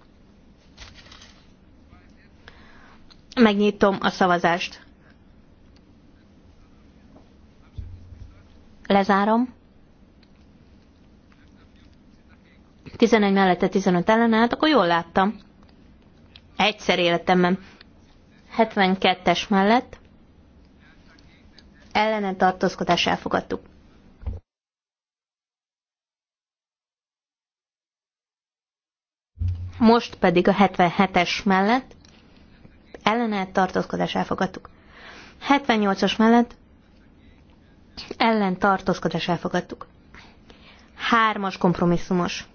Megnyitom a szavazást. Lezárom. 11 mellette 15 ellen állt, akkor jól láttam. Egyszer életemben. 72-es mellett ellene tartózkodás elfogadtuk. Most pedig a 77-es mellett ellene tartózkodás elfogadtuk. 78-as mellett ellen tartózkodás elfogadtuk. Hármas kompromisszumos.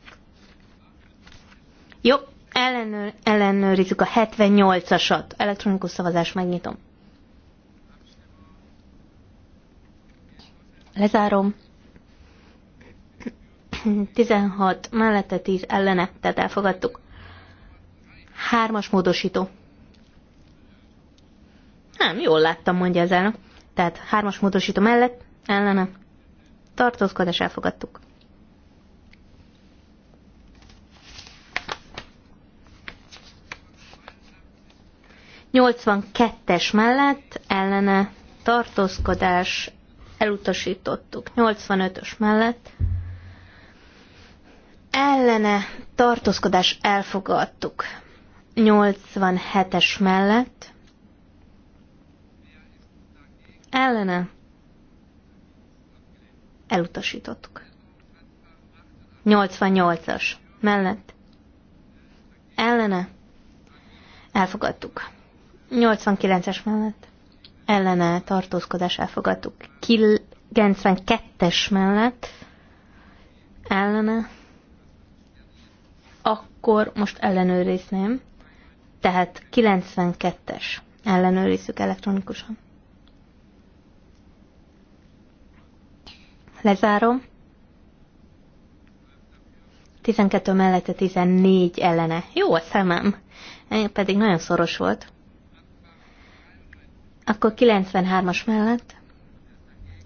Jó, ellenőr, ellenőrizzük a 78-asat. Elektronikus szavazás megnyitom. Lezárom. 16 mellette 10 ellene, tehát elfogadtuk. Hármas módosító. Nem, jól láttam, mondja az elnök. Tehát hármas módosító mellett ellene, tartózkodás elfogadtuk. Nyolcvankettes mellett ellene tartózkodás elutasítottuk. 85-ös mellett ellene tartózkodás elfogadtuk. 87-es mellett ellene Elutasítottuk. 88-as. Mellett. Ellene. Elfogadtuk. 89-es mellett. Ellene tartózkodás elfogadtuk. 92-es mellett. Ellene. Akkor most ellenőrizném. Tehát 92-es. Ellenőrizzük elektronikusan. Lezárom. 12 mellette 14 ellene. Jó a szemem. Pedig nagyon szoros volt. Akkor 93-as mellett.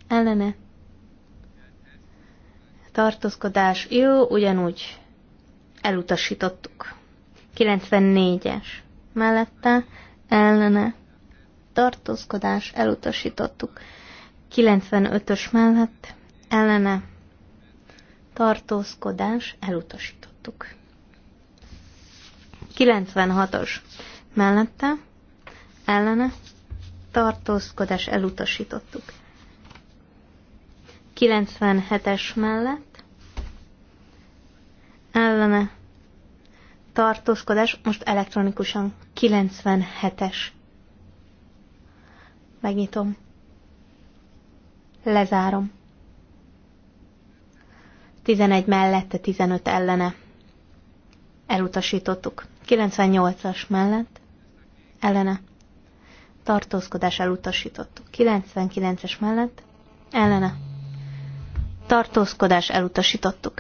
Ellene. Tartózkodás. Jó, ugyanúgy elutasítottuk. 94-es mellette. Ellene. Tartózkodás. Elutasítottuk. 95-ös mellett ellene tartózkodás elutasítottuk. 96-os mellette ellene tartózkodás elutasítottuk. 97-es mellett ellene tartózkodás, most elektronikusan 97-es. Megnyitom. Lezárom. 11 mellette, 15 ellene. Elutasítottuk. 98-as mellett, ellene. Tartózkodás elutasítottuk. 99-es mellett, ellene. Tartózkodás elutasítottuk.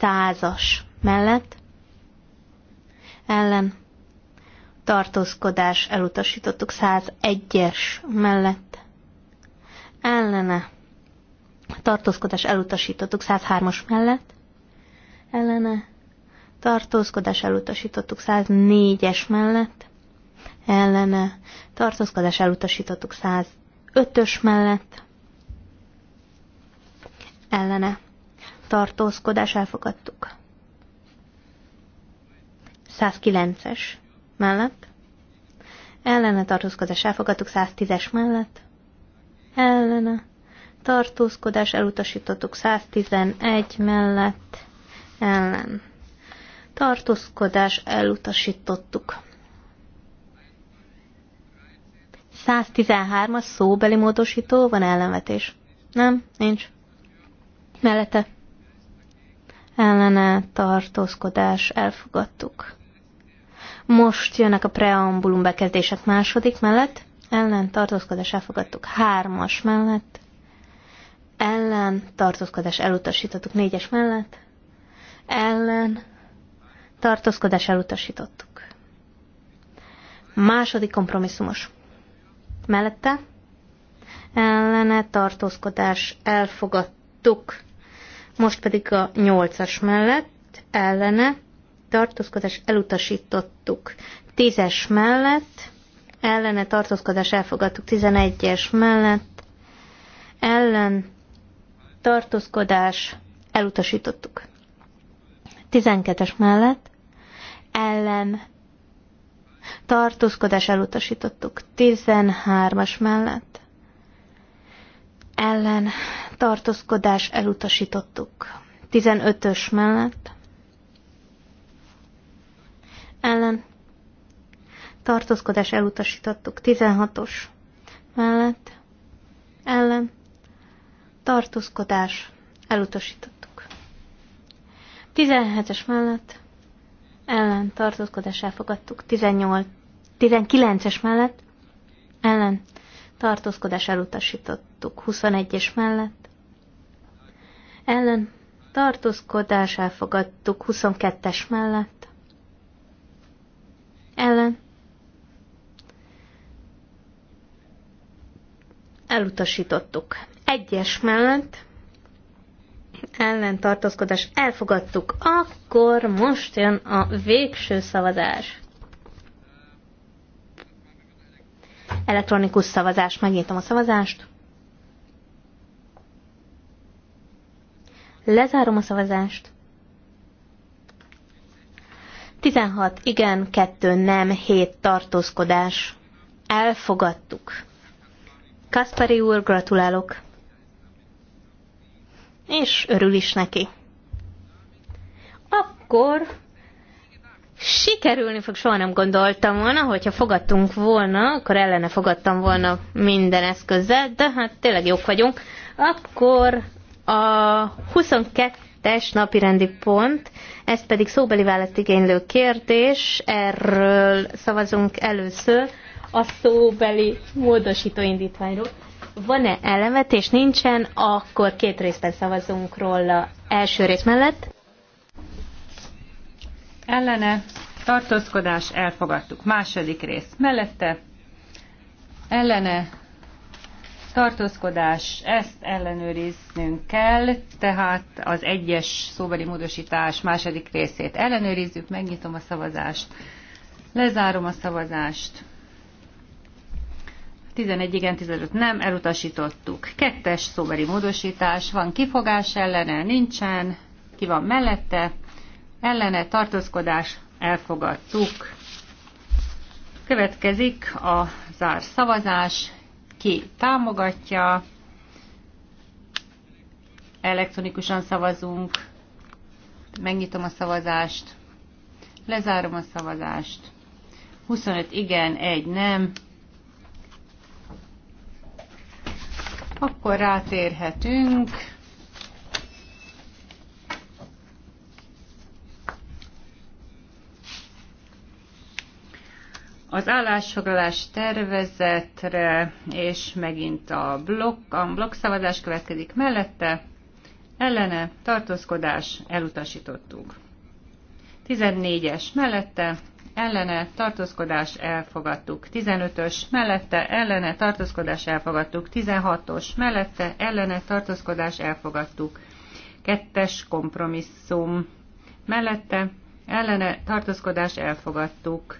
100-as mellett, ellen. Tartózkodás elutasítottuk. 101-es mellett, ellene tartózkodás elutasítottuk 103-as mellett, ellene, tartózkodás elutasítottuk 104-es mellett, ellene, tartózkodás elutasítottuk 105-ös mellett, ellene, tartózkodás elfogadtuk. 109-es mellett, ellene tartózkodás elfogadtuk 110-es mellett, ellene tartózkodás elutasítottuk 111 mellett ellen. Tartózkodás elutasítottuk. 113-as szóbeli módosító, van ellenvetés? Nem, nincs. Mellette ellene tartózkodás elfogadtuk. Most jönnek a preambulum bekezdések második mellett, ellen tartózkodás elfogadtuk hármas mellett, ellen, tartózkodás elutasítottuk négyes mellett, ellen, tartózkodás elutasítottuk. Második kompromisszumos. Mellette, ellene, tartózkodás elfogadtuk. Most pedig a nyolcas mellett, ellene, tartózkodás elutasítottuk. Tízes mellett, ellene tartózkodás elfogadtuk. Tizenegyes mellett, ellen tartózkodás, elutasítottuk. 12-es mellett, ellen, tartózkodás, elutasítottuk. 13-as mellett, ellen, tartózkodás, elutasítottuk. 15-ös mellett, ellen, tartózkodás, elutasítottuk. 16-os mellett, ellen, tartózkodás, elutasítottuk. 17-es mellett ellen tartózkodás elfogadtuk, 18, 19-es mellett ellen tartózkodás elutasítottuk, 21-es mellett ellen tartózkodás elfogadtuk, 22-es mellett elutasítottuk. Egyes mellett ellentartózkodás elfogadtuk. Akkor most jön a végső szavazás. Elektronikus szavazás. Megnyitom a szavazást. Lezárom a szavazást. 16 igen, 2 nem, 7 tartózkodás. Elfogadtuk. Kaspari úr, gratulálok. És örül is neki. Akkor sikerülni fog, soha nem gondoltam volna, hogyha fogadtunk volna, akkor ellene fogadtam volna minden eszközzel, de hát tényleg jók vagyunk. Akkor a 22-es napi rendi pont, ez pedig szóbeli választigénylő kérdés, erről szavazunk először a szóbeli módosító indítványról. Van-e elemet, és nincsen, akkor két részben szavazunk róla. Első rész mellett. Ellene, tartózkodás, elfogadtuk. Második rész mellette. Ellene, tartózkodás, ezt ellenőriznünk kell, tehát az egyes szóbeli módosítás második részét ellenőrizzük, megnyitom a szavazást, lezárom a szavazást, 11 igen, 15 nem, elutasítottuk. Kettes szóbeli módosítás, van kifogás ellene, nincsen, ki van mellette, ellene tartózkodás, elfogadtuk. Következik a zár szavazás, ki támogatja, elektronikusan szavazunk, megnyitom a szavazást, lezárom a szavazást, 25 igen, 1 nem, Akkor rátérhetünk az állásfoglalás tervezetre, és megint a blokk, a blokk szavazás következik mellette, ellene tartózkodás elutasítottuk. 14-es mellette ellene tartózkodás elfogadtuk. 15-ös mellette ellene tartózkodás elfogadtuk. 16-os mellette ellene tartózkodás elfogadtuk. Kettes kompromisszum mellette ellene tartózkodás elfogadtuk.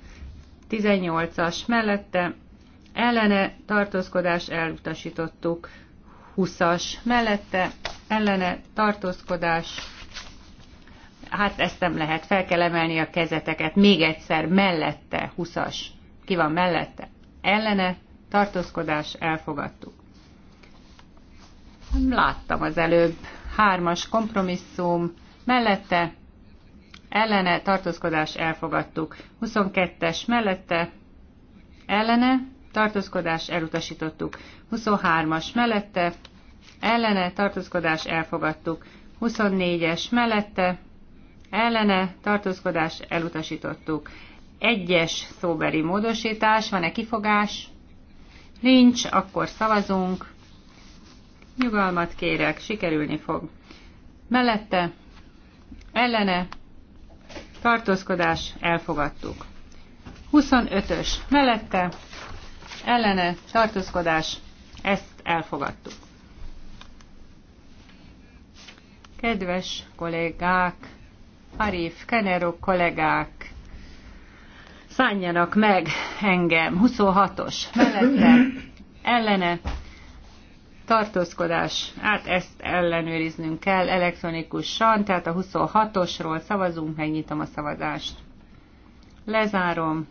18-as mellette ellene tartózkodás elutasítottuk. 20-as mellette ellene tartózkodás Hát ezt nem lehet, fel kell emelni a kezeteket. Még egyszer, mellette, huszas, Ki van mellette? Ellene, tartózkodás, elfogadtuk. Láttam az előbb. Hármas kompromisszum, mellette, ellene, tartózkodás, elfogadtuk. 22-es mellette, ellene, tartózkodás, elutasítottuk. 23-as mellette, ellene, tartózkodás, elfogadtuk. 24-es mellette, ellene tartózkodás elutasítottuk. Egyes szóbeli módosítás, van-e kifogás? Nincs, akkor szavazunk. Nyugalmat kérek, sikerülni fog. Mellette, ellene, tartózkodás, elfogadtuk. 25-ös, mellette, ellene, tartózkodás, ezt elfogadtuk. Kedves kollégák, Arif, Kenero kollégák, szálljanak meg engem, 26-os, mellette, ellene, tartózkodás, hát ezt ellenőriznünk kell elektronikusan, tehát a 26-osról szavazunk, megnyitom a szavazást. Lezárom.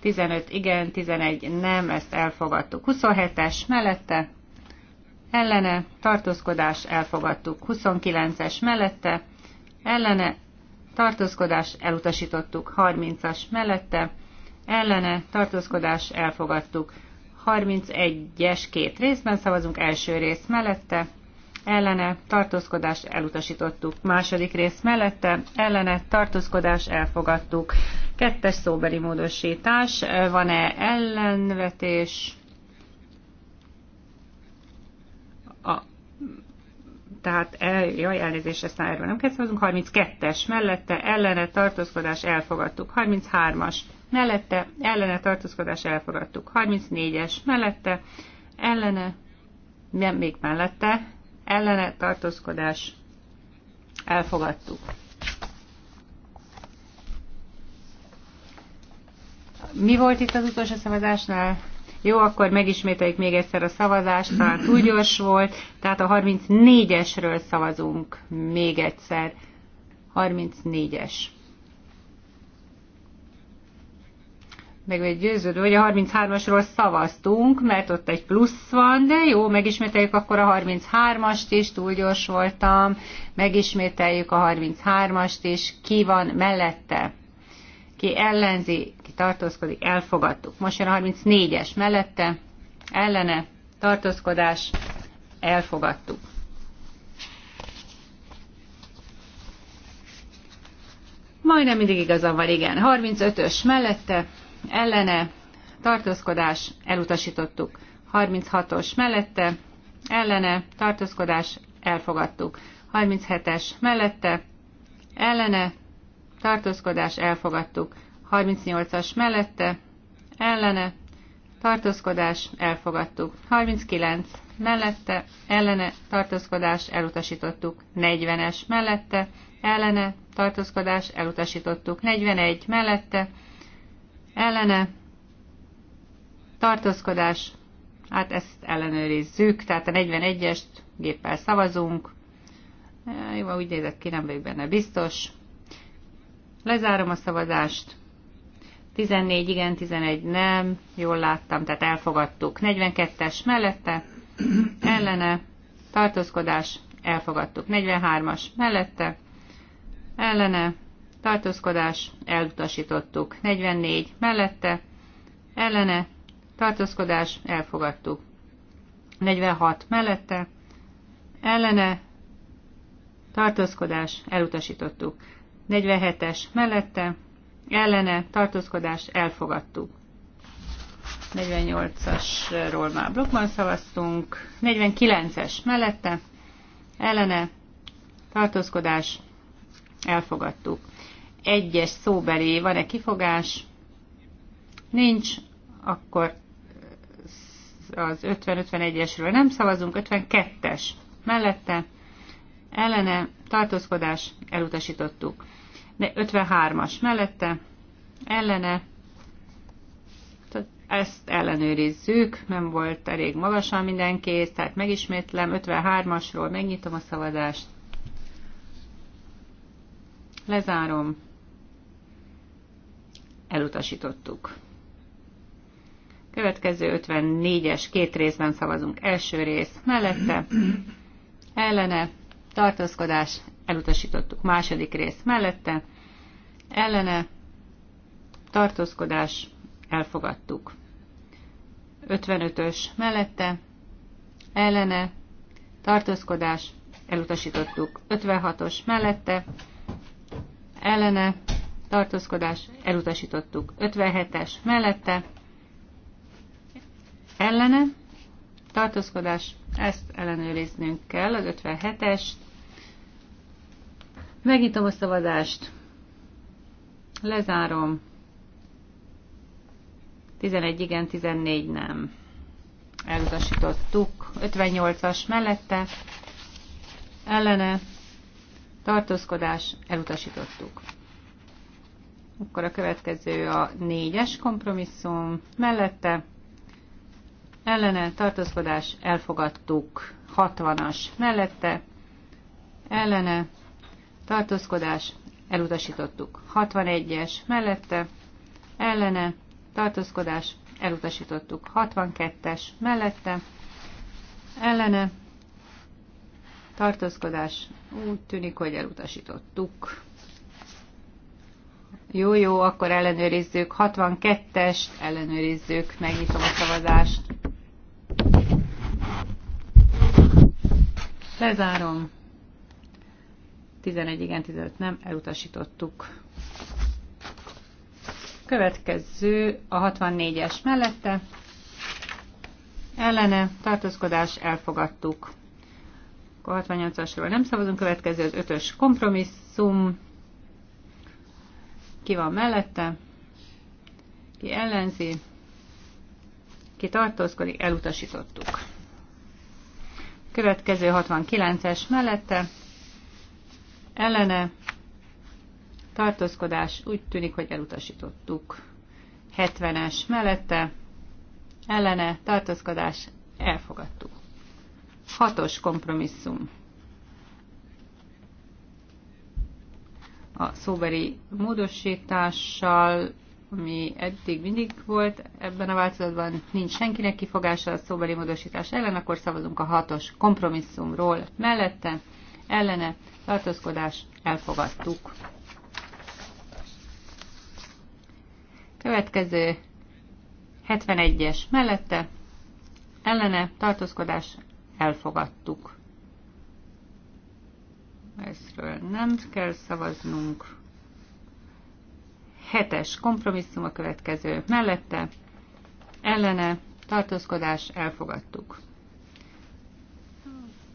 15 igen, 11 nem, ezt elfogadtuk. 27-es mellette, ellene, tartózkodás, elfogadtuk. 29-es mellette, ellene tartózkodás elutasítottuk, 30-as mellette ellene tartózkodás elfogadtuk, 31-es két részben szavazunk, első rész mellette ellene tartózkodás elutasítottuk, második rész mellette ellene tartózkodás elfogadtuk, kettes szóbeli módosítás, van-e ellenvetés? tehát el, jaj, elnézést, ezt erről nem kell szavazunk, 32-es mellette ellene tartózkodás elfogadtuk, 33-as mellette ellene tartózkodás elfogadtuk, 34-es mellette ellene, nem még mellette, ellene tartózkodás elfogadtuk. Mi volt itt az utolsó szavazásnál? Jó, akkor megismételjük még egyszer a szavazást, talán túl gyors volt, tehát a 34-esről szavazunk még egyszer. 34-es. meg egy győződő, hogy a 33-asról szavaztunk, mert ott egy plusz van, de jó, megismételjük akkor a 33-ast is, túl gyors voltam, megismételjük a 33-ast is, ki van mellette? ki ellenzi, ki tartózkodik, elfogadtuk. Most jön a 34-es mellette, ellene, tartózkodás, elfogadtuk. Majdnem mindig igazam van, igen. 35-ös mellette, ellene, tartózkodás, elutasítottuk. 36-os mellette, ellene, tartózkodás, elfogadtuk. 37-es mellette, ellene, tartózkodás elfogadtuk. 38-as mellette, ellene, tartózkodás elfogadtuk. 39 mellette, ellene, tartózkodás elutasítottuk. 40-es mellette, ellene, tartózkodás elutasítottuk. 41 mellette, ellene, tartózkodás, hát ezt ellenőrizzük, tehát a 41-est géppel szavazunk. Jó, úgy nézett ki, nem vagyok benne biztos. Lezárom a szavazást. 14 igen, 11 nem, jól láttam, tehát elfogadtuk. 42-es mellette, ellene, tartózkodás, elfogadtuk. 43-as mellette, ellene, tartózkodás, elutasítottuk. 44 mellette, ellene, tartózkodás, elfogadtuk. 46 mellette, ellene, tartózkodás, elutasítottuk. 47-es mellette, ellene, tartózkodás, elfogadtuk. 48-asról már blokkban szavaztunk, 49-es mellette, ellene, tartózkodás, elfogadtuk. Egyes szóbeli, van-e kifogás? Nincs, akkor az 50-51-esről nem szavazunk, 52-es mellette, ellene, tartózkodás, elutasítottuk. 53-as mellette, ellene, ezt ellenőrizzük, nem volt elég magasan minden kéz, tehát megismétlem, 53-asról megnyitom a szavazást, lezárom, elutasítottuk. Következő 54-es két részben szavazunk. Első rész mellette, ellene, tartózkodás, elutasítottuk. Második rész mellette, ellene, tartózkodás, elfogadtuk. 55-ös mellette, ellene, tartózkodás, elutasítottuk. 56-os mellette, ellene, tartózkodás, elutasítottuk. 57-es mellette, ellene, tartózkodás, ezt ellenőriznünk kell, az 57-est, Megnyitom a szavazást. Lezárom. 11 igen, 14 nem. Elutasítottuk. 58-as mellette. Ellene. Tartózkodás. Elutasítottuk. Akkor a következő a 4-es kompromisszum mellette. Ellene tartózkodás elfogadtuk 60-as mellette. Ellene tartózkodás, elutasítottuk. 61-es mellette, ellene, tartózkodás, elutasítottuk. 62-es mellette, ellene, tartózkodás, úgy tűnik, hogy elutasítottuk. Jó, jó, akkor ellenőrizzük. 62-est ellenőrizzük. Megnyitom a szavazást. Lezárom. 11 igen, 15 nem, elutasítottuk. Következő a 64-es mellette. Ellene tartózkodás elfogadtuk. A 68-asról nem szavazunk, következő az 5-ös kompromisszum. Ki van mellette? Ki ellenzi? Ki tartózkodik? Elutasítottuk. Következő 69-es mellette ellene tartózkodás úgy tűnik, hogy elutasítottuk. 70-es mellette ellene tartózkodás elfogadtuk. Hatos kompromisszum. A szóbeli módosítással, ami eddig mindig volt ebben a változatban, nincs senkinek kifogása a szóbeli módosítás ellen, akkor szavazunk a hatos kompromisszumról mellette ellene tartózkodás elfogadtuk. Következő 71-es mellette ellene tartózkodás elfogadtuk. Ezről nem kell szavaznunk. Hetes kompromisszum a következő mellette ellene tartózkodás elfogadtuk.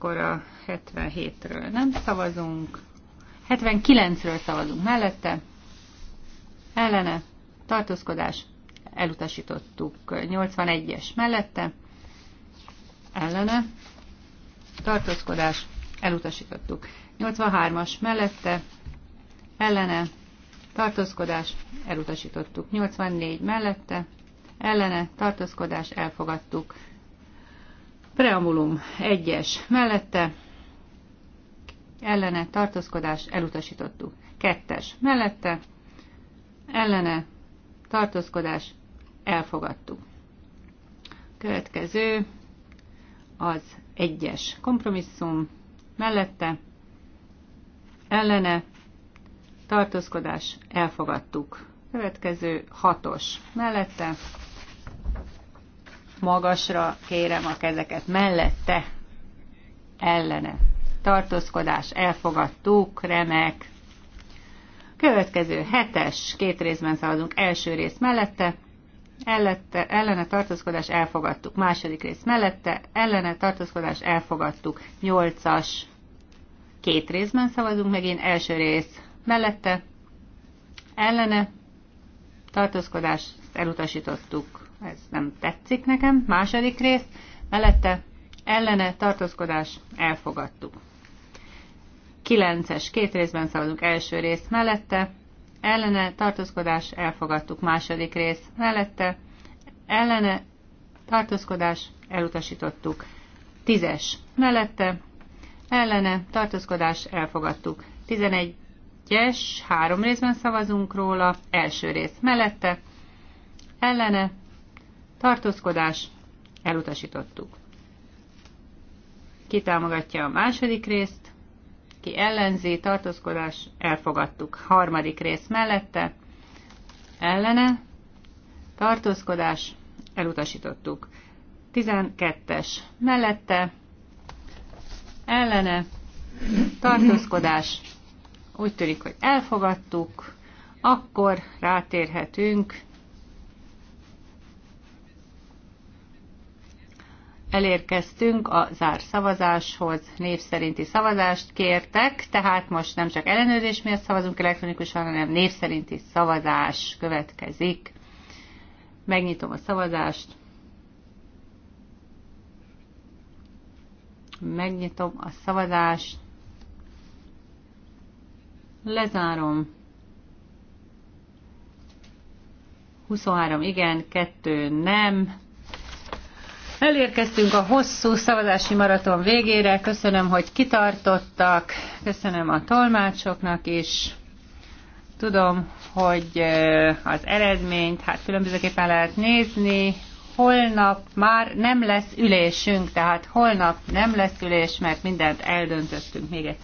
Akkor a 77-ről nem szavazunk. 79-ről szavazunk mellette. Ellene. Tartózkodás. Elutasítottuk. 81-es mellette. Ellene. Tartózkodás. Elutasítottuk. 83-as mellette. Ellene. Tartózkodás. Elutasítottuk. 84 mellette. Ellene. Tartózkodás. Elfogadtuk. Preambulum 1-es mellette ellene tartózkodás elutasítottuk. Kettes mellette ellene tartózkodás elfogadtuk. Következő az egyes kompromisszum mellette ellene tartózkodás elfogadtuk. Következő hatos mellette magasra kérem a kezeket mellette ellene tartózkodás, elfogadtuk, remek. Következő hetes, két részben szavazunk, első rész mellette, Ellette, ellene tartózkodás elfogadtuk. Második rész mellette ellene tartózkodás elfogadtuk. Nyolcas. Két részben szavazunk megint. Első rész mellette ellene tartózkodás elutasítottuk. Ez nem tetszik nekem. Második rész mellette ellene tartózkodás elfogadtuk. 9-es két részben szavazunk első rész mellette, ellene tartózkodás elfogadtuk második rész mellette, ellene tartózkodás elutasítottuk. 10-es mellette, ellene tartózkodás elfogadtuk. 11-es három részben szavazunk róla, első rész mellette, ellene tartózkodás elutasítottuk. Ki támogatja a második részt? ki ellenzi, tartózkodás, elfogadtuk. Harmadik rész mellette, ellene, tartózkodás, elutasítottuk. 12-es mellette, ellene, tartózkodás, úgy tűnik, hogy elfogadtuk, akkor rátérhetünk elérkeztünk a zárszavazáshoz. Név szerinti szavazást kértek, tehát most nem csak ellenőrzés miatt szavazunk elektronikusan, hanem név szerinti szavazás következik. Megnyitom a szavazást. Megnyitom a szavazást. Lezárom. 23 igen, 2 nem, Elérkeztünk a hosszú szavazási maraton végére. Köszönöm, hogy kitartottak. Köszönöm a tolmácsoknak is. Tudom, hogy az eredményt hát különbözőképpen lehet nézni. Holnap már nem lesz ülésünk, tehát holnap nem lesz ülés, mert mindent eldöntöttünk még egyszer.